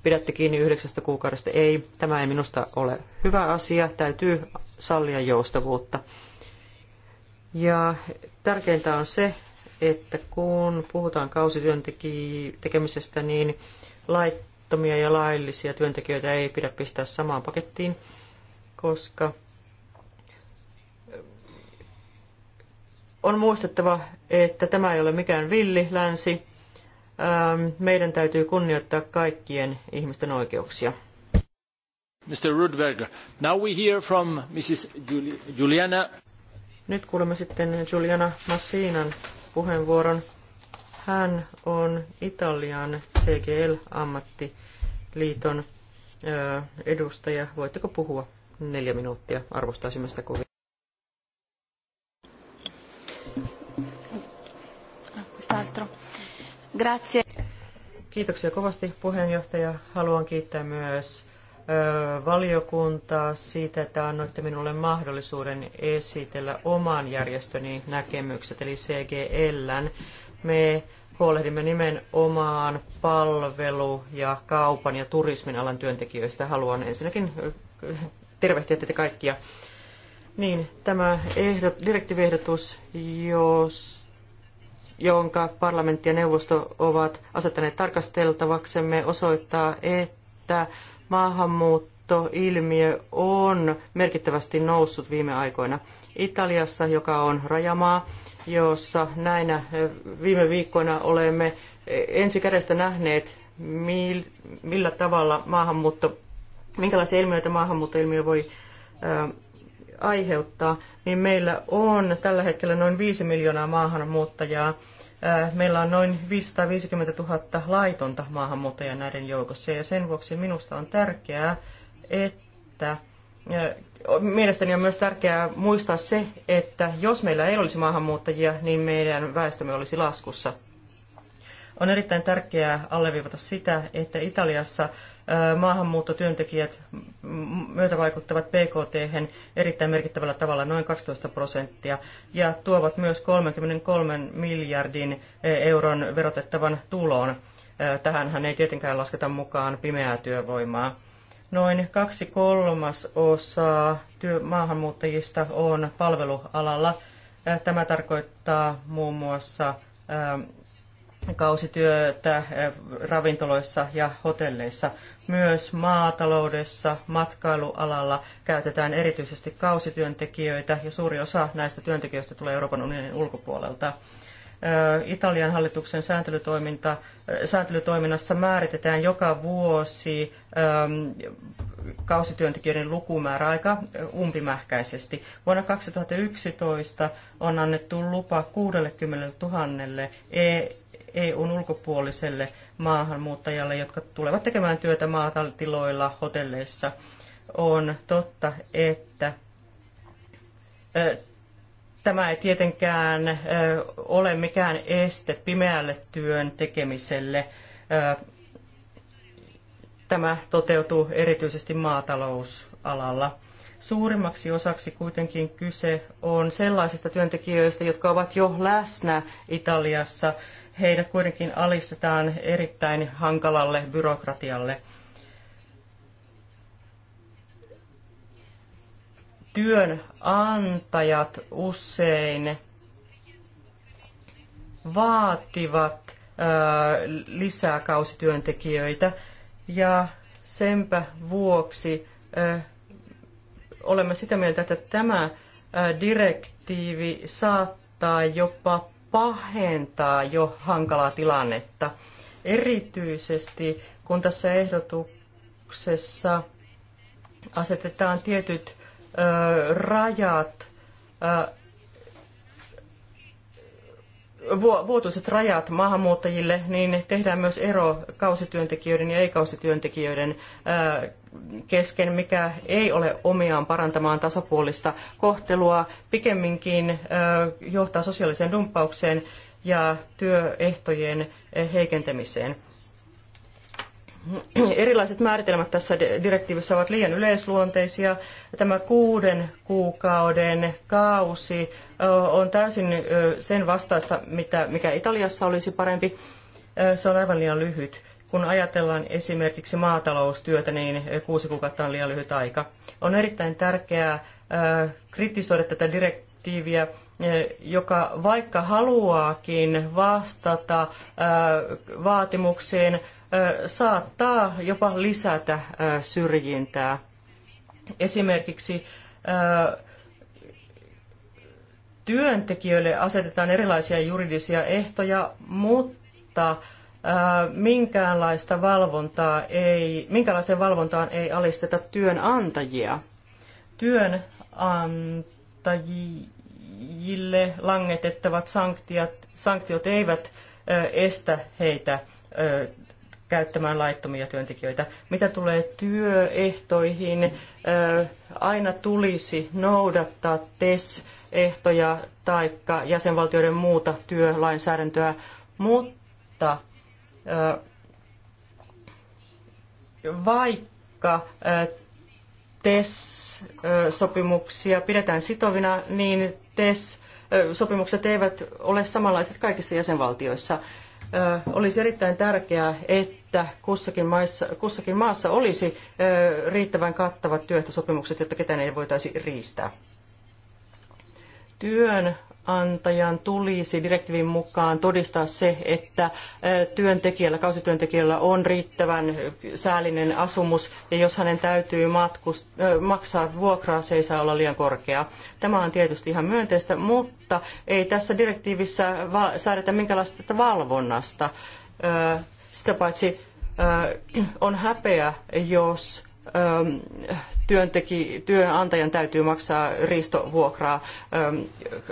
pidätte kiinni yhdeksästä kuukaudesta. Ei, tämä ei minusta ole hyvä asia. Täytyy sallia joustavuutta. Ja tärkeintä on se, että kun puhutaan kausityöntekemisestä, niin laittomia ja laillisia työntekijöitä ei pidä pistää samaan pakettiin, koska on muistettava, että tämä ei ole mikään villi länsi, Ähm, meidän täytyy kunnioittaa kaikkien ihmisten oikeuksia. Mr. Rudberger, now we hear from Mrs. Juliana. Nyt kuulemme sitten Juliana Massinan puheenvuoron. Hän on Italian CGL-ammattiliiton edustaja. Voitteko puhua neljä minuuttia? Arvostaisimme sitä kovin. Quest'altro. Grazie. Kiitoksia kovasti puheenjohtaja. Haluan kiittää myös valiokuntaa siitä, että annoitte minulle mahdollisuuden esitellä oman järjestöni näkemykset, eli CGLn. Me huolehdimme nimenomaan palvelu- ja kaupan ja turismin alan työntekijöistä. Haluan ensinnäkin tervehtiä teitä kaikkia. Niin, tämä ehdot, direktiivehdotus, jos jonka parlamentti ja neuvosto ovat asettaneet tarkasteltavaksemme, osoittaa, että maahanmuuttoilmiö on merkittävästi noussut viime aikoina. Italiassa, joka on rajamaa, jossa näinä viime viikkoina olemme ensi kädestä nähneet, millä tavalla maahanmuutto, minkälaisia ilmiöitä maahanmuuttoilmiö voi aiheuttaa, niin meillä on tällä hetkellä noin 5 miljoonaa maahanmuuttajaa Äh, meillä on noin 550 000 laitonta maahanmuuttajaa näiden joukossa ja sen vuoksi minusta on tärkeää, että äh, mielestäni on myös tärkeää muistaa se, että jos meillä ei olisi maahanmuuttajia, niin meidän väestömme olisi laskussa. On erittäin tärkeää alleviivata sitä, että Italiassa maahanmuuttotyöntekijät myötävaikuttavat PKT erittäin merkittävällä tavalla, noin 12 prosenttia, ja tuovat myös 33 miljardin euron verotettavan tulon. Tähänhän ei tietenkään lasketa mukaan pimeää työvoimaa. Noin kaksi kolmasosaa työ- maahanmuuttajista on palvelualalla. Tämä tarkoittaa muun muassa kausityötä ravintoloissa ja hotelleissa. Myös maataloudessa, matkailualalla käytetään erityisesti kausityöntekijöitä ja suuri osa näistä työntekijöistä tulee Euroopan unionin ulkopuolelta. Italian hallituksen sääntelytoiminta, sääntelytoiminnassa määritetään joka vuosi kausityöntekijöiden lukumäärä aika umpimähkäisesti. Vuonna 2011 on annettu lupa 60 000 EUn ulkopuoliselle maahanmuuttajalle, jotka tulevat tekemään työtä maatiloilla, hotelleissa. On totta, että tämä ei tietenkään ole mikään este pimeälle työn tekemiselle. Tämä toteutuu erityisesti maatalousalalla. Suurimmaksi osaksi kuitenkin kyse on sellaisista työntekijöistä, jotka ovat jo läsnä Italiassa heidät kuitenkin alistetaan erittäin hankalalle byrokratialle. Työnantajat usein vaativat lisää kausityöntekijöitä ja senpä vuoksi olemme sitä mieltä, että tämä direktiivi saattaa jopa pahentaa jo hankalaa tilannetta. Erityisesti kun tässä ehdotuksessa asetetaan tietyt ö, rajat ö, vuotuiset rajat maahanmuuttajille, niin tehdään myös ero kausityöntekijöiden ja ei-kausityöntekijöiden kesken, mikä ei ole omiaan parantamaan tasapuolista kohtelua, pikemminkin johtaa sosiaaliseen dumppaukseen ja työehtojen heikentämiseen. Erilaiset määritelmät tässä direktiivissä ovat liian yleisluonteisia. Tämä kuuden kuukauden kausi on täysin sen vastaista, mitä, mikä Italiassa olisi parempi. Se on aivan liian lyhyt. Kun ajatellaan esimerkiksi maataloustyötä, niin kuusi kuukautta on liian lyhyt aika. On erittäin tärkeää kritisoida tätä direktiiviä joka vaikka haluaakin vastata vaatimuksiin, saattaa jopa lisätä syrjintää. Esimerkiksi työntekijöille asetetaan erilaisia juridisia ehtoja, mutta minkäänlaista valvontaa ei, minkäänlaiseen valvontaan ei alisteta työnantajia. Työnantajille langetettavat sanktiot, sanktiot eivät estä heitä käyttämään laittomia työntekijöitä. Mitä tulee työehtoihin, aina tulisi noudattaa TES-ehtoja tai jäsenvaltioiden muuta työlainsäädäntöä, mutta vaikka TES-sopimuksia pidetään sitovina, niin TES-sopimukset eivät ole samanlaiset kaikissa jäsenvaltioissa. Olisi erittäin tärkeää, että että kussakin, maissa, kussakin maassa olisi riittävän kattavat työehtosopimukset, jotta ketään ei voitaisi riistää. Työnantajan tulisi direktiivin mukaan todistaa se, että työntekijällä, kausityöntekijällä on riittävän säällinen asumus ja jos hänen täytyy matkust, maksaa vuokraa, se ei saa olla liian korkea. Tämä on tietysti ihan myönteistä, mutta ei tässä direktiivissä säädetä minkälaista valvonnasta sitä paitsi äh, on häpeä, jos ähm, työntekijä, työnantajan täytyy maksaa riistovuokraa ähm,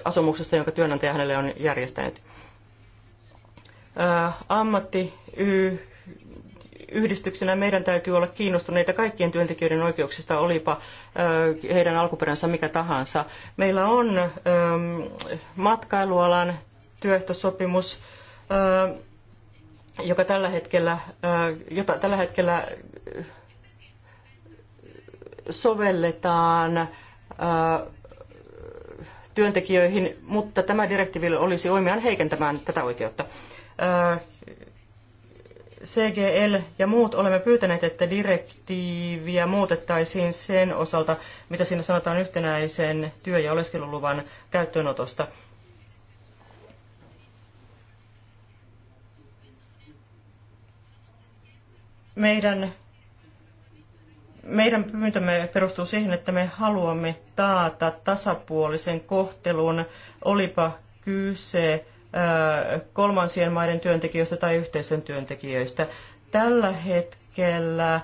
asumuksesta, jonka työnantaja hänelle on järjestänyt. Äh, Ammattiyhdistyksenä meidän täytyy olla kiinnostuneita kaikkien työntekijöiden oikeuksista, olipa äh, heidän alkuperänsä mikä tahansa. Meillä on ähm, matkailualan työehtosopimus, joka tällä hetkellä, jota tällä hetkellä sovelletaan työntekijöihin, mutta tämä direktiivi olisi oimiaan heikentämään tätä oikeutta. CGL ja muut olemme pyytäneet, että direktiiviä muutettaisiin sen osalta, mitä siinä sanotaan yhtenäisen työ- ja oleskeluluvan käyttöönotosta. Meidän, meidän pyyntömme perustuu siihen, että me haluamme taata tasapuolisen kohtelun, olipa kyse kolmansien maiden työntekijöistä tai yhteisön työntekijöistä. Tällä hetkellä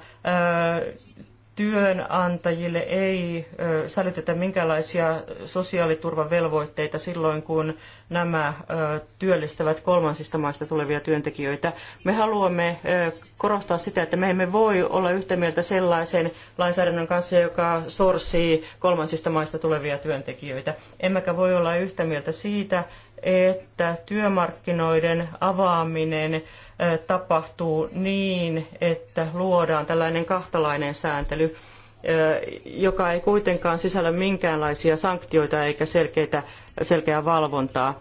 työnantajille ei sälytetä minkäänlaisia sosiaaliturvavelvoitteita silloin, kun nämä työllistävät kolmansista maista tulevia työntekijöitä. Me haluamme korostaa sitä, että me emme voi olla yhtä mieltä sellaisen lainsäädännön kanssa, joka sorsii kolmansista maista tulevia työntekijöitä. Emmekä voi olla yhtä mieltä siitä, että työmarkkinoiden avaaminen tapahtuu niin, että luodaan tällainen kahtalainen sääntely, joka ei kuitenkaan sisällä minkäänlaisia sanktioita eikä selkeitä, selkeää valvontaa.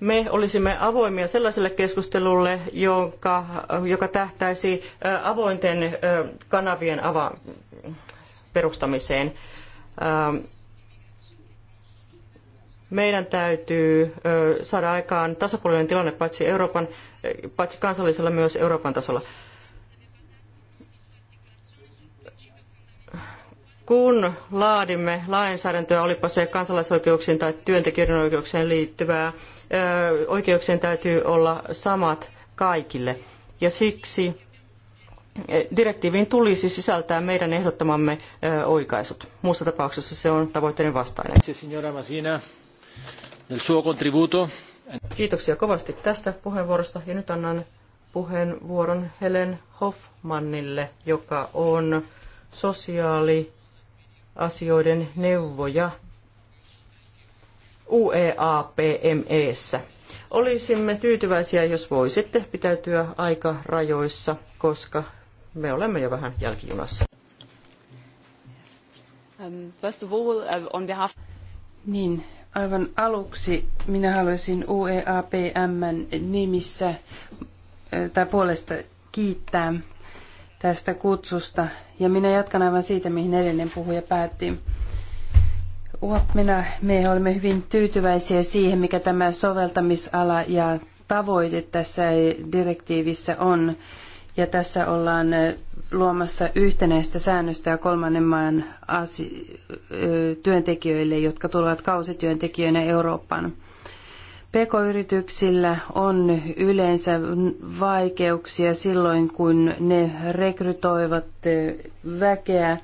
Me olisimme avoimia sellaiselle keskustelulle, joka joka tähtäisi avointen kanavien ava- perustamiseen meidän täytyy saada aikaan tasapuolinen tilanne paitsi, Euroopan, paitsi kansallisella myös Euroopan tasolla. Kun laadimme lainsäädäntöä, olipa se kansalaisoikeuksiin tai työntekijöiden oikeuksiin liittyvää, oikeuksien täytyy olla samat kaikille. Ja siksi e, direktiiviin tulisi sisältää meidän ehdottamamme oikaisut. Muussa tapauksessa se on tavoitteiden vastainen del suo contributo. Kiitoksia kovasti tästä puheenvuorosta ja nyt annan puheenvuoron Helen Hoffmannille, joka on sosiaaliasioiden neuvoja UEAPMEssä. Olisimme tyytyväisiä, jos voisitte pitäytyä aikarajoissa, koska me olemme jo vähän jälkijunassa. Um, uh, niin, Aivan aluksi minä haluaisin UEAPMn nimissä tai puolesta kiittää tästä kutsusta. Ja minä jatkan aivan siitä, mihin edellinen puhuja päätti. Minä, me olemme hyvin tyytyväisiä siihen, mikä tämä soveltamisala ja tavoite tässä direktiivissä on. Ja tässä ollaan luomassa yhtenäistä säännöstä ja kolmannen maan työntekijöille, jotka tulevat kausityöntekijöinä Eurooppaan. PK-yrityksillä on yleensä vaikeuksia silloin, kun ne rekrytoivat väkeä,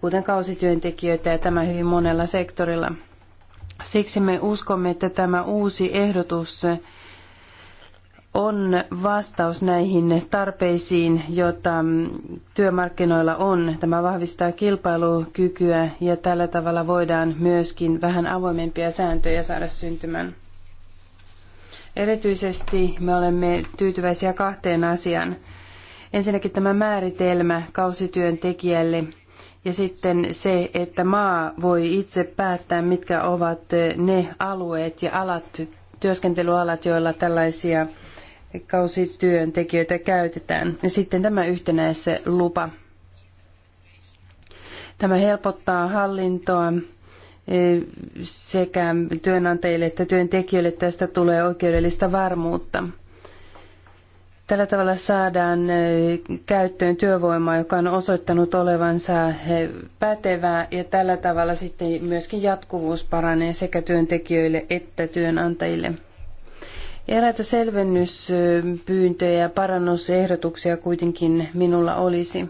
kuten kausityöntekijöitä, ja tämä hyvin monella sektorilla. Siksi me uskomme, että tämä uusi ehdotus on vastaus näihin tarpeisiin, joita työmarkkinoilla on. Tämä vahvistaa kilpailukykyä ja tällä tavalla voidaan myöskin vähän avoimempia sääntöjä saada syntymään. Erityisesti me olemme tyytyväisiä kahteen asiaan. Ensinnäkin tämä määritelmä kausityöntekijälle ja sitten se, että maa voi itse päättää, mitkä ovat ne alueet ja alat, työskentelyalat, joilla tällaisia kausityöntekijöitä käytetään. Ja sitten tämä yhtenäislupa. Tämä helpottaa hallintoa e, sekä työnantajille että työntekijöille. Tästä tulee oikeudellista varmuutta. Tällä tavalla saadaan e, käyttöön työvoimaa, joka on osoittanut olevansa e, pätevää ja tällä tavalla sitten myöskin jatkuvuus paranee sekä työntekijöille että työnantajille. Ja eräitä selvennyspyyntöjä ja parannusehdotuksia kuitenkin minulla olisi.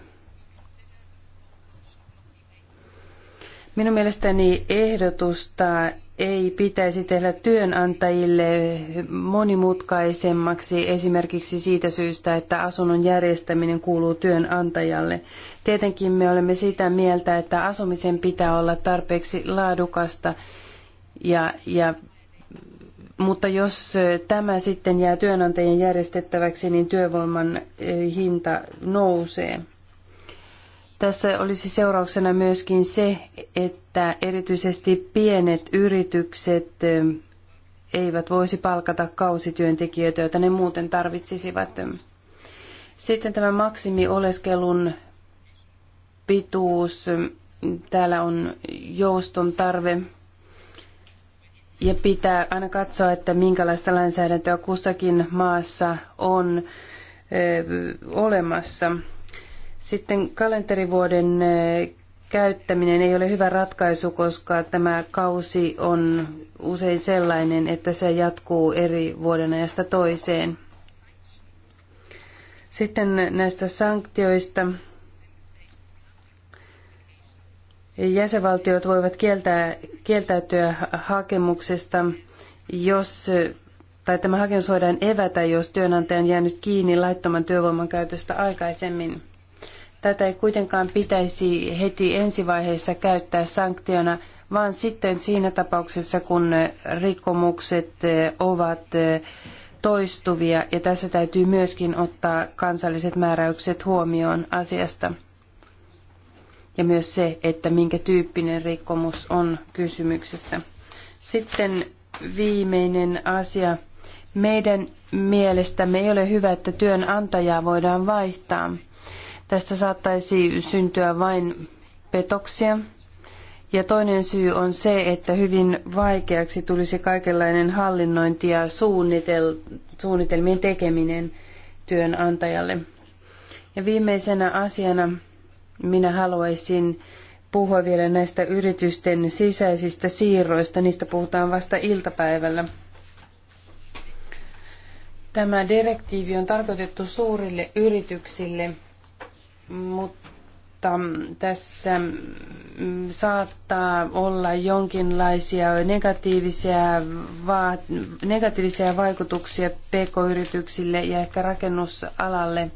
Minun mielestäni ehdotusta ei pitäisi tehdä työnantajille monimutkaisemmaksi esimerkiksi siitä syystä, että asunnon järjestäminen kuuluu työnantajalle. Tietenkin me olemme sitä mieltä, että asumisen pitää olla tarpeeksi laadukasta ja, ja mutta jos tämä sitten jää työnantajien järjestettäväksi, niin työvoiman hinta nousee. Tässä olisi seurauksena myöskin se, että erityisesti pienet yritykset eivät voisi palkata kausityöntekijöitä, joita ne muuten tarvitsisivat. Sitten tämä maksimioleskelun pituus. Täällä on jouston tarve ja pitää aina katsoa, että minkälaista lainsäädäntöä kussakin maassa on olemassa. Sitten kalenterivuoden käyttäminen ei ole hyvä ratkaisu, koska tämä kausi on usein sellainen, että se jatkuu eri vuodenajasta toiseen. Sitten näistä sanktioista jäsenvaltiot voivat kieltää, kieltäytyä hakemuksesta, jos, tai tämä hakemus voidaan evätä, jos työnantaja on jäänyt kiinni laittoman työvoiman käytöstä aikaisemmin. Tätä ei kuitenkaan pitäisi heti ensivaiheessa käyttää sanktiona, vaan sitten siinä tapauksessa, kun rikkomukset ovat toistuvia, ja tässä täytyy myöskin ottaa kansalliset määräykset huomioon asiasta ja myös se, että minkä tyyppinen rikkomus on kysymyksessä. Sitten viimeinen asia. Meidän mielestämme ei ole hyvä, että työnantajaa voidaan vaihtaa. Tästä saattaisi syntyä vain petoksia. Ja toinen syy on se, että hyvin vaikeaksi tulisi kaikenlainen hallinnointi ja suunnitel- suunnitelmien tekeminen työnantajalle. Ja viimeisenä asiana minä haluaisin puhua vielä näistä yritysten sisäisistä siirroista. Niistä puhutaan vasta iltapäivällä. Tämä direktiivi on tarkoitettu suurille yrityksille, mutta tässä mm, saattaa olla jonkinlaisia negatiivisia, va negatiivisia vaikutuksia pk-yrityksille ja ehkä rakennusalalle –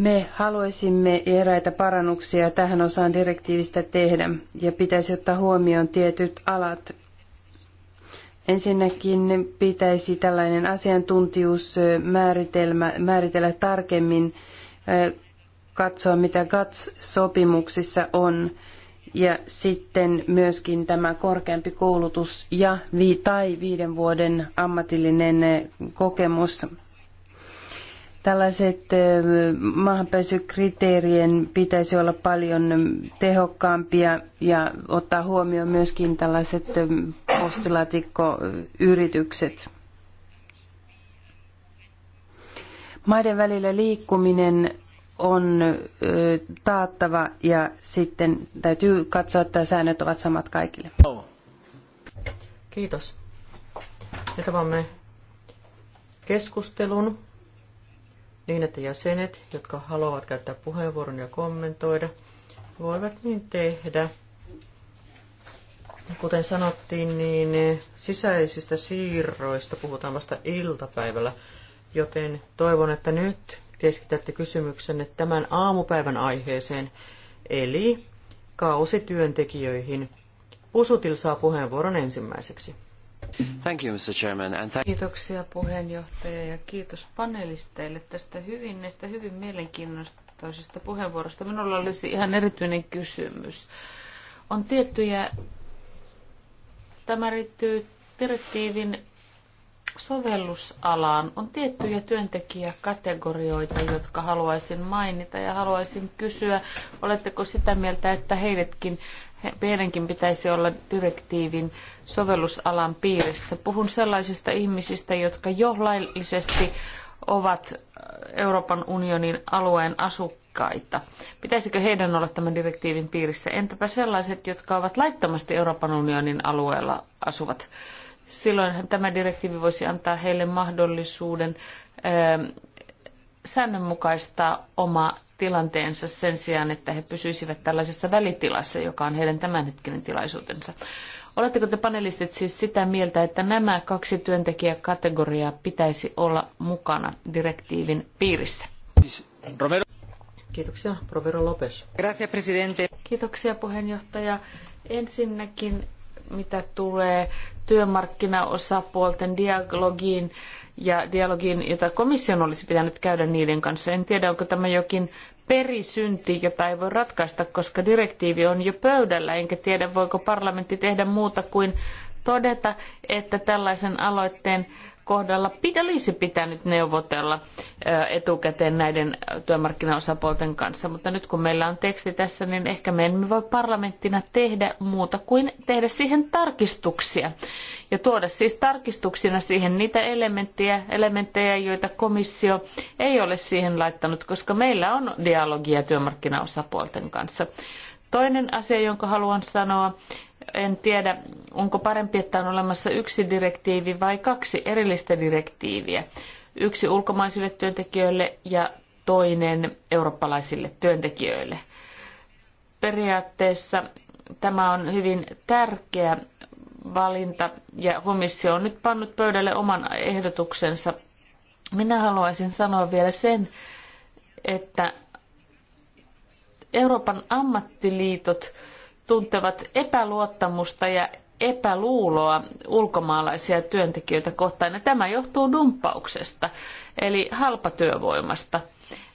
me haluaisimme eräitä parannuksia tähän osaan direktiivistä tehdä ja pitäisi ottaa huomioon tietyt alat. Ensinnäkin pitäisi tällainen asiantuntijuusmääritelmä määritellä tarkemmin, katsoa mitä GATS-sopimuksissa on ja sitten myöskin tämä korkeampi koulutus ja, tai viiden vuoden ammatillinen kokemus Tällaiset eh, maahanpääsykriteerien pitäisi olla paljon tehokkaampia ja ottaa huomioon myöskin tällaiset eh, postilaatikkoyritykset. Maiden välillä liikkuminen on eh, taattava ja sitten täytyy katsoa, että säännöt ovat samat kaikille. Kiitos. Nyt keskustelun niin, että jäsenet, jotka haluavat käyttää puheenvuoron ja kommentoida, voivat niin tehdä. Kuten sanottiin, niin sisäisistä siirroista puhutaan vasta iltapäivällä, joten toivon, että nyt keskitätte kysymyksenne tämän aamupäivän aiheeseen, eli kausityöntekijöihin. Pusutil saa puheenvuoron ensimmäiseksi. Thank you, Mr. Chairman, and thank... Kiitoksia puheenjohtaja ja kiitos panelisteille tästä hyvin, näistä hyvin mielenkiintoisesta puheenvuorosta. Minulla olisi ihan erityinen kysymys. On tiettyjä, tämä liittyy direktiivin sovellusalaan. On tiettyjä työntekijäkategorioita, jotka haluaisin mainita ja haluaisin kysyä, oletteko sitä mieltä, että heidätkin meidänkin pitäisi olla direktiivin sovellusalan piirissä. Puhun sellaisista ihmisistä, jotka jo laillisesti ovat äh, Euroopan unionin alueen asukkaita. Pitäisikö heidän olla tämän direktiivin piirissä? Entäpä sellaiset, jotka ovat laittomasti Euroopan unionin alueella asuvat? Silloinhan tämä direktiivi voisi antaa heille mahdollisuuden ähm, säännönmukaistaa oma tilanteensa sen sijaan, että he pysyisivät tällaisessa välitilassa, joka on heidän tämänhetkinen tilaisuutensa. Oletteko te panelistit siis sitä mieltä, että nämä kaksi työntekijäkategoriaa pitäisi olla mukana direktiivin piirissä? Romero. Kiitoksia, Provero Lopes. Gracias, presidente. Kiitoksia, puheenjohtaja. Ensinnäkin, mitä tulee työmarkkinaosapuolten dialogiin, ja dialogin, jota komission olisi pitänyt käydä niiden kanssa. En tiedä, onko tämä jokin perisynti, jota ei voi ratkaista, koska direktiivi on jo pöydällä, enkä tiedä, voiko parlamentti tehdä muuta kuin todeta, että tällaisen aloitteen kohdalla olisi pitänyt neuvotella etukäteen näiden työmarkkinaosapuolten kanssa, mutta nyt kun meillä on teksti tässä, niin ehkä me emme voi parlamenttina tehdä muuta kuin tehdä siihen tarkistuksia ja tuoda siis tarkistuksina siihen niitä elementtejä, elementtejä, joita komissio ei ole siihen laittanut, koska meillä on dialogia työmarkkinaosapuolten kanssa. Toinen asia, jonka haluan sanoa, en tiedä, onko parempi, että on olemassa yksi direktiivi vai kaksi erillistä direktiiviä. Yksi ulkomaisille työntekijöille ja toinen eurooppalaisille työntekijöille. Periaatteessa Tämä on hyvin tärkeä valinta ja komissio on nyt pannut pöydälle oman ehdotuksensa. Minä haluaisin sanoa vielä sen, että Euroopan ammattiliitot tuntevat epäluottamusta ja epäluuloa ulkomaalaisia työntekijöitä kohtaan. Ja tämä johtuu dumppauksesta, eli halpatyövoimasta.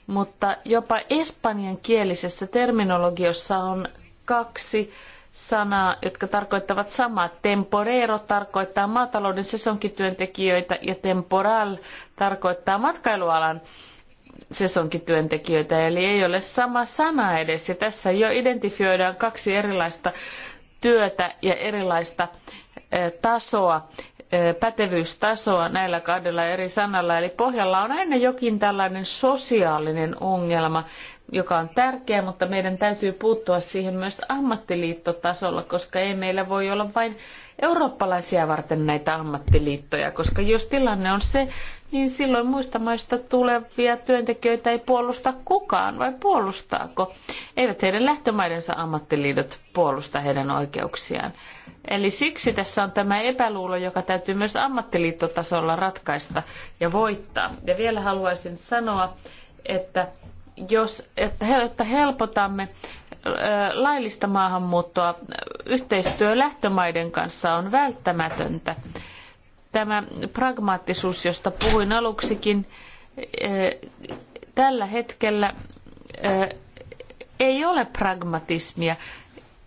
Mutta jopa espanjankielisessä terminologiassa on kaksi sanaa, jotka tarkoittavat samaa. Temporero tarkoittaa maatalouden sesonkityöntekijöitä ja temporal tarkoittaa matkailualan sesonkityöntekijöitä, eli ei ole sama sana edes. Ja tässä jo identifioidaan kaksi erilaista työtä ja erilaista eh, tasoa, eh, pätevyystasoa näillä kahdella eri sanalla. Eli pohjalla on aina jokin tällainen sosiaalinen ongelma, joka on tärkeä, mutta meidän täytyy puuttua siihen myös ammattiliittotasolla, koska ei meillä voi olla vain eurooppalaisia varten näitä ammattiliittoja, koska jos tilanne on se, niin silloin muista maista tulevia työntekijöitä ei puolusta kukaan, vai puolustaako? Eivät heidän lähtömaidensa ammattiliitot puolusta heidän oikeuksiaan. Eli siksi tässä on tämä epäluulo, joka täytyy myös ammattiliittotasolla ratkaista ja voittaa. Ja vielä haluaisin sanoa, että jos, että, että helpotamme laillista maahanmuuttoa, yhteistyö lähtömaiden kanssa on välttämätöntä. Tämä pragmaattisuus, josta puhuin aluksikin, tällä hetkellä ei ole pragmatismia.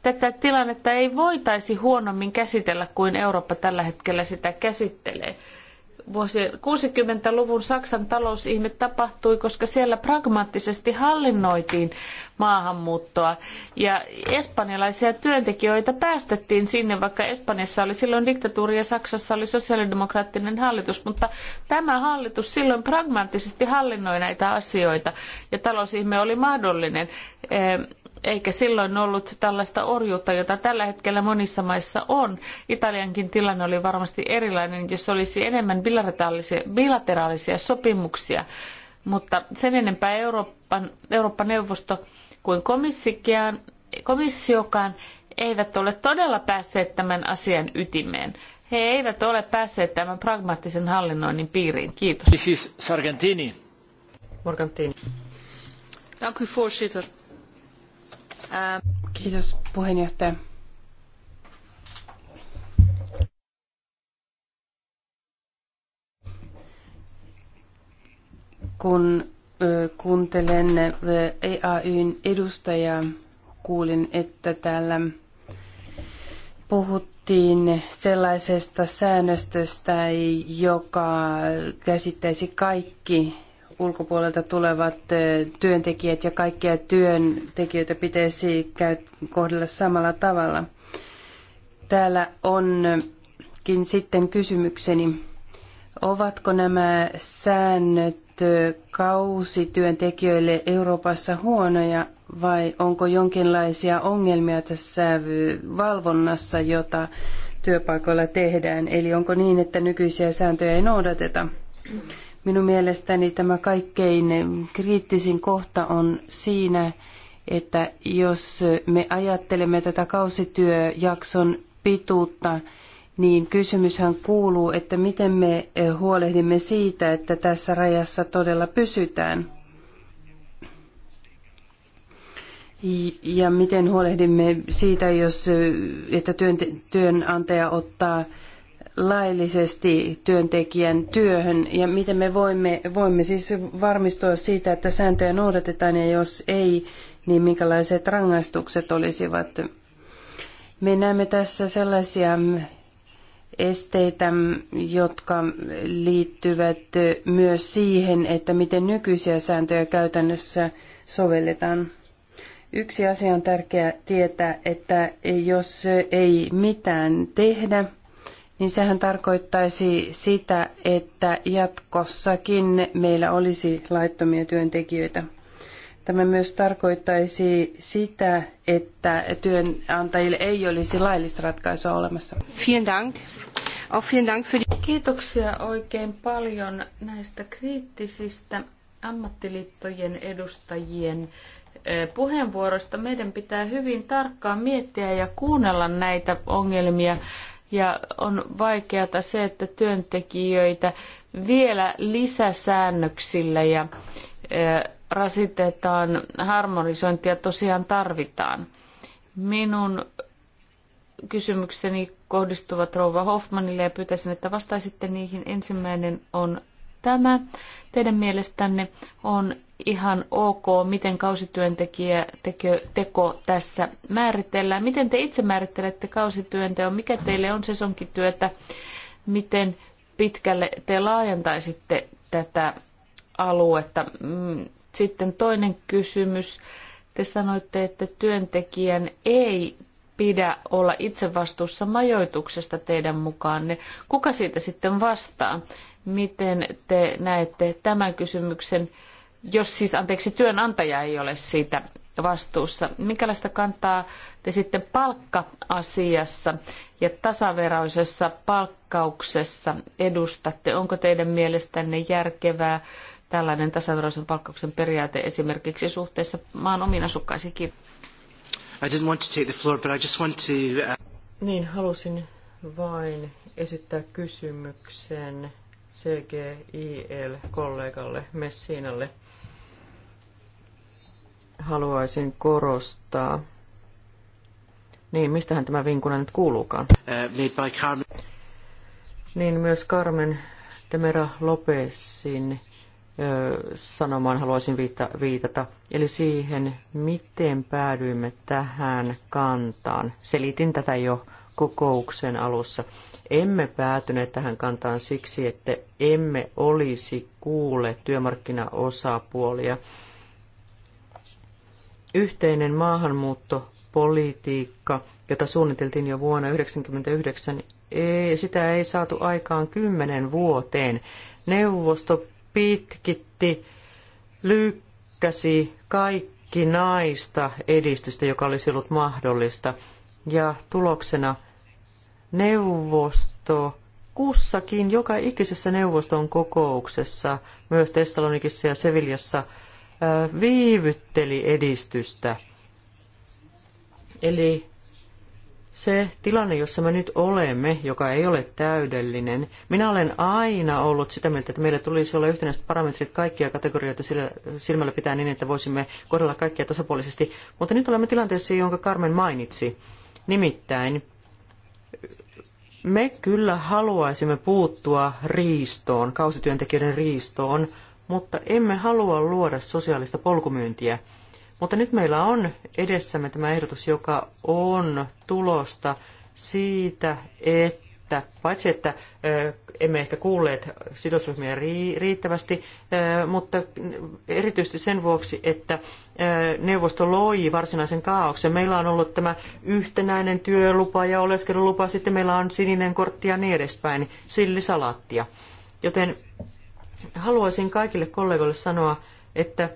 Tätä tilannetta ei voitaisi huonommin käsitellä kuin Eurooppa tällä hetkellä sitä käsittelee. Vuosi 60-luvun Saksan talousihme tapahtui, koska siellä pragmaattisesti hallinnoitiin maahanmuuttoa ja espanjalaisia työntekijöitä päästettiin sinne, vaikka Espanjassa oli silloin diktatuuri ja Saksassa oli sosiaalidemokraattinen hallitus, mutta tämä hallitus silloin pragmaattisesti hallinnoi näitä asioita ja talousihme oli mahdollinen. Ehm, eikä silloin ollut tällaista orjuutta, jota tällä hetkellä monissa maissa on. Italiankin tilanne oli varmasti erilainen, jos olisi enemmän bilateraalisia sopimuksia. Mutta sen enempää Euroopan, Euroopan neuvosto kuin komissiokaan eivät ole todella päässeet tämän asian ytimeen. He eivät ole päässeet tämän pragmaattisen hallinnoinnin piiriin. Kiitos. This is Sargentini. Morgantini. Dank u voorzitter. Kiitos puheenjohtaja. Kun kuuntelen EAYn edustajaa, kuulin, että täällä puhuttiin sellaisesta säännöstöstä, joka käsittäisi kaikki ulkopuolelta tulevat eh, työntekijät ja kaikkia työntekijöitä pitäisi kohdella samalla tavalla. Täällä onkin sitten kysymykseni, ovatko nämä säännöt eh, kausityöntekijöille Euroopassa huonoja vai onko jonkinlaisia ongelmia tässä valvonnassa, jota työpaikoilla tehdään? Eli onko niin, että nykyisiä sääntöjä ei noudateta? Minun mielestäni tämä kaikkein kriittisin kohta on siinä, että jos me ajattelemme tätä kausityöjakson pituutta, niin kysymyshän kuuluu, että miten me huolehdimme siitä, että tässä rajassa todella pysytään. Ja miten huolehdimme siitä, jos, että työn työnantaja ottaa laillisesti työntekijän työhön ja miten me voimme, voimme siis varmistua siitä, että sääntöjä noudatetaan ja jos ei, niin minkälaiset rangaistukset olisivat. Me näemme tässä sellaisia esteitä, jotka liittyvät myös siihen, että miten nykyisiä sääntöjä käytännössä sovelletaan. Yksi asia on tärkeää tietää, että jos ei mitään tehdä, niin sehän tarkoittaisi sitä, että jatkossakin meillä olisi laittomia työntekijöitä. Tämä myös tarkoittaisi sitä, että työnantajille ei olisi laillista ratkaisua olemassa. Vielen dank. vielen dank für Kiitoksia oikein paljon näistä kriittisistä ammattiliittojen edustajien puheenvuorosta. Meidän pitää hyvin tarkkaan miettiä ja kuunnella näitä ongelmia ja on vaikeata se, että työntekijöitä vielä lisäsäännöksillä ja rasitetaan, harmonisointia tosiaan tarvitaan. Minun kysymykseni kohdistuvat Rouva Hoffmanille ja pyytäisin, että vastaisitte niihin. Ensimmäinen on tämä. Teidän mielestänne on ihan ok, miten kausityöntekijä tekö, teko tässä määritellään. Miten te itse määrittelette kausityönteon? Mikä teille on sesonkityötä? Miten pitkälle te laajentaisitte tätä aluetta? Mm, sitten toinen kysymys. Te sanoitte, että työntekijän ei pidä olla itse vastuussa majoituksesta teidän mukaanne. Kuka siitä sitten vastaa? Miten te näette tämän kysymyksen? jos siis anteeksi työnantaja ei ole siitä vastuussa. Minkälaista kantaa te sitten palkka-asiassa ja tasaveroisessa palkkauksessa edustatte? Onko teidän mielestänne järkevää tällainen tasaveroisen palkkauksen periaate esimerkiksi suhteessa maan omiin asukkaisiinkin? I didn't want to take the floor, but I just want to... Uh, niin, halusin vain esittää kysymyksen CGIL-kollegalle Messinalle haluaisin korostaa. Niin, mistähän tämä vinkuna nyt kuuluukaan? Uh, niin, myös Carmen Demera ö, uh, sanomaan haluaisin viitata, eli siihen, miten päädyimme tähän kantaan. Selitin tätä jo kokouksen alussa. Emme päätyneet tähän kantaan siksi, että emme olisi kuulleet työmarkkinaosapuolia Yhteinen maahanmuuttopolitiikka, jota suunniteltiin jo vuonna 1999, e, sitä ei saatu aikaan kymmenen vuoteen. Neuvosto pitkitti, lykkäsi kaikki naista edistystä, joka olisi ollut mahdollista. Ja tuloksena neuvosto kussakin, joka ikisessä neuvoston kokouksessa, myös Tessalonikissa ja Seviljassa, viivytteli edistystä. Eli se tilanne, jossa me nyt olemme, joka ei ole täydellinen, minä olen aina ollut sitä mieltä, että meillä tulisi olla yhtenäiset parametrit kaikkia kategorioita silmällä pitää niin, että voisimme kohdella kaikkia tasapuolisesti. Mutta nyt olemme tilanteessa, jonka Carmen mainitsi. Nimittäin me kyllä haluaisimme puuttua riistoon, kausityöntekijöiden riistoon, mutta emme halua luoda sosiaalista polkumyyntiä. Mutta nyt meillä on edessämme tämä ehdotus, joka on tulosta siitä, että paitsi että emme ehkä kuulleet sidosryhmiä riittävästi, mutta erityisesti sen vuoksi, että neuvosto loi varsinaisen kaauksen. Meillä on ollut tämä yhtenäinen työlupa ja oleskelulupa, sitten meillä on sininen kortti ja niin edespäin, sillisalaattia. Joten Haluaisin kaikille kollegoille sanoa, että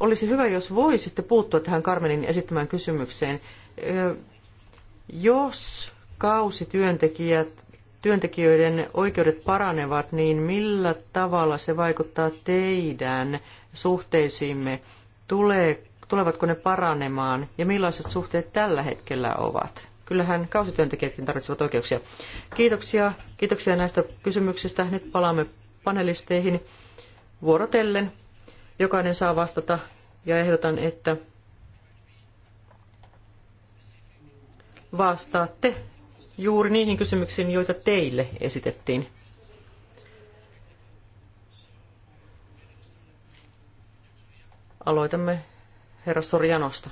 olisi hyvä, jos voisitte puuttua tähän Carmenin esittämään kysymykseen. Jos kausityöntekijät työntekijöiden oikeudet paranevat, niin millä tavalla se vaikuttaa teidän suhteisiimme? Tulee, tulevatko ne paranemaan ja millaiset suhteet tällä hetkellä ovat? Kyllähän kausityöntekijätkin tarvitsevat oikeuksia. Kiitoksia, kiitoksia näistä kysymyksistä. Nyt palaamme panelisteihin vuorotellen. Jokainen saa vastata ja ehdotan, että vastaatte juuri niihin kysymyksiin, joita teille esitettiin. Aloitamme herra Sorjanosta.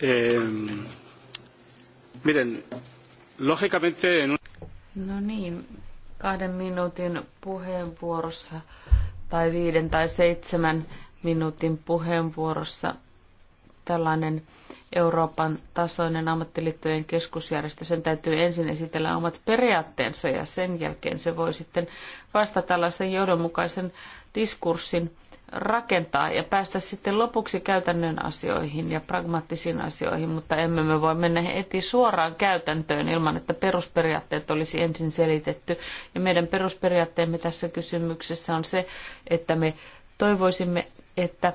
Eh, miren, lógicamente... En... No niin, kahden minuutin puheenvuorossa tai viiden tai seitsemän minuutin puheenvuorossa tällainen Euroopan tasoinen ammattiliittojen keskusjärjestö, sen täytyy ensin esitellä omat periaatteensa ja sen jälkeen se voi sitten vasta tällaisen johdonmukaisen diskurssin rakentaa ja päästä sitten lopuksi käytännön asioihin ja pragmaattisiin asioihin, mutta emme me voi mennä heti suoraan käytäntöön ilman, että perusperiaatteet olisi ensin selitetty. Ja meidän perusperiaatteemme tässä kysymyksessä on se, että me toivoisimme, että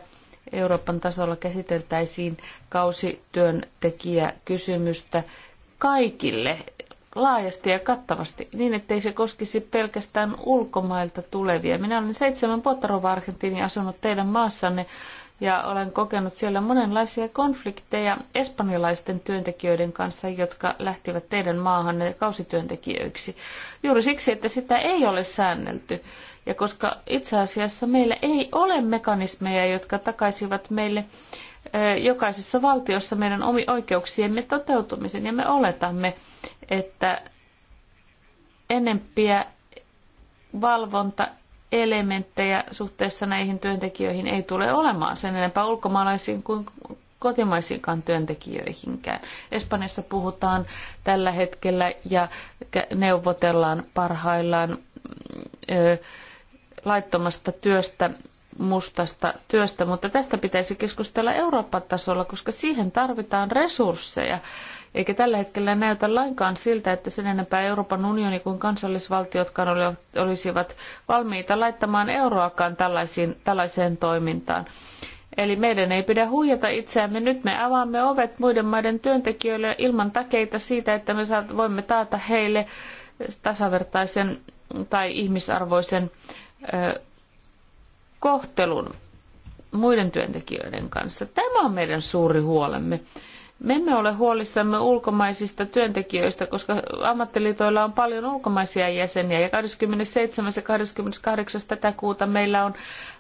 Euroopan tasolla käsiteltäisiin kausityöntekijäkysymystä kaikille laajasti ja kattavasti, niin ettei se koskisi pelkästään ulkomailta tulevia. Minä olen seitsemän vuotta Rova Argentiini asunut teidän maassanne ja olen kokenut siellä monenlaisia konflikteja espanjalaisten työntekijöiden kanssa, jotka lähtivät teidän maahanne kausityöntekijöiksi. Juuri siksi, että sitä ei ole säännelty. Ja koska itse asiassa meillä ei ole mekanismeja, jotka takaisivat meille eh, jokaisessa valtiossa meidän omi oikeuksiemme toteutumisen ja me oletamme, että enempiä valvontaelementtejä suhteessa näihin työntekijöihin ei tule olemaan sen enempää ulkomaalaisiin kuin kotimaisiinkaan työntekijöihinkään. Espanjassa puhutaan tällä hetkellä ja neuvotellaan parhaillaan ö, laittomasta työstä, mustasta työstä, mutta tästä pitäisi keskustella Euroopan tasolla, koska siihen tarvitaan resursseja. Eikä tällä hetkellä näytä lainkaan siltä, että sen enempää Euroopan unioni kuin kansallisvaltiotkaan olisivat valmiita laittamaan euroakaan tällaisiin, tällaiseen toimintaan. Eli meidän ei pidä huijata itseämme. Nyt me avaamme ovet muiden maiden työntekijöille ilman takeita siitä, että me voimme taata heille tasavertaisen tai ihmisarvoisen kohtelun muiden työntekijöiden kanssa. Tämä on meidän suuri huolemme. Me emme ole huolissamme ulkomaisista työntekijöistä, koska ammattiliitoilla on paljon ulkomaisia jäseniä ja 27. ja 28. tätä kuuta meillä on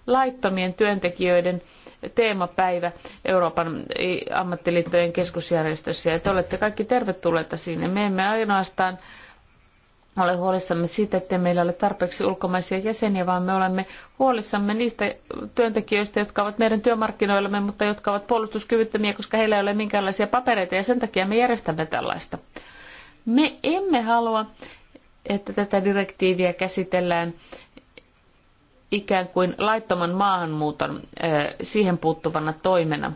laittomien työntekijöiden teemapäivä Euroopan ammattiliittojen keskusjärjestössä ja te olette kaikki tervetulleita sinne. Me emme ainoastaan ole huolissamme siitä, että meillä ole tarpeeksi ulkomaisia jäseniä, vaan me olemme huolissamme niistä työntekijöistä, jotka ovat meidän työmarkkinoillamme, mutta jotka ovat puolustuskyvyttömiä, koska heillä ei ole minkäänlaisia papereita ja sen takia me järjestämme tällaista. Me emme halua, että tätä direktiiviä käsitellään ikään kuin laittoman maahanmuuton siihen puuttuvana toimena.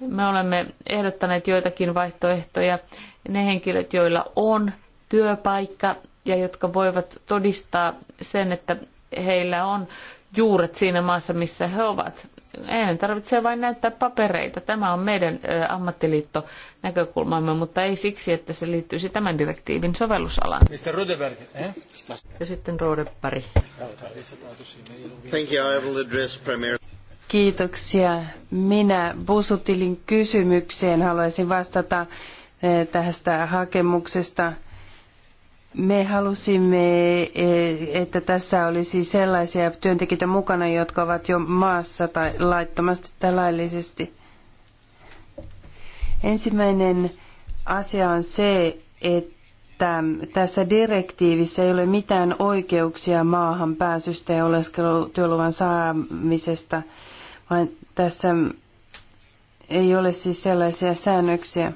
Me olemme ehdottaneet joitakin vaihtoehtoja. Ne henkilöt, joilla on työpaikka ja jotka voivat todistaa sen, että heillä on juuret siinä maassa, missä he ovat. Heidän tarvitsee vain näyttää papereita. Tämä on meidän ammattiliitto näkökulmamme, mutta ei siksi, että se liittyisi tämän direktiivin sovellusalaan. Mr. Rudeberg, eh? Ja sitten Rodeberg. Thank you. I will address Premier. Kiitoksia. Minä Busutilin kysymykseen haluaisin vastata eh, tästä hakemuksesta. Me halusimme, e, että tässä olisi sellaisia työntekijöitä mukana, jotka ovat jo maassa tai laittomasti tai laillisesti. Ensimmäinen asia on se, että tässä direktiivissä ei ole mitään oikeuksia maahan pääsystä ja oleskelutyöluvan saamisesta, vaan tässä ei ole siis sellaisia säännöksiä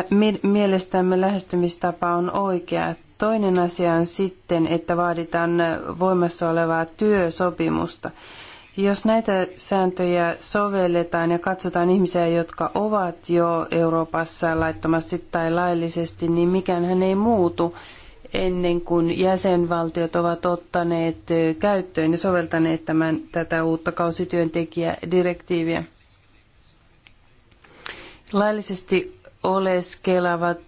että mielestämme lähestymistapa on oikea. Toinen asia on sitten, että vaaditaan voimassa olevaa työsopimusta. Jos näitä sääntöjä sovelletaan ja katsotaan ihmisiä, jotka ovat jo Euroopassa laittomasti tai laillisesti, niin mikään hän ei muutu ennen kuin jäsenvaltiot ovat ottaneet käyttöön ja soveltaneet tämän, tätä uutta kausityöntekijädirektiiviä. Laillisesti oleskelevat,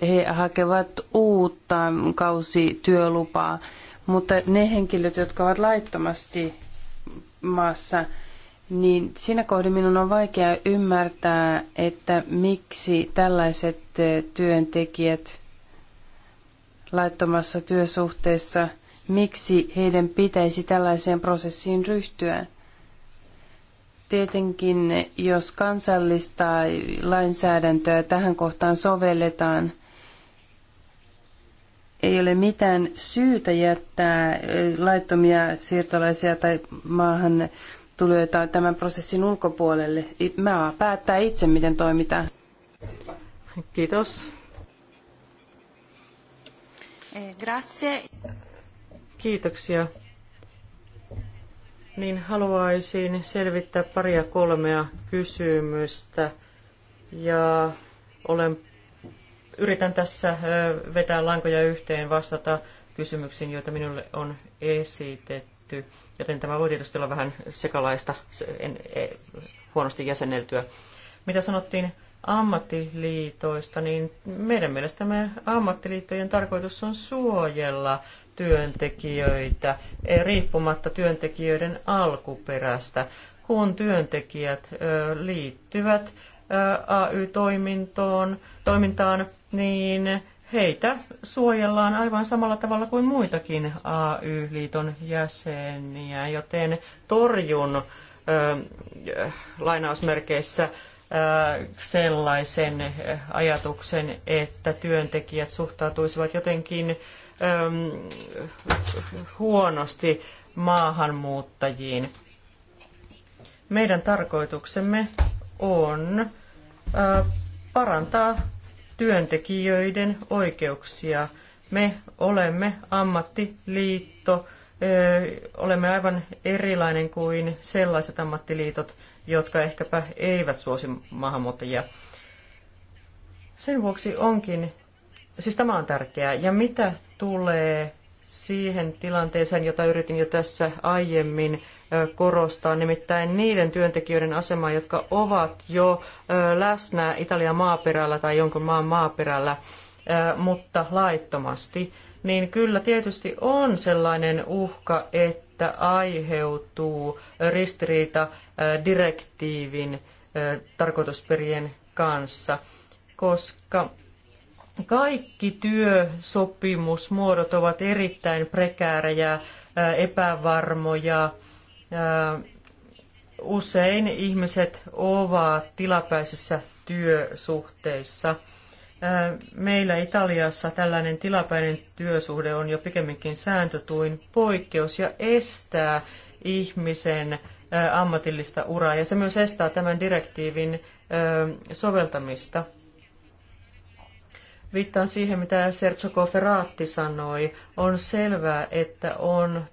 he hakevat uutta kausityölupaa, mutta ne henkilöt, jotka ovat laittomasti maassa, niin siinä kohdin minun on vaikea ymmärtää, että miksi tällaiset työntekijät laittomassa työsuhteessa, miksi heidän pitäisi tällaiseen prosessiin ryhtyä. Tietenkin, jos kansallista lainsäädäntöä tähän kohtaan sovelletaan, ei ole mitään syytä jättää laittomia siirtolaisia tai maahan tulijoita tämän prosessin ulkopuolelle. Maa päättää itse, miten toimitaan. Kiitos. Eh, grazie. Kiitoksia niin haluaisin selvittää paria kolmea kysymystä ja olen, yritän tässä vetää lankoja yhteen vastata kysymyksiin, joita minulle on esitetty. Joten tämä voi tietysti olla vähän sekalaista, en, en, huonosti jäsenneltyä. Mitä sanottiin ammattiliitoista, niin meidän mielestämme ammattiliittojen tarkoitus on suojella työntekijöitä eh, riippumatta työntekijöiden alkuperästä, kun työntekijät eh, liittyvät eh, AY-toimintoon, toimintaan, niin heitä suojellaan aivan samalla tavalla kuin muitakin AY-liiton jäseniä, joten torjun lainausmerkeissä sellaisen ajatuksen, että työntekijät suhtautuisivat jotenkin Ähm, huonosti maahanmuuttajiin. Meidän tarkoituksemme on äh, parantaa työntekijöiden oikeuksia. Me olemme ammattiliitto, äh, olemme aivan erilainen kuin sellaiset ammattiliitot, jotka ehkäpä eivät suosi maahanmuuttajia. Sen vuoksi onkin, siis tämä on tärkeää, ja mitä tulee siihen tilanteeseen, jota yritin jo tässä aiemmin korostaa, nimittäin niiden työntekijöiden asemaa, jotka ovat jo läsnä Italian maaperällä tai jonkun maan maaperällä, mutta laittomasti, niin kyllä tietysti on sellainen uhka, että aiheutuu ristiriita direktiivin tarkoitusperien kanssa, koska kaikki työsopimusmuodot ovat erittäin prekäärejä, epävarmoja. Usein ihmiset ovat tilapäisissä työsuhteissa. Meillä Italiassa tällainen tilapäinen työsuhde on jo pikemminkin sääntö kuin poikkeus ja estää ihmisen ammatillista uraa ja se myös estää tämän direktiivin soveltamista. Viittaan siihen, mitä Sergio Cofferati sanoi. On selvää, että on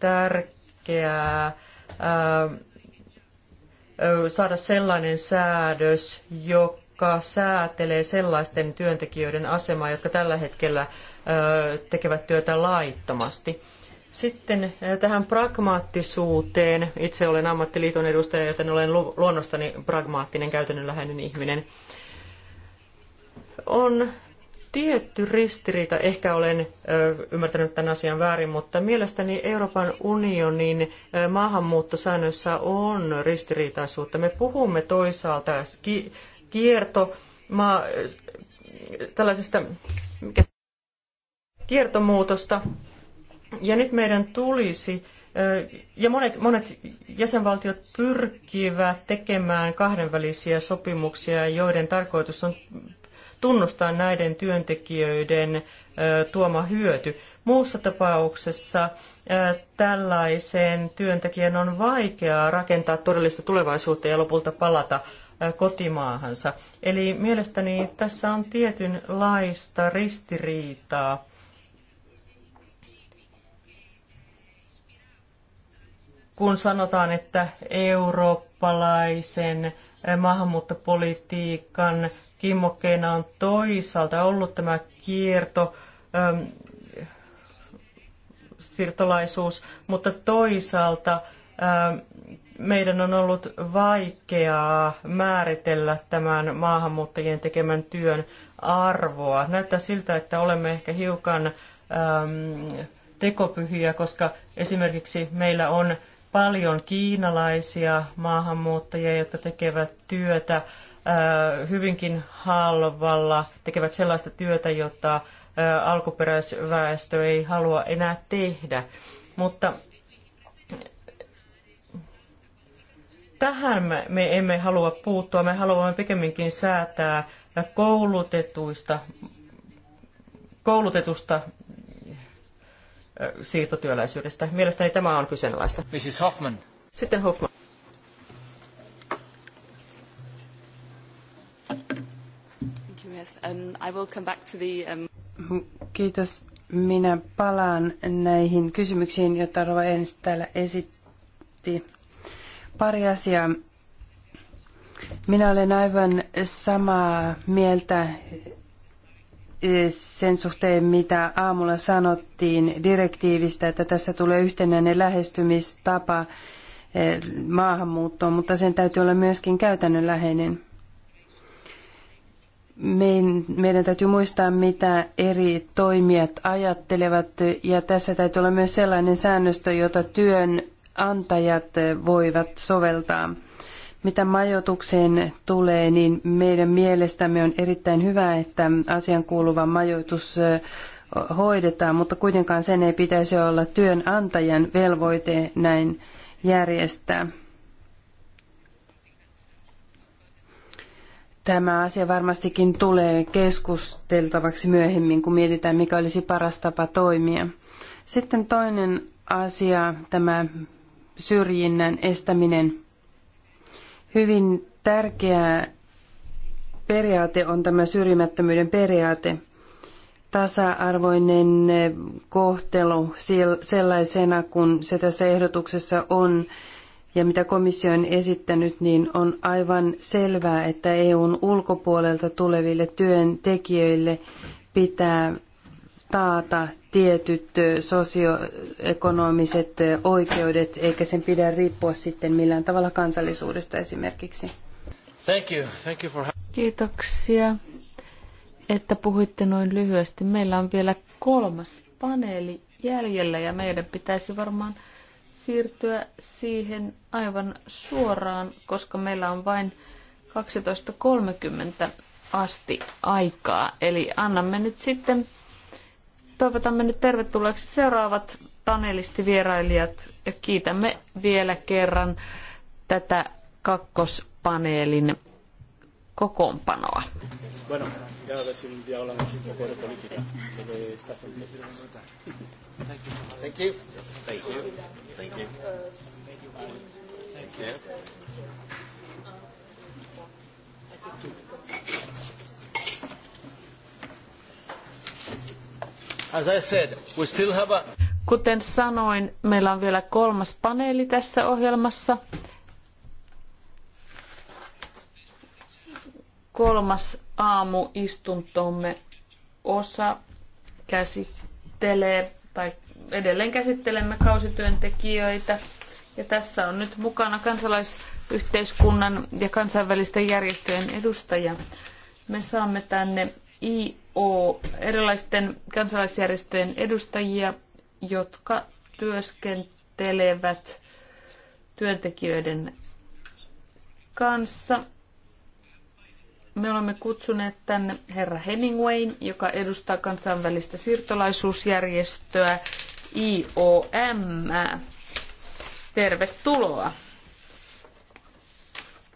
tärkeää ää, ähm, saada sellainen säädös, joka säätelee sellaisten työntekijöiden asemaa, jotka tällä hetkellä tekevät työtä laittomasti. Sitten tähän pragmaattisuuteen. Itse olen ammattiliiton edustaja, joten olen luonnostani pragmaattinen, käytännönläheinen ihminen. On tietty ristiriita, ehkä olen ymmärtänyt tämän asian väärin, mutta mielestäni Euroopan unionin ö, maahanmuuttosäännöissä on ristiriitaisuutta. Me puhumme toisaalta ki, kierto, maa, tällaisesta mikä, kiertomuutosta, ja nyt meidän tulisi ja monet, monet jäsenvaltiot pyrkivät tekemään kahdenvälisiä sopimuksia, joiden tarkoitus on tunnustaa näiden työntekijöiden tuoma hyöty. Muussa tapauksessa tällaisen työntekijän on vaikeaa rakentaa todellista tulevaisuutta ja lopulta palata kotimaahansa. Eli mielestäni tässä on tietynlaista ristiriitaa. Kun sanotaan, että eurooppalaisen maahanmuuttopolitiikan kimmokkeena on toisaalta ollut tämä kierto, äm, siirtolaisuus, mutta toisaalta äm, meidän on ollut vaikeaa määritellä tämän maahanmuuttajien tekemän työn arvoa. Näyttää siltä, että olemme ehkä hiukan äm, tekopyhiä, koska esimerkiksi meillä on paljon kiinalaisia maahanmuuttajia, jotka tekevät työtä hyvinkin halvalla, tekevät sellaista työtä, jota alkuperäisväestö ei halua enää tehdä. Mutta tähän me emme halua puuttua. Me haluamme pikemminkin säätää koulutetuista, koulutetusta siirtotyöläisyydestä. Mielestäni tämä on kyseenalaista. Mrs. Hoffman. Sitten Hoffman. Um, I will come back to the, um... Kiitos. Minä palaan näihin kysymyksiin, joita Rova Ernst täällä esitti. Pari asiaa. Minä olen aivan samaa mieltä e, sen suhteen, mitä aamulla sanottiin direktiivistä, että tässä tulee yhtenäinen lähestymistapa e, maahanmuuttoon, mutta sen täytyy olla myöskin käytännönläheinen meidän täytyy muistaa, mitä eri toimijat ajattelevat, ja tässä täytyy olla myös sellainen säännöstö, jota työnantajat voivat soveltaa. Mitä majoitukseen tulee, niin meidän mielestämme on erittäin hyvä, että asian kuuluva majoitus hoidetaan, mutta kuitenkaan sen ei pitäisi olla työnantajan velvoite näin järjestää. Tämä asia varmastikin tulee keskusteltavaksi myöhemmin, kun mietitään, mikä olisi paras tapa toimia. Sitten toinen asia, tämä syrjinnän estäminen. Hyvin tärkeä periaate on tämä syrjimättömyyden periaate. Tasa-arvoinen kohtelu sellaisena, kun se tässä ehdotuksessa on, ja mitä komissio on esittänyt, niin on aivan selvää, että EUn ulkopuolelta tuleville työntekijöille pitää taata tietyt sosioekonomiset oikeudet, eikä sen pidä riippua sitten millään tavalla kansallisuudesta esimerkiksi. Thank you. Thank you for... Kiitoksia, että puhuitte noin lyhyesti. Meillä on vielä kolmas paneeli jäljellä ja meidän pitäisi varmaan siirtyä siihen aivan suoraan, koska meillä on vain 12.30 asti aikaa. Eli annamme nyt sitten, toivotamme nyt tervetulleeksi seuraavat panelistivierailijat ja kiitämme vielä kerran tätä kakkospaneelin kokoonpanoa. Bueno, ya a ver si un día hablamos un poco de política, Thank you. Thank you. Thank you. Thank you. As I said, we still have a... Kuten sanoin, meillä on vielä kolmas paneeli tässä ohjelmassa kolmas aamuistuntomme osa käsittelee tai edelleen käsittelemme kausityöntekijöitä. Ja tässä on nyt mukana kansalaisyhteiskunnan ja kansainvälisten järjestöjen edustajia. Me saamme tänne IO, erilaisten kansalaisjärjestöjen edustajia, jotka työskentelevät työntekijöiden kanssa me olemme kutsuneet tänne herra Hemingwayn, joka edustaa kansainvälistä siirtolaisuusjärjestöä IOM. Tervetuloa.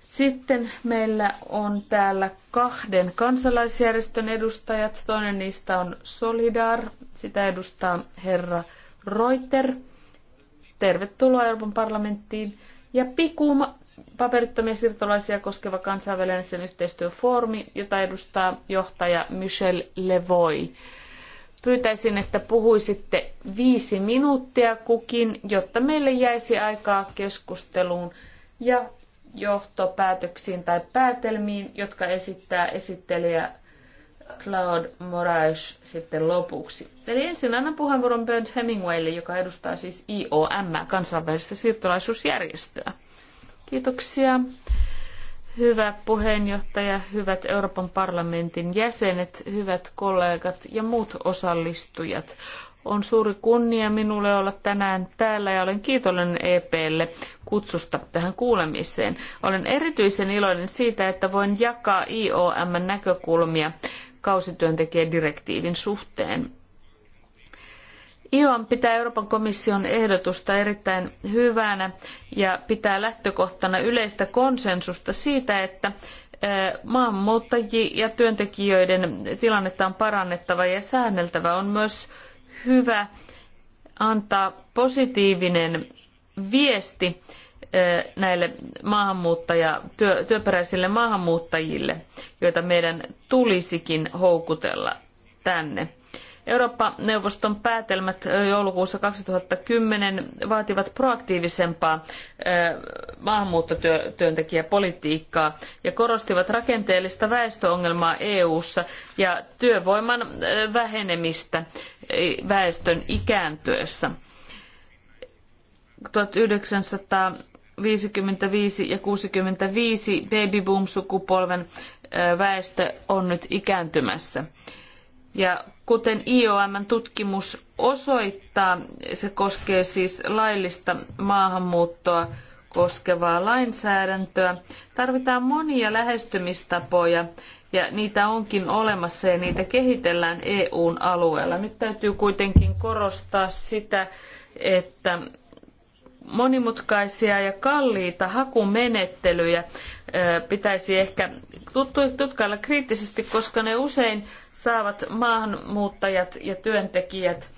Sitten meillä on täällä kahden kansalaisjärjestön edustajat. Toinen niistä on Solidar. Sitä edustaa herra Reuter. Tervetuloa Euroopan parlamenttiin. Ja Pikuma paperittomia siirtolaisia koskeva kansainvälinen yhteistyöfoorumi, jota edustaa johtaja Michel Levoy. Pyytäisin, että puhuisitte viisi minuuttia kukin, jotta meille jäisi aikaa keskusteluun ja johtopäätöksiin tai päätelmiin, jotka esittää esittelijä Claude Moraes sitten lopuksi. Eli ensin annan puheenvuoron Burns Hemingwaylle, joka edustaa siis IOM, kansainvälistä siirtolaisuusjärjestöä. Kiitoksia. Hyvä puheenjohtaja, hyvät Euroopan parlamentin jäsenet, hyvät kollegat ja muut osallistujat. On suuri kunnia minulle olla tänään täällä ja olen kiitollinen EPlle kutsusta tähän kuulemiseen. Olen erityisen iloinen siitä, että voin jakaa IOM-näkökulmia kausityöntekijädirektiivin suhteen. IOM pitää Euroopan komission ehdotusta erittäin hyvänä ja pitää lähtökohtana yleistä konsensusta siitä, että maahanmuuttajien ja työntekijöiden tilannetta on parannettava ja säänneltävä. On myös hyvä antaa positiivinen viesti näille maahanmuuttaja, työ, työperäisille maahanmuuttajille, joita meidän tulisikin houkutella tänne. Eurooppa-neuvoston päätelmät joulukuussa 2010 vaativat proaktiivisempaa maahanmuuttotyöntekijäpolitiikkaa ja korostivat rakenteellista väestöongelmaa EU:ssa ja työvoiman vähenemistä väestön ikääntyessä. 1900 55 ja 65 baby boom sukupolven väestö on nyt ikääntymässä. Ja kuten IOM-tutkimus osoittaa, se koskee siis laillista maahanmuuttoa koskevaa lainsäädäntöä. Tarvitaan monia lähestymistapoja ja niitä onkin olemassa ja niitä kehitellään EUn alueella. Nyt täytyy kuitenkin korostaa sitä, että monimutkaisia ja kalliita hakumenettelyjä pitäisi ehkä tutkailla kriittisesti, koska ne usein saavat maahanmuuttajat ja työntekijät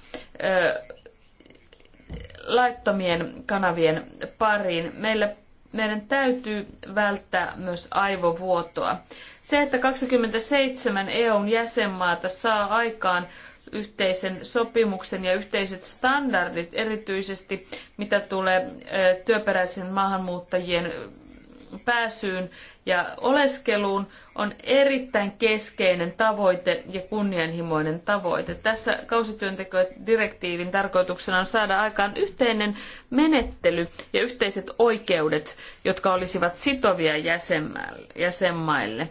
laittomien kanavien pariin. Meillä meidän täytyy välttää myös aivovuotoa. Se, että 27 EUn jäsenmaata saa aikaan yhteisen sopimuksen ja yhteiset standardit, erityisesti mitä tulee työperäisen maahanmuuttajien pääsyyn ja oleskeluun on erittäin keskeinen tavoite ja kunnianhimoinen tavoite. Tässä kausityöntekodirektiivin tarkoituksena on saada aikaan yhteinen menettely ja yhteiset oikeudet, jotka olisivat sitovia jäsenmaille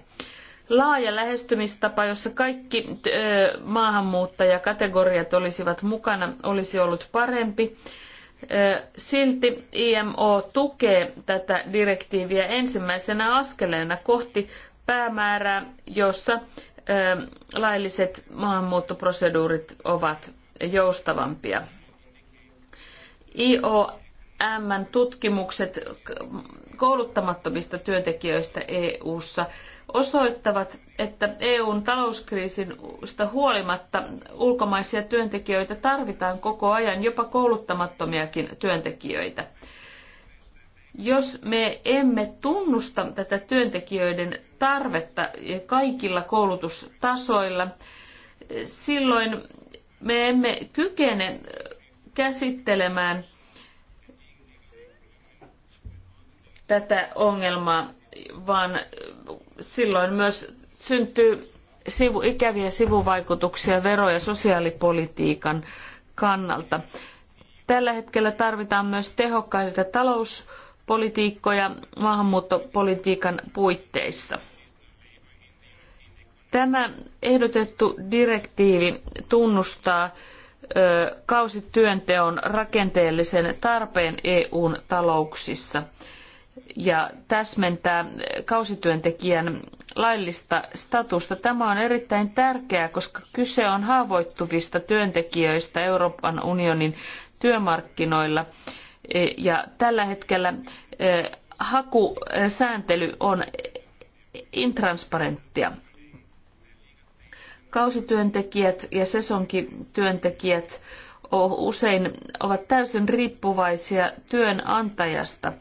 laaja lähestymistapa, jossa kaikki maahanmuuttajakategoriat olisivat mukana, olisi ollut parempi. Silti IMO tukee tätä direktiiviä ensimmäisenä askeleena kohti päämäärää, jossa lailliset maahanmuuttoproseduurit ovat joustavampia. IOMn tutkimukset kouluttamattomista työntekijöistä EU:ssa osoittavat, että EUn talouskriisistä huolimatta ulkomaisia työntekijöitä tarvitaan koko ajan, jopa kouluttamattomiakin työntekijöitä. Jos me emme tunnusta tätä työntekijöiden tarvetta kaikilla koulutustasoilla, silloin me emme kykene käsittelemään tätä ongelmaa, vaan silloin myös syntyy sivu, ikäviä sivuvaikutuksia vero- ja sosiaalipolitiikan kannalta. Tällä hetkellä tarvitaan myös tehokkaita talouspolitiikkoja maahanmuuttopolitiikan puitteissa. Tämä ehdotettu direktiivi tunnustaa ö, kausityönteon rakenteellisen tarpeen EUn talouksissa – ja täsmentää kausityöntekijän laillista statusta. Tämä on erittäin tärkeää, koska kyse on haavoittuvista työntekijöistä Euroopan unionin työmarkkinoilla. E, ja tällä hetkellä e, hakusääntely on intransparenttia. Kausityöntekijät ja sesonkityöntekijät usein ovat täysin riippuvaisia työnantajasta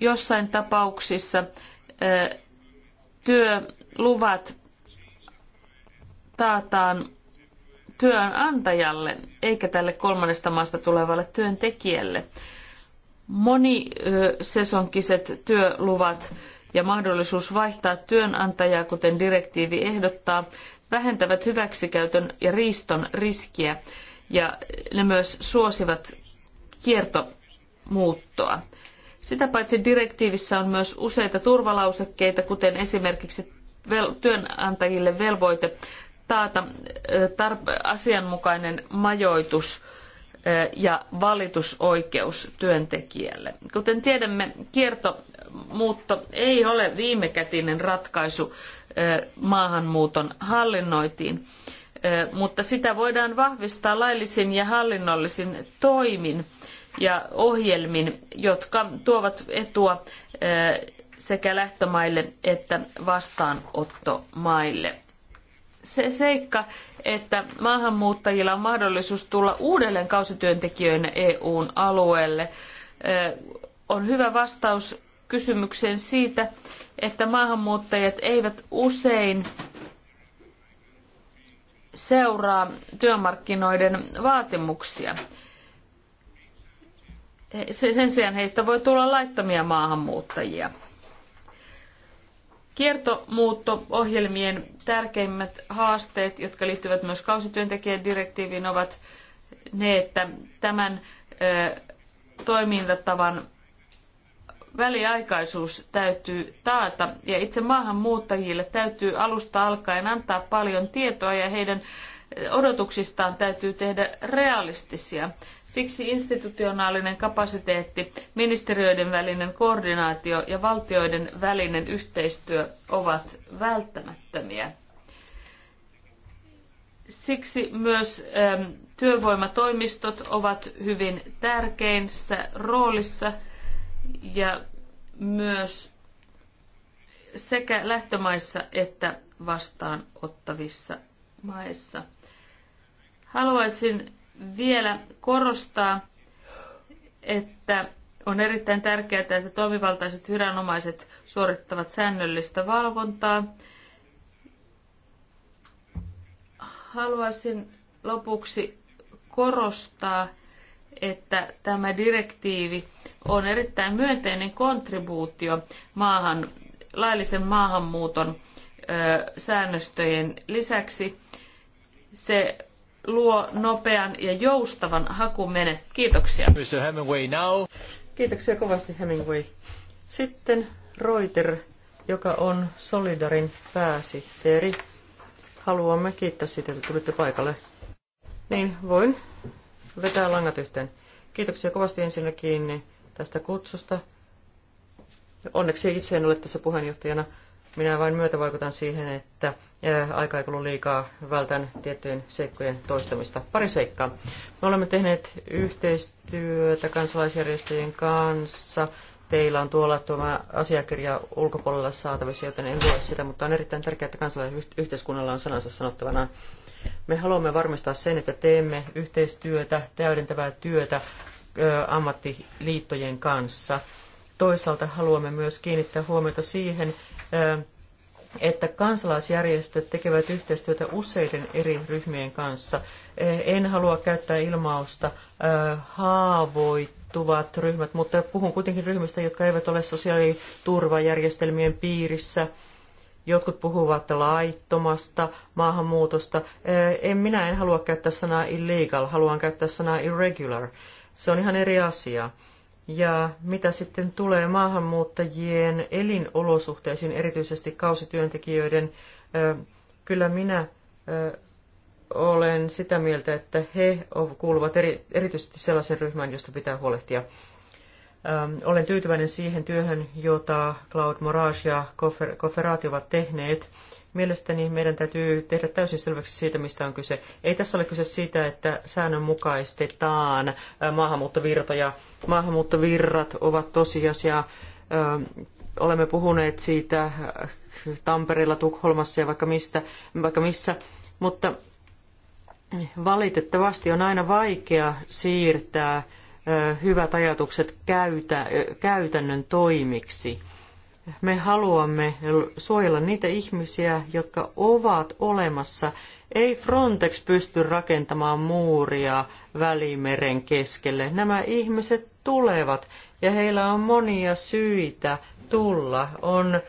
jossain tapauksissa työluvat taataan työnantajalle eikä tälle kolmannesta maasta tulevalle työntekijälle. Monisesonkiset työluvat ja mahdollisuus vaihtaa työnantajaa, kuten direktiivi ehdottaa, vähentävät hyväksikäytön ja riiston riskiä ja ne myös suosivat kiertomuuttoa. Sitä paitsi direktiivissä on myös useita turvalausekkeita, kuten esimerkiksi työnantajille velvoite taata asianmukainen majoitus ja valitusoikeus työntekijälle. Kuten tiedämme, kiertomuutto ei ole viimekätinen ratkaisu maahanmuuton hallinnointiin, mutta sitä voidaan vahvistaa laillisin ja hallinnollisin toimin ja ohjelmin, jotka tuovat etua sekä lähtömaille että vastaanottomaille. Se seikka, että maahanmuuttajilla on mahdollisuus tulla uudelleen kausityöntekijöinä EUn alueelle, on hyvä vastaus kysymykseen siitä, että maahanmuuttajat eivät usein seuraa työmarkkinoiden vaatimuksia sen sijaan heistä voi tulla laittomia maahanmuuttajia. Kiertomuutto-ohjelmien tärkeimmät haasteet, jotka liittyvät myös kausityöntekijädirektiiviin, ovat ne, että tämän toimintatavan väliaikaisuus täytyy taata ja itse maahanmuuttajille täytyy alusta alkaen antaa paljon tietoa ja heidän odotuksistaan täytyy tehdä realistisia. Siksi institutionaalinen kapasiteetti, ministeriöiden välinen koordinaatio ja valtioiden välinen yhteistyö ovat välttämättömiä. Siksi myös ähm, työvoimatoimistot ovat hyvin tärkeissä roolissa ja myös sekä lähtömaissa että vastaanottavissa maissa. Haluaisin vielä korostaa, että on erittäin tärkeää, että toimivaltaiset viranomaiset suorittavat säännöllistä valvontaa. Haluaisin lopuksi korostaa, että tämä direktiivi on erittäin myönteinen kontribuutio maahan, laillisen maahanmuuton ö, säännöstöjen lisäksi. Se luo nopean ja joustavan hakumenet. Kiitoksia. Mr. Hemingway now. Kiitoksia kovasti Hemingway. Sitten Reuter, joka on Solidarin pääsihteeri. Haluamme kiittää siitä, että tulitte paikalle. Niin, voin vetää langat yhteen. Kiitoksia kovasti ensinnäkin tästä kutsusta. Onneksi itse en ole tässä puheenjohtajana. Minä vain myötävaikutan siihen, että aika ei kulu liikaa, vältän tiettyjen seikkojen toistamista. Pari seikkaa. Me olemme tehneet yhteistyötä kansalaisjärjestöjen kanssa. Teillä on tuolla tuo asiakirja ulkopuolella saatavissa, joten en lue sitä, mutta on erittäin tärkeää, että kansalaisyhteiskunnalla on sanansa sanottavana. Me haluamme varmistaa sen, että teemme yhteistyötä, täydentävää työtä ammattiliittojen kanssa. Toisaalta haluamme myös kiinnittää huomiota siihen, että kansalaisjärjestöt tekevät yhteistyötä useiden eri ryhmien kanssa. En halua käyttää ilmausta haavoittuvat ryhmät, mutta puhun kuitenkin ryhmistä, jotka eivät ole sosiaaliturvajärjestelmien piirissä. Jotkut puhuvat laittomasta maahanmuutosta. En, minä en halua käyttää sanaa illegal, haluan käyttää sanaa irregular. Se on ihan eri asia. Ja mitä sitten tulee maahanmuuttajien elinolosuhteisiin, erityisesti kausityöntekijöiden, kyllä minä olen sitä mieltä, että he kuuluvat eri, erityisesti sellaisen ryhmään, josta pitää huolehtia. Ähm, olen tyytyväinen siihen työhön, jota Cloud Morage ja Koferaati ovat tehneet. Mielestäni meidän täytyy tehdä täysin selväksi siitä, mistä on kyse. Ei tässä ole kyse siitä, että säännönmukaistetaan äh, maahanmuuttovirtoja. Maahanmuuttovirrat ovat tosiasia. Ähm, olemme puhuneet siitä äh, Tampereella, Tukholmassa ja vaikka, mistä, vaikka missä, mutta valitettavasti on aina vaikea siirtää hyvät ajatukset käytä, käytännön toimiksi. Me haluamme suojella niitä ihmisiä, jotka ovat olemassa. Ei Frontex pysty rakentamaan muuria Välimeren keskelle. Nämä ihmiset tulevat ja heillä on monia syitä tulla. On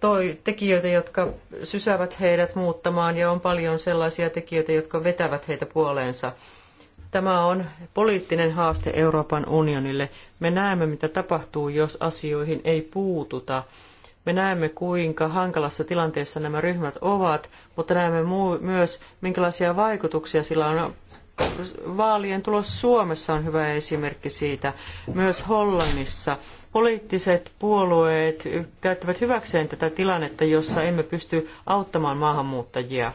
toi, tekijöitä, jotka sysäävät heidät muuttamaan ja on paljon sellaisia tekijöitä, jotka vetävät heitä puoleensa. Tämä on poliittinen haaste Euroopan unionille. Me näemme, mitä tapahtuu, jos asioihin ei puututa. Me näemme, kuinka hankalassa tilanteessa nämä ryhmät ovat, mutta näemme myös, minkälaisia vaikutuksia sillä on. Vaalien tulos Suomessa on hyvä esimerkki siitä, myös Hollannissa. Poliittiset puolueet käyttävät hyväkseen tätä tilannetta, jossa emme pysty auttamaan maahanmuuttajia.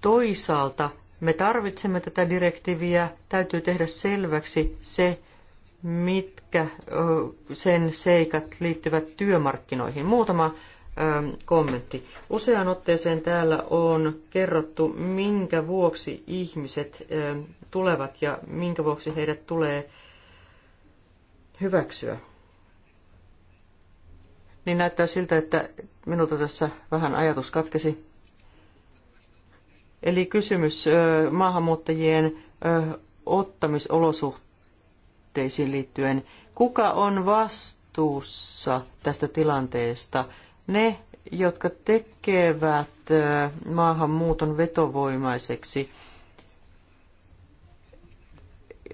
Toisaalta me tarvitsemme tätä direktiiviä, täytyy tehdä selväksi se, mitkä sen seikat liittyvät työmarkkinoihin. Muutama kommentti. Useaan otteeseen täällä on kerrottu, minkä vuoksi ihmiset tulevat ja minkä vuoksi heidät tulee hyväksyä. Niin näyttää siltä, että minulta tässä vähän ajatus katkesi. Eli kysymys maahanmuuttajien ottamisolosuhteisiin liittyen. Kuka on vastuussa tästä tilanteesta? Ne, jotka tekevät maahanmuuton vetovoimaiseksi.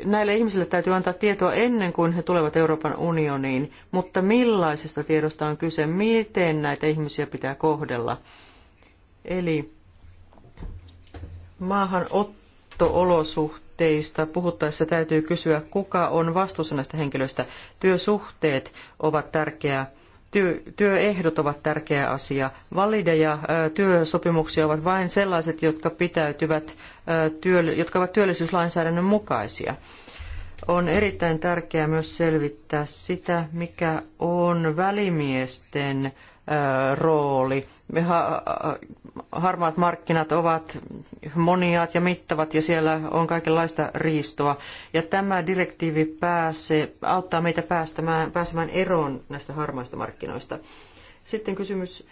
Näille ihmisille täytyy antaa tietoa ennen kuin he tulevat Euroopan unioniin, mutta millaisesta tiedosta on kyse, miten näitä ihmisiä pitää kohdella. Eli maahanotto-olosuhteista puhuttaessa täytyy kysyä, kuka on vastuussa näistä henkilöistä. Työsuhteet ovat tärkeä työehdot ovat tärkeä asia. Valideja työsopimuksia ovat vain sellaiset, jotka, pitäytyvät, jotka ovat työllisyyslainsäädännön mukaisia. On erittäin tärkeää myös selvittää sitä, mikä on välimiesten rooli. harmaat markkinat ovat moniaat ja mittavat ja siellä on kaikenlaista riistoa. Ja tämä direktiivi pääsee, auttaa meitä päästämään, pääsemään eroon näistä harmaista markkinoista. Sitten kysymys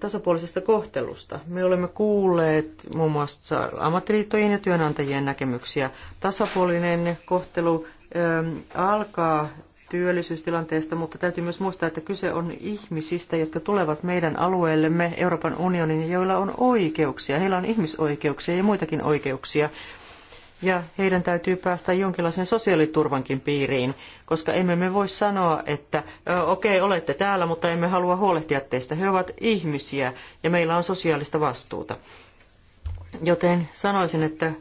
tasapuolisesta kohtelusta. Me olemme kuulleet muun muassa ammattiliittojen ja työnantajien näkemyksiä. Tasapuolinen kohtelu alkaa työllisyystilanteesta, mutta täytyy myös muistaa, että kyse on ihmisistä, jotka tulevat meidän alueellemme Euroopan unionin, ja joilla on oikeuksia. Heillä on ihmisoikeuksia ja muitakin oikeuksia. Ja heidän täytyy päästä jonkinlaisen sosiaaliturvankin piiriin, koska emme me voi sanoa, että okei, olette täällä, mutta emme halua huolehtia teistä. He ovat ihmisiä ja meillä on sosiaalista vastuuta. Joten sanoisin, että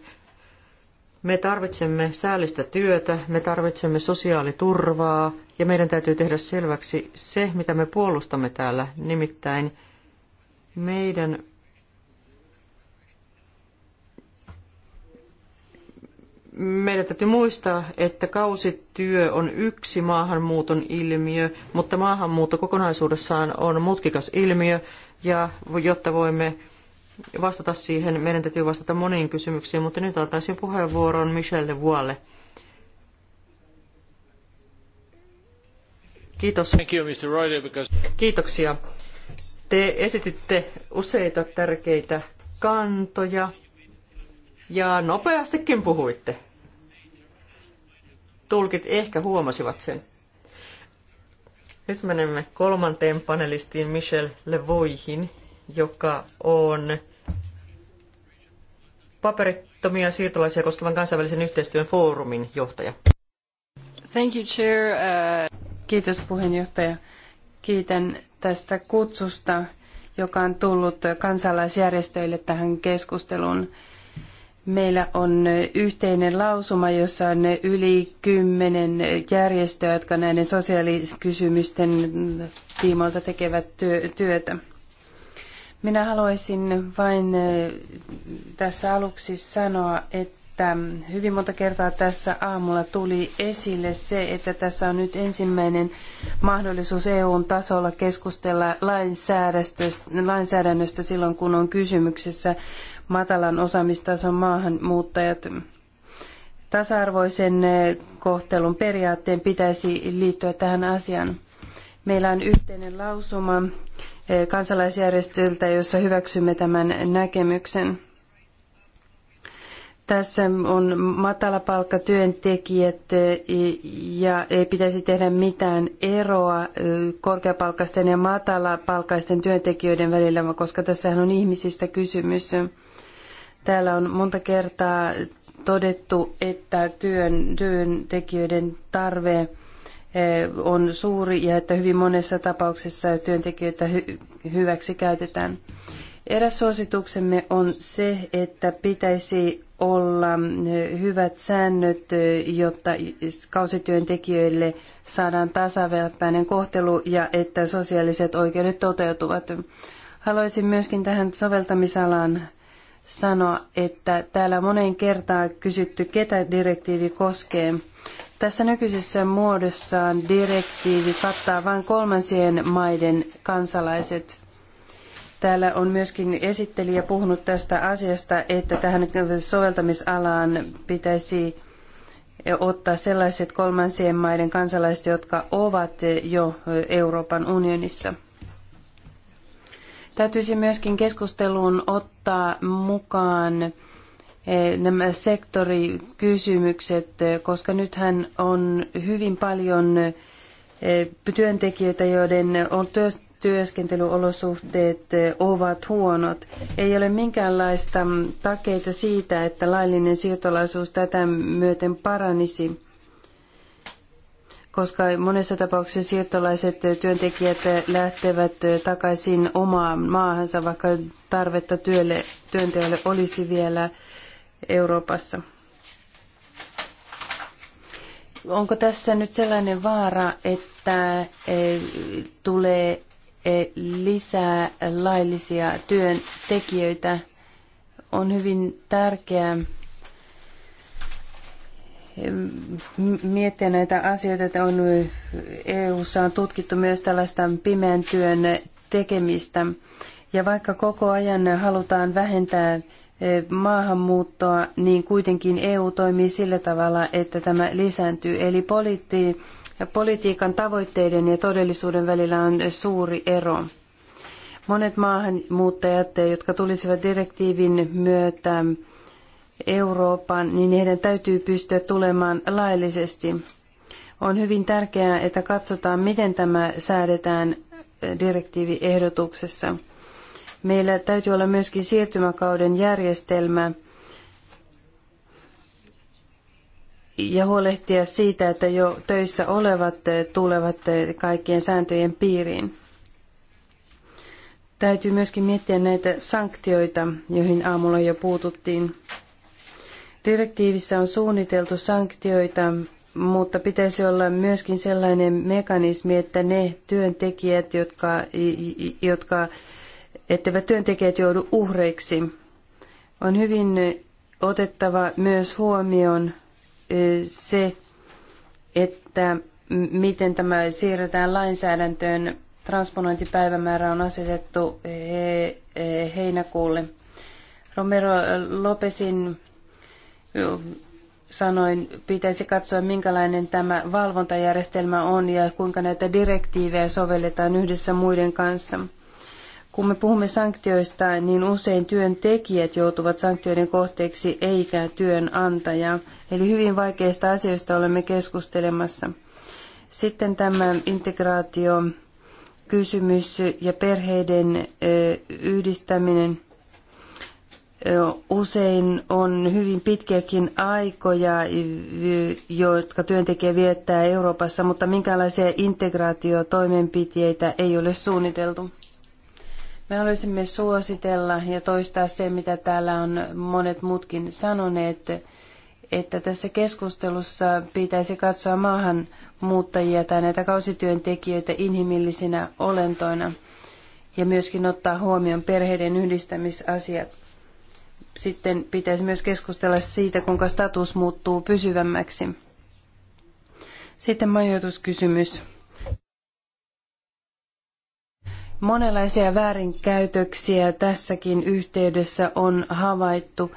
me tarvitsemme säällistä työtä, me tarvitsemme sosiaaliturvaa ja meidän täytyy tehdä selväksi se, mitä me puolustamme täällä, nimittäin meidän meidän täytyy muistaa, että kausityö on yksi maahanmuuton ilmiö, mutta maahanmuutto kokonaisuudessaan on mutkikas ilmiö, ja jotta voimme vastata siihen. Meidän täytyy vastata moniin kysymyksiin, mutta nyt antaisin puheenvuoron Michelle Vuolle. Kiitos. Thank you, Mr. Reuter, because... Kiitoksia. Te esititte useita tärkeitä kantoja ja nopeastikin puhuitte. Tulkit ehkä huomasivat sen. Nyt menemme kolmanteen panelistiin Michelle Levoihin, joka on paperittomia siirtolaisia koskevan kansainvälisen yhteistyön foorumin johtaja. Thank you, Chair. Uh, Kiitos puheenjohtaja. Kiitän tästä kutsusta, joka on tullut kansalaisjärjestöille tähän keskusteluun. Meillä on yhteinen lausuma, jossa on yli kymmenen järjestöä, jotka näiden sosiaalikysymysten tiimoilta tekevät työtä. Minä haluaisin vain tässä aluksi sanoa, että hyvin monta kertaa tässä aamulla tuli esille se, että tässä on nyt ensimmäinen mahdollisuus n tasolla keskustella lainsäädännöstä silloin, kun on kysymyksessä matalan osaamistason maahanmuuttajat. Tasa-arvoisen kohtelun periaatteen pitäisi liittyä tähän asiaan. Meillä on yhteinen lausuma kansalaisjärjestöltä, jossa hyväksymme tämän näkemyksen. Tässä on matalapalkkatyöntekijät e, ja ei pitäisi tehdä mitään eroa e, korkeapalkkaisten ja matalapalkkaisten työntekijöiden välillä, koska tässähän on ihmisistä kysymys. Täällä on monta kertaa todettu, että työn, työntekijöiden tarve Eh, on suuri ja että hyvin monessa tapauksessa työntekijöitä hyväksi käytetään. Eräs suosituksemme on se, että pitäisi olla eh, hyvät säännöt, eh, jotta kausityöntekijöille saadaan tasavertainen kohtelu ja että sosiaaliset oikeudet toteutuvat. Haluaisin myöskin tähän soveltamisalaan sanoa, että täällä moneen kertaan kysytty, ketä direktiivi koskee. Tässä nykyisessä muodossaan direktiivi kattaa vain kolmansien maiden kansalaiset. Täällä on myöskin esittelijä puhunut tästä asiasta, että tähän soveltamisalaan pitäisi ottaa sellaiset kolmansien maiden kansalaiset, jotka ovat jo Euroopan unionissa. Täytyisi myöskin keskusteluun ottaa mukaan Eh, nämä sektorikysymykset, eh, koska nythän on hyvin paljon eh, työntekijöitä, joiden työskentelyolosuhteet ovat huonot. Ei ole minkäänlaista mm, takeita siitä, että laillinen siirtolaisuus tätä myöten paranisi, koska monessa tapauksessa siirtolaiset työntekijät lähtevät takaisin omaan maahansa, vaikka tarvetta työlle, työnteolle olisi vielä – Euroopassa. Onko tässä nyt sellainen vaara, että e, tulee e, lisää laillisia työntekijöitä? On hyvin tärkeää mm, miettiä näitä asioita, että on EU:ssa on tutkittu myös tällaista pimeän työn tekemistä. Ja vaikka koko ajan halutaan vähentää maahanmuuttoa, niin kuitenkin EU toimii sillä tavalla, että tämä lisääntyy. Eli poliitti, politiikan tavoitteiden ja todellisuuden välillä on suuri ero. Monet maahanmuuttajat, jotka tulisivat direktiivin myötä Eurooppaan, niin heidän täytyy pystyä tulemaan laillisesti. On hyvin tärkeää, että katsotaan, miten tämä säädetään direktiiviehdotuksessa. ehdotuksessa. Meillä täytyy olla myöskin siirtymäkauden järjestelmä ja huolehtia siitä, että jo töissä olevat tulevat kaikkien sääntöjen piiriin. Täytyy myöskin miettiä näitä sanktioita, joihin aamulla jo puututtiin. Direktiivissä on suunniteltu sanktioita, mutta pitäisi olla myöskin sellainen mekanismi, että ne työntekijät, jotka, jotka etteivät työntekijät joudu uhreiksi. On hyvin otettava myös huomioon se, että miten tämä siirretään lainsäädäntöön. Transponointipäivämäärä on asetettu heinäkuulle. Romero Lopesin sanoin, pitäisi katsoa, minkälainen tämä valvontajärjestelmä on ja kuinka näitä direktiivejä sovelletaan yhdessä muiden kanssa. Kun me puhumme sanktioista, niin usein työntekijät joutuvat sanktioiden kohteeksi eikä työnantaja. Eli hyvin vaikeista asioista olemme keskustelemassa. Sitten tämä integraatio, kysymys ja perheiden yhdistäminen. Usein on hyvin pitkiäkin aikoja, jotka työntekijä viettää Euroopassa, mutta minkälaisia integraatiotoimenpiteitä ei ole suunniteltu. Me haluaisimme suositella ja toistaa se, mitä täällä on monet muutkin sanoneet, että tässä keskustelussa pitäisi katsoa maahanmuuttajia tai näitä kausityöntekijöitä inhimillisinä olentoina ja myöskin ottaa huomioon perheiden yhdistämisasiat. Sitten pitäisi myös keskustella siitä, kuinka status muuttuu pysyvämmäksi. Sitten majoituskysymys. Monenlaisia väärinkäytöksiä tässäkin yhteydessä on havaittu.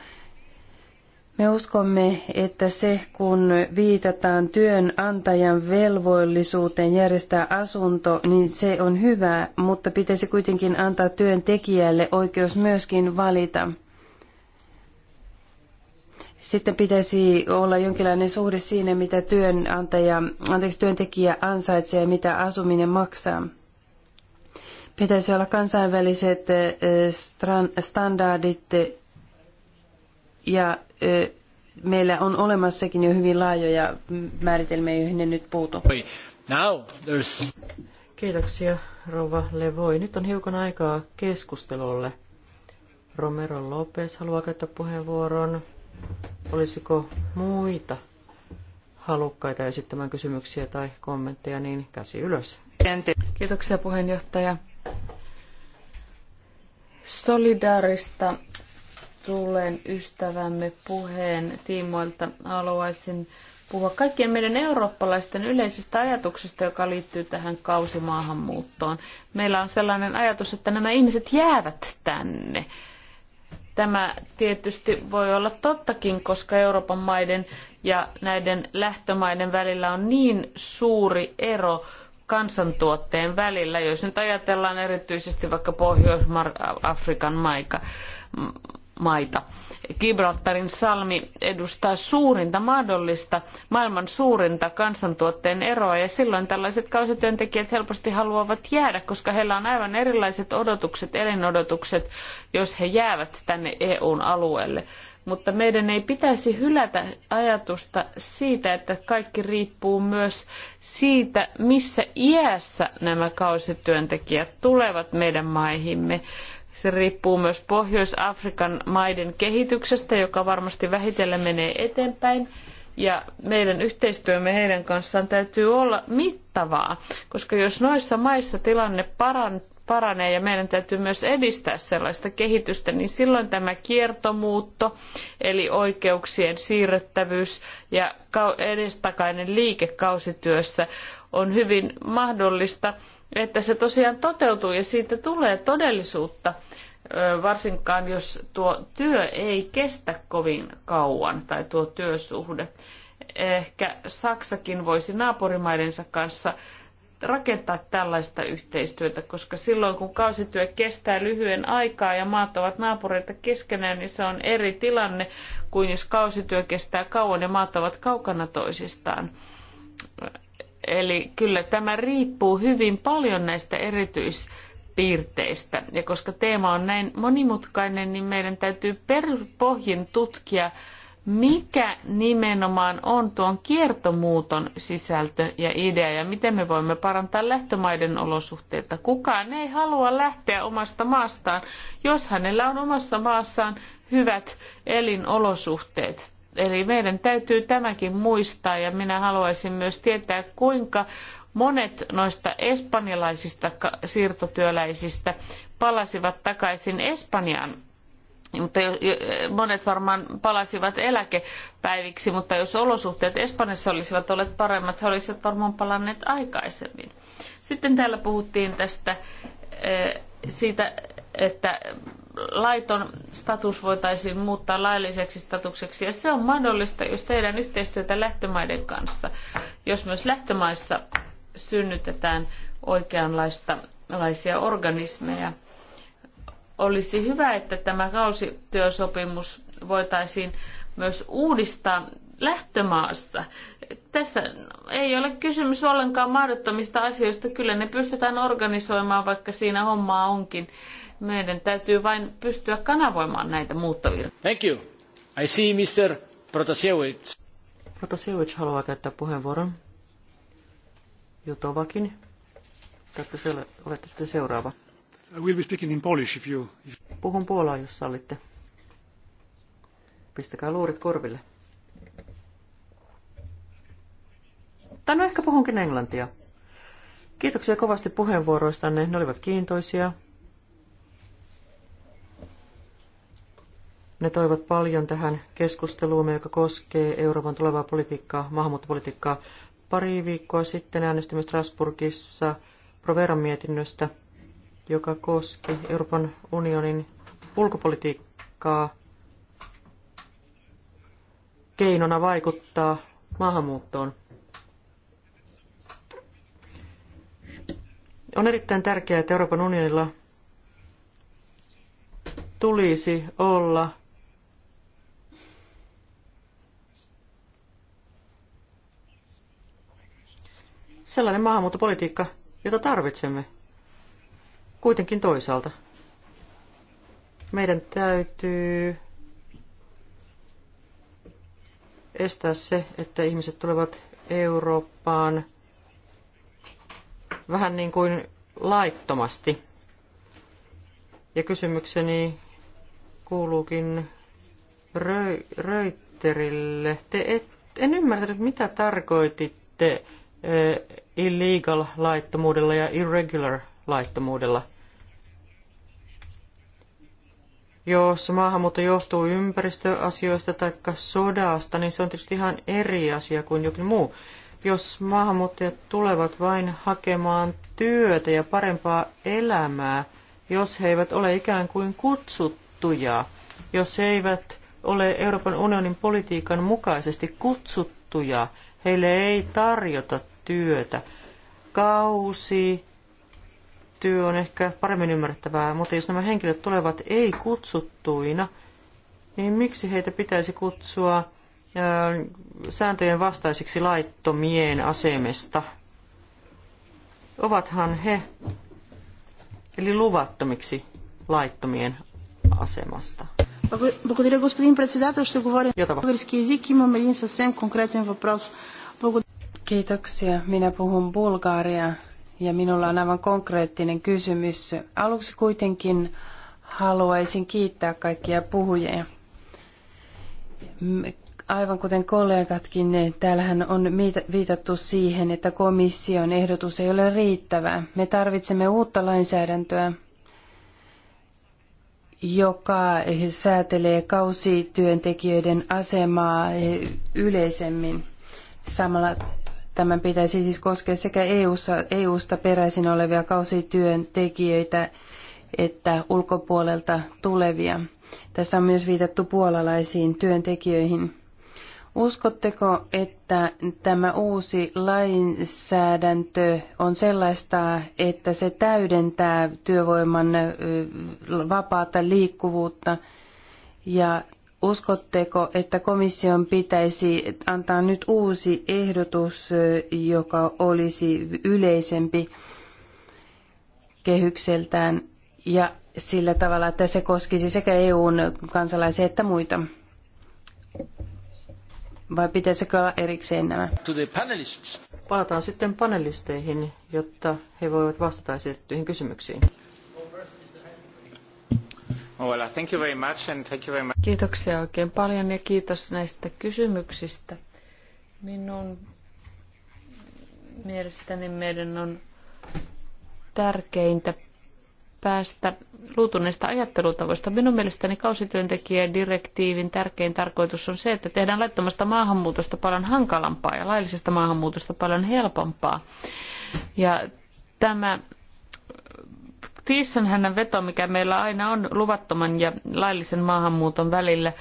Me uskomme, että se, kun viitataan työnantajan velvollisuuteen järjestää asunto, niin se on hyvä, mutta pitäisi kuitenkin antaa työntekijälle oikeus myöskin valita. Sitten pitäisi olla jonkinlainen suhde siinä, mitä työnantaja, anteeksi, työntekijä ansaitsee ja mitä asuminen maksaa pitäisi olla kansainväliset standardit ja meillä on olemassakin jo hyvin laajoja määritelmiä, joihin ne nyt puutu. Now there's... Kiitoksia, rouva Levoi. Nyt on hiukan aikaa keskustelulle. Romero Lopez haluaa käyttää puheenvuoron. Olisiko muita halukkaita esittämään kysymyksiä tai kommentteja, niin käsi ylös. Kiitoksia puheenjohtaja. Solidaarista tulleen ystävämme puheen tiimoilta haluaisin puhua kaikkien meidän eurooppalaisten yleisestä ajatuksesta, joka liittyy tähän kausimaahanmuuttoon. Meillä on sellainen ajatus, että nämä ihmiset jäävät tänne. Tämä tietysti voi olla tottakin, koska Euroopan maiden ja näiden lähtömaiden välillä on niin suuri ero, kansantuotteen välillä, jos nyt ajatellaan erityisesti vaikka Pohjois-Afrikan maita. Gibraltarin salmi edustaa suurinta mahdollista, maailman suurinta kansantuotteen eroa ja silloin tällaiset kausityöntekijät helposti haluavat jäädä, koska heillä on aivan erilaiset odotukset, elinodotukset, jos he jäävät tänne EUn alueelle mutta meidän ei pitäisi hylätä ajatusta siitä, että kaikki riippuu myös siitä, missä iässä nämä kausityöntekijät tulevat meidän maihimme. Se riippuu myös Pohjois-Afrikan maiden kehityksestä, joka varmasti vähitellen menee eteenpäin. Ja meidän yhteistyömme heidän kanssaan täytyy olla mittavaa, koska jos noissa maissa tilanne paranee ja meidän täytyy myös edistää sellaista kehitystä, niin silloin tämä kiertomuutto, eli oikeuksien siirrettävyys ja edestakainen liike kausityössä on hyvin mahdollista, että se tosiaan toteutuu ja siitä tulee todellisuutta – varsinkaan jos tuo työ ei kestä kovin kauan tai tuo työsuhde. Ehkä Saksakin voisi naapurimaidensa kanssa rakentaa tällaista yhteistyötä, koska silloin kun kausityö kestää lyhyen aikaa ja maat ovat naapureita keskenään, niin se on eri tilanne kuin jos kausityö kestää kauan ja maat ovat kaukana toisistaan. Eli kyllä tämä riippuu hyvin paljon näistä erityis- piirteistä. Ja koska teema on näin monimutkainen, niin meidän täytyy peruspohjin tutkia, mikä nimenomaan on tuon kiertomuuton sisältö ja idea ja miten me voimme parantaa lähtömaiden olosuhteita. Kukaan ei halua lähteä omasta maastaan, jos hänellä on omassa maassaan hyvät elinolosuhteet. Eli meidän täytyy tämäkin muistaa ja minä haluaisin myös tietää, kuinka Monet noista espanjalaisista siirtotyöläisistä palasivat takaisin Espanjaan mutta monet varmaan palasivat eläkepäiviksi, mutta jos olosuhteet Espanjassa olisivat olleet paremmat, he olisivat varmaan palanneet aikaisemmin. Sitten täällä puhuttiin tästä eh, siitä, että laiton status voitaisiin muuttaa lailliseksi statukseksi, ja se on mahdollista, jos tehdään yhteistyötä lähtömaiden kanssa. Jos myös lähtömaissa synnytetään oikeanlaisia organismeja. Olisi hyvä, että tämä kausityösopimus voitaisiin myös uudistaa lähtömaassa. Tässä ei ole kysymys ollenkaan mahdottomista asioista. Kyllä ne pystytään organisoimaan, vaikka siinä hommaa onkin. Meidän täytyy vain pystyä kanavoimaan näitä muuttovirtoja. Thank you. I see Mr. Protasevich. Protasevich haluaa käyttää puheenvuoron. Jutovakin. Tätä se olette sitten seuraava. I will be speaking in Polish if you... If... Puhun puolaa, jos sallitte. Pistäkää luurit korville. Tai no ehkä puhunkin englantia. Kiitoksia kovasti puheenvuoroistanne, ne olivat kiintoisia. Ne toivat paljon tähän keskusteluun, joka koskee Euroopan tulevaa politiikkaa, maahanmuuttopolitiikkaa. Pari viikkoa sitten äänestimme Strasburgissa Proveron mietinnöstä, joka koski Euroopan unionin ulkopolitiikkaa keinona vaikuttaa maahanmuuttoon. On erittäin tärkeää, että Euroopan unionilla tulisi olla sellainen maahanmuuttopolitiikka, jota tarvitsemme. Kuitenkin toisaalta. Meidän täytyy estää se, että ihmiset tulevat Eurooppaan vähän niin kuin laittomasti. Ja kysymykseni kuuluukin Rö- Röytterille. Te et, en ymmärtänyt, mitä tarkoititte Eh, illegal-laittomuudella ja irregular-laittomuudella. Jos maahanmuutto johtuu ympäristöasioista tai sodasta, niin se on tietysti ihan eri asia kuin jokin muu. Jos maahanmuuttajat tulevat vain hakemaan työtä ja parempaa elämää, jos he eivät ole ikään kuin kutsuttuja, jos he eivät ole Euroopan unionin politiikan mukaisesti kutsuttuja, Heille ei tarjota työtä. Kausi, työ on ehkä paremmin ymmärrettävää, mutta jos nämä henkilöt tulevat ei-kutsuttuina, niin miksi heitä pitäisi kutsua sääntöjen vastaisiksi laittomien asemesta? Ovathan he, eli luvattomiksi laittomien asemasta. Благодаря, господин председател. Ще говоря на български язик. Имам един съвсем конкретен въпрос. Kiitoksia. Minä puhun Bulgaria ja minulla on aivan konkreettinen kysymys. Aluksi kuitenkin haluaisin kiittää kaikkia puhujia. Mm, aivan kuten kollegatkin, täällähän on viitattu siihen, että komission ehdotus ei ole riittävää. Me tarvitsemme uutta lainsäädäntöä, joka säätelee kausityöntekijöiden asemaa yleisemmin. Samalla tämän pitäisi siis koskea sekä EU-sta, EU-sta peräisin olevia kausityöntekijöitä että ulkopuolelta tulevia. Tässä on myös viitattu puolalaisiin työntekijöihin. Uskotteko, että tämä uusi lainsäädäntö on sellaista, että se täydentää työvoiman vapaata liikkuvuutta ja Uskotteko, että komission pitäisi antaa nyt uusi ehdotus, joka olisi yleisempi kehykseltään ja sillä tavalla, että se koskisi sekä EUn kansalaisia että muita? Vai pitäisikö olla erikseen nämä? Palataan sitten panelisteihin, jotta he voivat vastata esitettyihin kysymyksiin. Kiitoksia oikein paljon ja kiitos näistä kysymyksistä. Minun mielestäni meidän on tärkeintä päästä luutuneista ajattelutavoista. Minun mielestäni kausityöntekijädirektiivin tärkein tarkoitus on se, että tehdään laittomasta maahanmuutosta paljon hankalampaa ja laillisesta maahanmuutosta paljon helpompaa. Ja tämä Tiissanhännän veto, mikä meillä aina on luvattoman ja laillisen maahanmuuton välillä,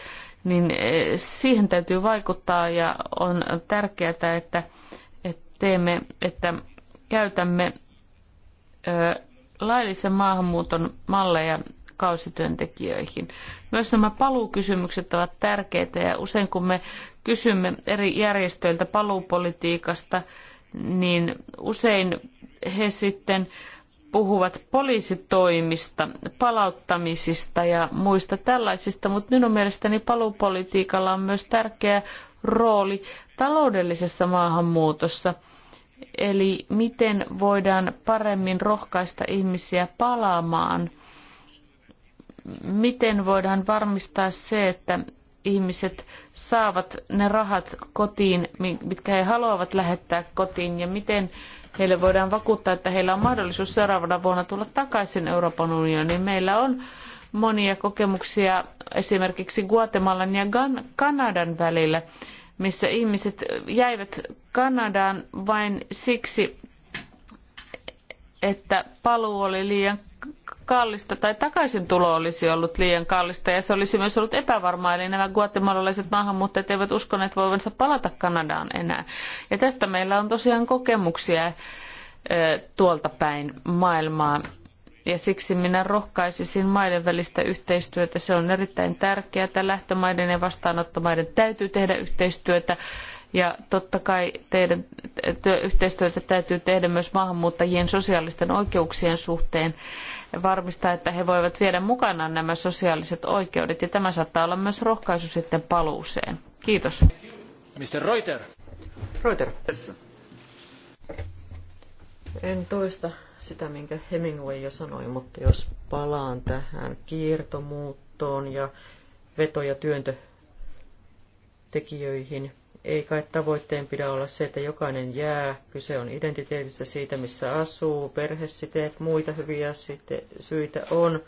niin eh, siihen täytyy vaikuttaa ja on tärkeää, että, teemme, että käytämme laillisen maahanmuuton malleja kausityöntekijöihin. Myös nämä paluukysymykset ovat tärkeitä ja usein kun me kysymme eri järjestöiltä paluupolitiikasta, niin usein he sitten puhuvat poliisitoimista, palauttamisista ja muista tällaisista, mutta minun mielestäni paluupolitiikalla on myös tärkeä rooli taloudellisessa maahanmuutossa. Eli miten voidaan paremmin rohkaista ihmisiä palaamaan? Miten voidaan varmistaa se, että ihmiset saavat ne rahat kotiin, mitkä he haluavat lähettää kotiin, ja miten heille voidaan vakuuttaa, että heillä on mahdollisuus seuraavana vuonna tulla takaisin Euroopan unioniin. Meillä on monia kokemuksia esimerkiksi Guatemalan ja Kanadan välillä, missä ihmiset jäivät Kanadaan vain siksi, että paluu oli liian kallista tai takaisin tulo olisi ollut liian kallista ja se olisi myös ollut epävarmaa. Eli nämä guatemalalaiset maahanmuuttajat eivät uskoneet voivansa palata Kanadaan enää. Ja tästä meillä on tosiaan kokemuksia tuolta päin maailmaa. Ja siksi minä rohkaisisin maiden välistä yhteistyötä. Se on erittäin tärkeää. että Lähtömaiden ja vastaanottomaiden täytyy tehdä yhteistyötä ja totta kai teidän yhteistyötä täytyy tehdä myös maahanmuuttajien sosiaalisten oikeuksien suhteen varmistaa, että he voivat viedä mukanaan nämä sosiaaliset oikeudet. Ja tämä saattaa olla myös rohkaisu sitten paluuseen. Kiitos. Mr. Reuter. Reuter. En toista sitä, minkä Hemingway jo sanoi, mutta jos palaan tähän kiertomuuttoon ja veto- ja työntötekijöihin, ei kai tavoitteen pidä olla se, että jokainen jää. Kyse on identiteetistä siitä, missä asuu, perhesiteet, muita hyviä site- syitä on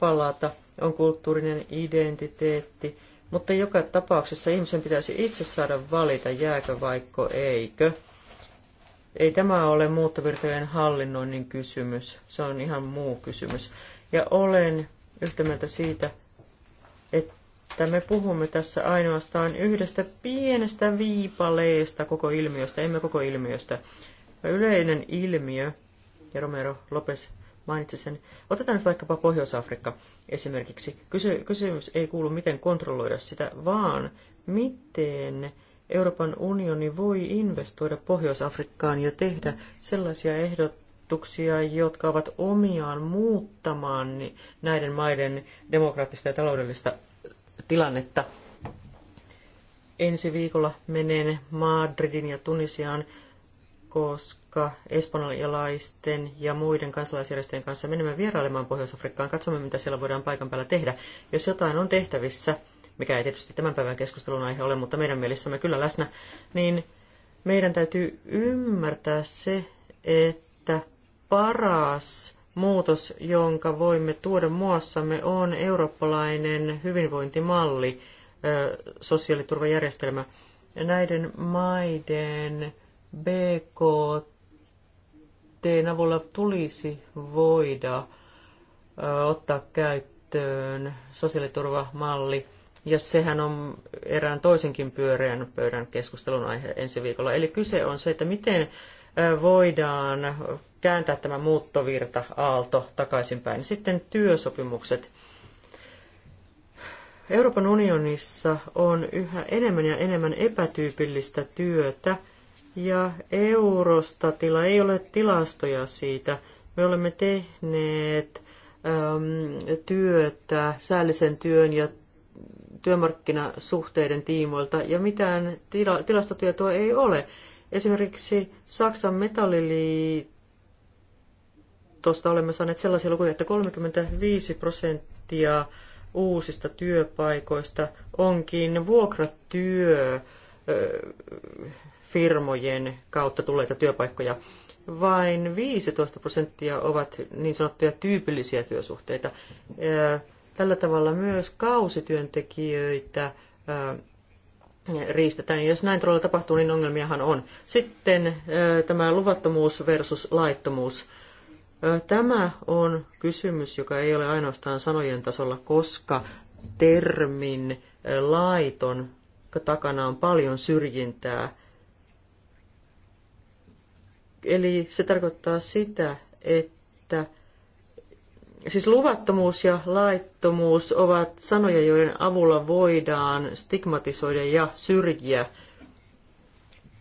palata, on kulttuurinen identiteetti. Mutta joka tapauksessa ihmisen pitäisi itse saada valita, jääkö vaikka eikö. Ei tämä ole muuttovirtojen hallinnoinnin kysymys, se on ihan muu kysymys. Ja olen yhtä mieltä siitä, että että me puhumme tässä ainoastaan yhdestä pienestä viipaleesta koko ilmiöstä, emme koko ilmiöstä. Yleinen ilmiö, ja Romero Lopes mainitsi sen, otetaan nyt vaikkapa Pohjois-Afrikka esimerkiksi. Kysy- kysymys ei kuulu, miten kontrolloida sitä, vaan miten Euroopan unioni voi investoida Pohjois-Afrikkaan ja tehdä sellaisia ehdotuksia, jotka ovat omiaan muuttamaan näiden maiden demokraattista ja taloudellista tilannetta. Ensi viikolla menen Madridin ja Tunisiaan, koska espanjalaisten ja muiden kansalaisjärjestöjen kanssa menemme vierailemaan Pohjois-Afrikkaan. Katsomme, mitä siellä voidaan paikan päällä tehdä. Jos jotain on tehtävissä, mikä ei tietysti tämän päivän keskustelun aihe ole, mutta meidän mielessämme kyllä läsnä, niin meidän täytyy ymmärtää se, että paras muutos, jonka voimme tuoda muassamme, on eurooppalainen hyvinvointimalli, sosiaaliturvajärjestelmä. Näiden maiden BKT avulla tulisi voida ottaa käyttöön sosiaaliturvamalli, ja sehän on erään toisenkin pyöreän pöydän keskustelun aihe ensi viikolla. Eli kyse on se, että miten voidaan kääntää tämä muuttovirta aalto takaisinpäin. Sitten työsopimukset. Euroopan unionissa on yhä enemmän ja enemmän epätyypillistä työtä, ja Eurostatilla ei ole tilastoja siitä. Me olemme tehneet äm, työtä säällisen työn ja työmarkkinasuhteiden tiimoilta, ja mitään tila- tilastotietoa ei ole. Esimerkiksi Saksan metalliliitosta olemme saaneet sellaisia lukuja, että 35 prosenttia uusista työpaikoista onkin vuokratyö firmojen kautta tulleita työpaikkoja. Vain 15 prosenttia ovat niin sanottuja tyypillisiä työsuhteita. Tällä tavalla myös kausityöntekijöitä riistetään. Jos näin todella tapahtuu, niin ongelmiahan on. Sitten tämä luvattomuus versus laittomuus. Tämä on kysymys, joka ei ole ainoastaan sanojen tasolla, koska termin laiton takana on paljon syrjintää. Eli se tarkoittaa sitä, että siis luvattomuus ja laittomuus ovat sanoja, joiden avulla voidaan stigmatisoida ja syrjiä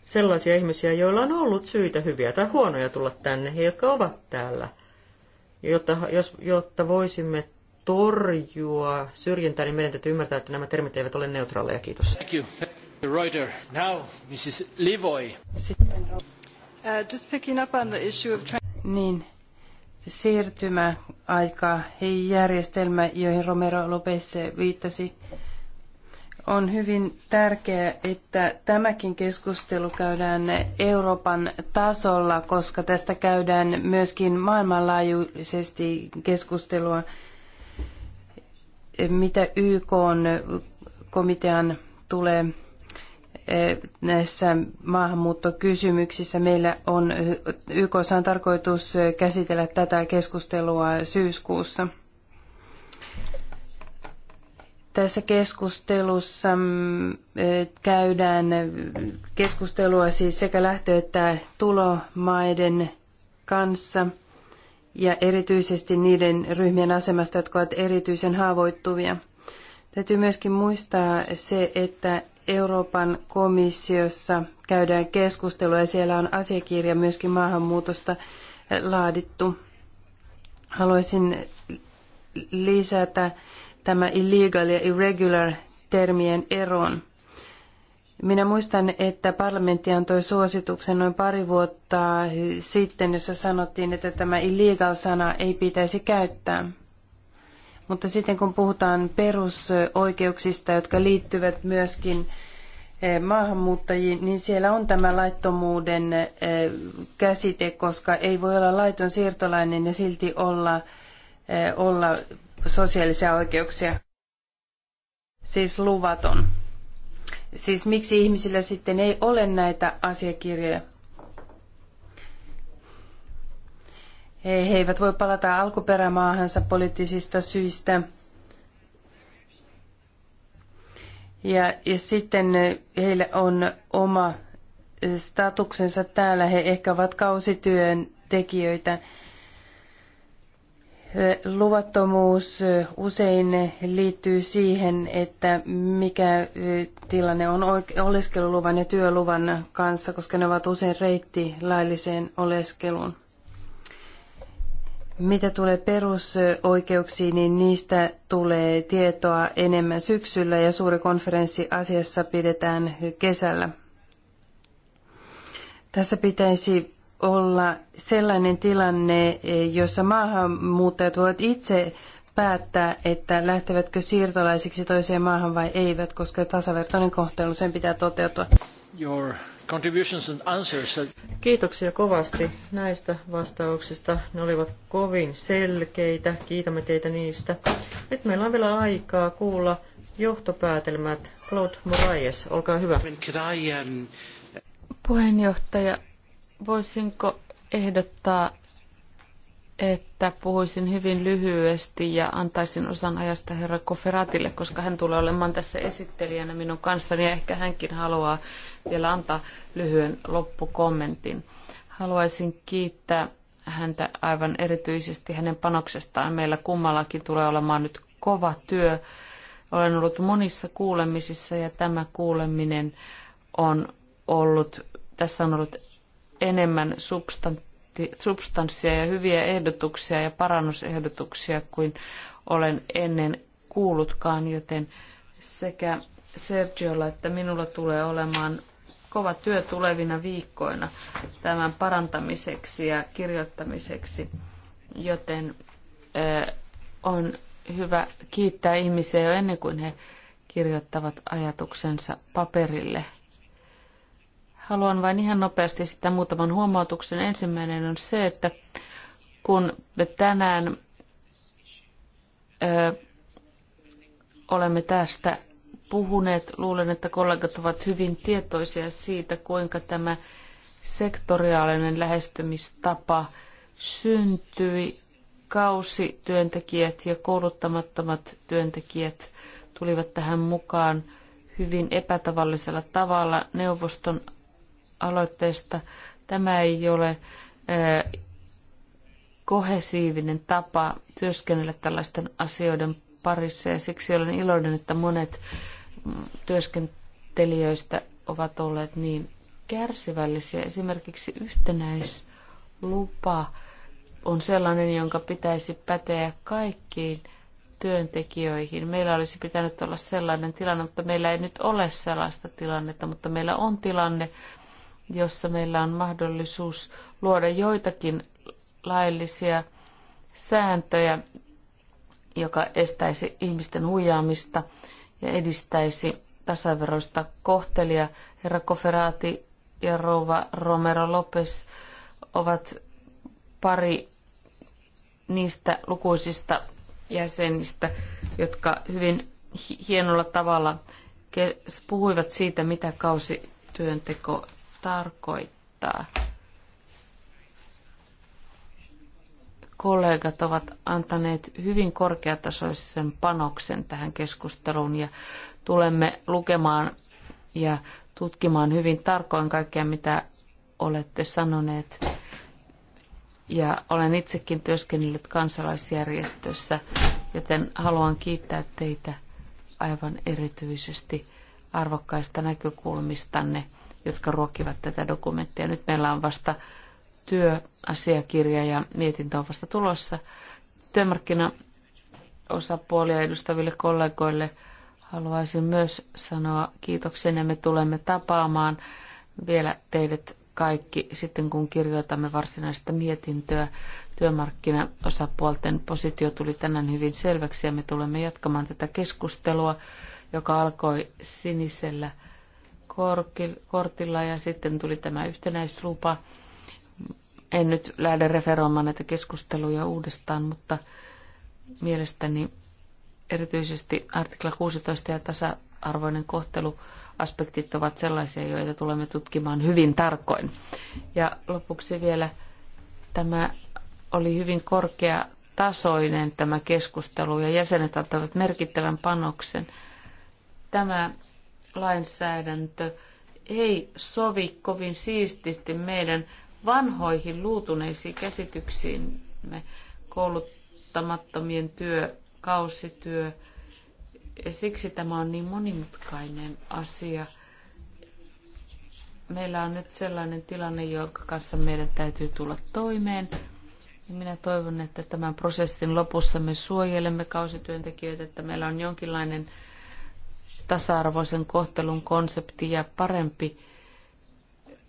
sellaisia ihmisiä, joilla on ollut syitä hyviä tai huonoja tulla tänne ja jotka ovat täällä, jotta, jos, jotta voisimme torjua syrjintää, niin meidän täytyy ymmärtää, että nämä termit eivät ole neutraaleja. Kiitos. Thank you. Reuter. Now, Mrs. Livoy. Sitten, uh, just picking up on the issue of... Niin, siirtymäaika järjestelmä, joihin Romero Lopez viittasi, on hyvin tärkeää, että tämäkin keskustelu käydään Euroopan tasolla, koska tästä käydään myöskin maailmanlaajuisesti keskustelua, mitä YK komitean tulee näissä maahanmuuttokysymyksissä. Meillä on YK on tarkoitus käsitellä tätä keskustelua syyskuussa. Tässä keskustelussa mm, käydään keskustelua siis sekä lähtö- että tulomaiden kanssa ja erityisesti niiden ryhmien asemasta, jotka ovat erityisen haavoittuvia. Täytyy myöskin muistaa se, että Euroopan komissiossa käydään keskustelua ja siellä on asiakirja myöskin maahanmuutosta laadittu. Haluaisin lisätä tämä illegal ja irregular termien eroon. Minä muistan, että parlamentti antoi suosituksen noin pari vuotta sitten, jossa sanottiin, että tämä illegal-sana ei pitäisi käyttää. Mutta sitten kun puhutaan perusoikeuksista, jotka liittyvät myöskin eh, maahanmuuttajiin, niin siellä on tämä laittomuuden eh, käsite, koska ei voi olla laiton siirtolainen ja silti olla, eh, olla sosiaalisia oikeuksia. Siis luvaton. Siis miksi ihmisillä sitten ei ole näitä asiakirjoja? He, eivät voi palata alkuperämaahansa poliittisista syistä. Ja, ja sitten eh, heillä on oma eh, statuksensa täällä. He ehkä ovat kausityön tekijöitä. Eh, luvattomuus usein liittyy siihen, että mikä tilanne on oleskeluluvan ja työluvan kanssa, koska ne ovat usein reitti lailliseen oleskeluun. Mitä tulee perusoikeuksiin, niin niistä tulee tietoa enemmän syksyllä ja suuri konferenssi asiassa pidetään kesällä. Tässä pitäisi olla sellainen tilanne, jossa maahanmuuttajat voivat itse päättää, että lähtevätkö siirtolaisiksi toiseen maahan vai eivät, koska tasavertainen kohtelu sen pitää toteutua. Your contributions and answers. Kiitoksia kovasti näistä vastauksista. Ne olivat kovin selkeitä. Kiitämme teitä niistä. Nyt meillä on vielä aikaa kuulla johtopäätelmät. Claude Moraes, olkaa hyvä. Puheenjohtaja, voisinko ehdottaa, että puhuisin hyvin lyhyesti ja antaisin osan ajasta herra Koferatille, koska hän tulee olemaan tässä esittelijänä minun kanssani ja ehkä hänkin haluaa vielä antaa lyhyen loppukommentin. Haluaisin kiittää häntä aivan erityisesti hänen panoksestaan. Meillä kummallakin tulee olemaan nyt kova työ. Olen ollut monissa kuulemisissa ja tämä kuuleminen on ollut, tässä on ollut enemmän substanssia ja hyviä ehdotuksia ja parannusehdotuksia kuin olen ennen kuullutkaan, joten sekä Sergiolla että minulla tulee olemaan kova työ tulevina viikkoina tämän parantamiseksi ja kirjoittamiseksi, joten on hyvä kiittää ihmisiä jo ennen kuin he kirjoittavat ajatuksensa paperille. Haluan vain ihan nopeasti sitä muutaman huomautuksen. Ensimmäinen on se, että kun me tänään ö, olemme tästä puhuneet. Luulen, että kollegat ovat hyvin tietoisia siitä, kuinka tämä sektoriaalinen lähestymistapa syntyi. Kausityöntekijät ja kouluttamattomat työntekijät tulivat tähän mukaan hyvin epätavallisella tavalla neuvoston aloitteesta. Tämä ei ole kohesiivinen tapa työskennellä tällaisten asioiden parissa ja siksi olen iloinen, että monet työskentelijöistä ovat olleet niin kärsivällisiä. Esimerkiksi yhtenäislupa on sellainen, jonka pitäisi päteä kaikkiin työntekijöihin. Meillä olisi pitänyt olla sellainen tilanne, mutta meillä ei nyt ole sellaista tilannetta, mutta meillä on tilanne, jossa meillä on mahdollisuus luoda joitakin laillisia sääntöjä, joka estäisi ihmisten huijaamista ja edistäisi tasaveroista kohtelia. Herra Koferaati ja rouva Romero Lopes ovat pari niistä lukuisista jäsenistä, jotka hyvin hienolla tavalla puhuivat siitä, mitä kausityönteko tarkoittaa. kollegat ovat antaneet hyvin korkeatasoisen panoksen tähän keskusteluun ja tulemme lukemaan ja tutkimaan hyvin tarkoin kaikkea, mitä olette sanoneet. Ja olen itsekin työskennellyt kansalaisjärjestössä, joten haluan kiittää teitä aivan erityisesti arvokkaista näkökulmistanne, jotka ruokivat tätä dokumenttia. Nyt meillä on vasta työasiakirja ja mietintö on vasta tulossa. Työmarkkinaosapuolia edustaville kollegoille haluaisin myös sanoa kiitoksen ja me tulemme tapaamaan vielä teidät kaikki sitten, kun kirjoitamme varsinaista mietintöä. Työmarkkinaosapuolten positio tuli tänään hyvin selväksi ja me tulemme jatkamaan tätä keskustelua, joka alkoi sinisellä kortilla ja sitten tuli tämä yhtenäislupa en nyt lähde referoimaan näitä keskusteluja uudestaan, mutta mielestäni erityisesti artikla 16 ja tasa-arvoinen kohtelu aspektit ovat sellaisia, joita tulemme tutkimaan hyvin tarkoin. Ja lopuksi vielä tämä oli hyvin korkea tasoinen tämä keskustelu ja jäsenet antavat merkittävän panoksen. Tämä lainsäädäntö ei sovi kovin siististi meidän vanhoihin luutuneisiin me kouluttamattomien työ, kausityö. Ja siksi tämä on niin monimutkainen asia. Meillä on nyt sellainen tilanne, jonka kanssa meidän täytyy tulla toimeen. Ja minä toivon, että tämän prosessin lopussa me suojelemme kausityöntekijöitä, että meillä on jonkinlainen tasa-arvoisen kohtelun konsepti ja parempi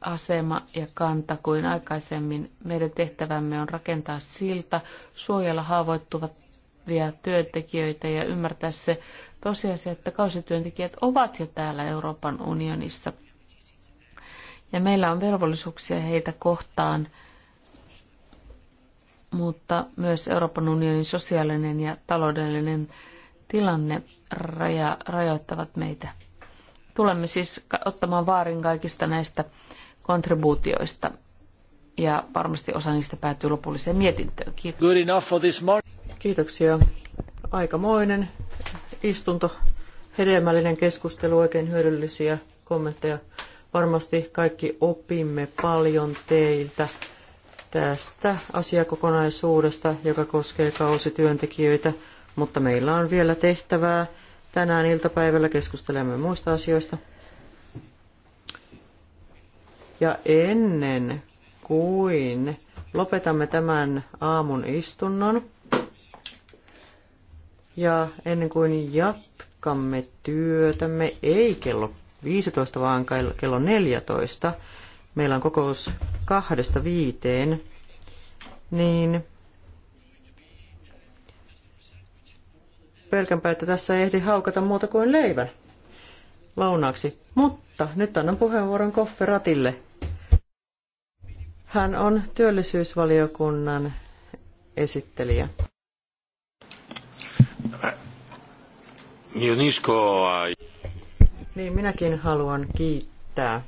asema ja kanta kuin aikaisemmin. Meidän tehtävämme on rakentaa silta, suojella haavoittuvia työntekijöitä ja ymmärtää se tosiasia, että kausityöntekijät ovat jo täällä Euroopan unionissa. Ja meillä on velvollisuuksia heitä kohtaan, mutta myös Euroopan unionin sosiaalinen ja taloudellinen tilanne raja, rajoittavat meitä tulemme siis ottamaan vaarin kaikista näistä kontribuutioista. Ja varmasti osa niistä päätyy lopulliseen mietintöön. Kiitos. Good enough for this morning. Kiitoksia. Aikamoinen istunto, hedelmällinen keskustelu, oikein hyödyllisiä kommentteja. Varmasti kaikki opimme paljon teiltä tästä asiakokonaisuudesta, joka koskee kausityöntekijöitä, mutta meillä on vielä tehtävää. Tänään iltapäivällä keskustelemme muista asioista. Ja ennen kuin lopetamme tämän aamun istunnon ja ennen kuin jatkamme työtämme, ei kello 15 vaan kello 14, meillä on kokous kahdesta viiteen, niin pelkänpä, että tässä ei ehdi haukata muuta kuin leivän lounaaksi. Mutta nyt annan puheenvuoron kofferatille. Hän on työllisyysvaliokunnan esittelijä. Niin, niin minäkin haluan kiittää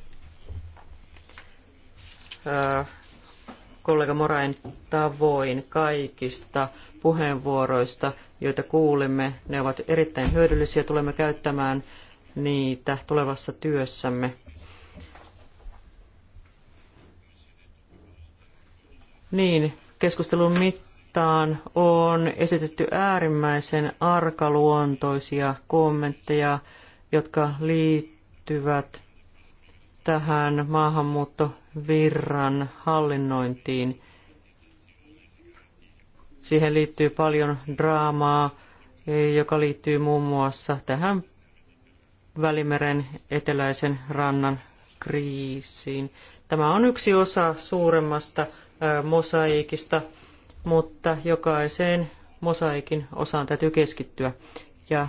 kollega Morain tavoin kaikista puheenvuoroista, joita kuulimme. Ne ovat erittäin hyödyllisiä. Tulemme käyttämään niitä tulevassa työssämme. Niin, keskustelun mittaan on esitetty äärimmäisen arkaluontoisia kommentteja, jotka liittyvät tähän maahanmuuttovirran hallinnointiin. Siihen liittyy paljon draamaa, joka liittyy muun muassa tähän Välimeren eteläisen rannan kriisiin. Tämä on yksi osa suuremmasta mosaikista, mutta jokaiseen mosaikin osaan täytyy keskittyä. Ja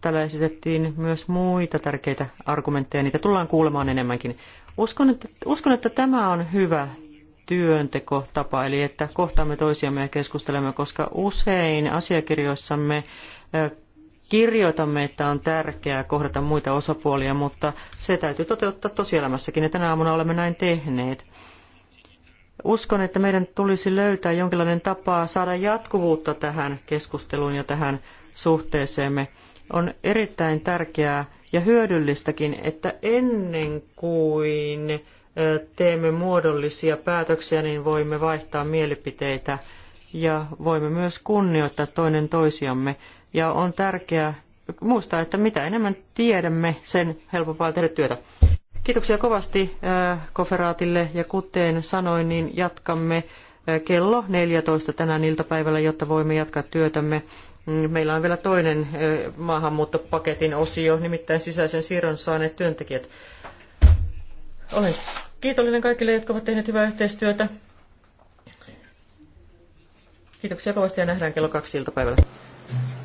täällä esitettiin myös muita tärkeitä argumentteja, niitä tullaan kuulemaan enemmänkin. Uskon, että, uskon, että tämä on hyvä työntekotapa, eli että kohtaamme toisiamme ja keskustelemme, koska usein asiakirjoissamme kirjoitamme, että on tärkeää kohdata muita osapuolia, mutta se täytyy toteuttaa tosielämässäkin, ja tänä aamuna olemme näin tehneet. Uskon, että meidän tulisi löytää jonkinlainen tapa saada jatkuvuutta tähän keskusteluun ja tähän suhteeseemme. On erittäin tärkeää ja hyödyllistäkin, että ennen kuin teemme muodollisia päätöksiä, niin voimme vaihtaa mielipiteitä ja voimme myös kunnioittaa toinen toisiamme ja on tärkeää muistaa, että mitä enemmän tiedämme, sen helpompaa tehdä työtä. Kiitoksia kovasti äh, koferaatille ja kuten sanoin, niin jatkamme äh, kello 14 tänään iltapäivällä, jotta voimme jatkaa työtämme. Mm, meillä on vielä toinen äh, maahanmuuttopaketin osio, nimittäin sisäisen siirron saaneet työntekijät. Olen kiitollinen kaikille, jotka ovat tehneet hyvää yhteistyötä. Kiitoksia kovasti ja nähdään kello kaksi iltapäivällä.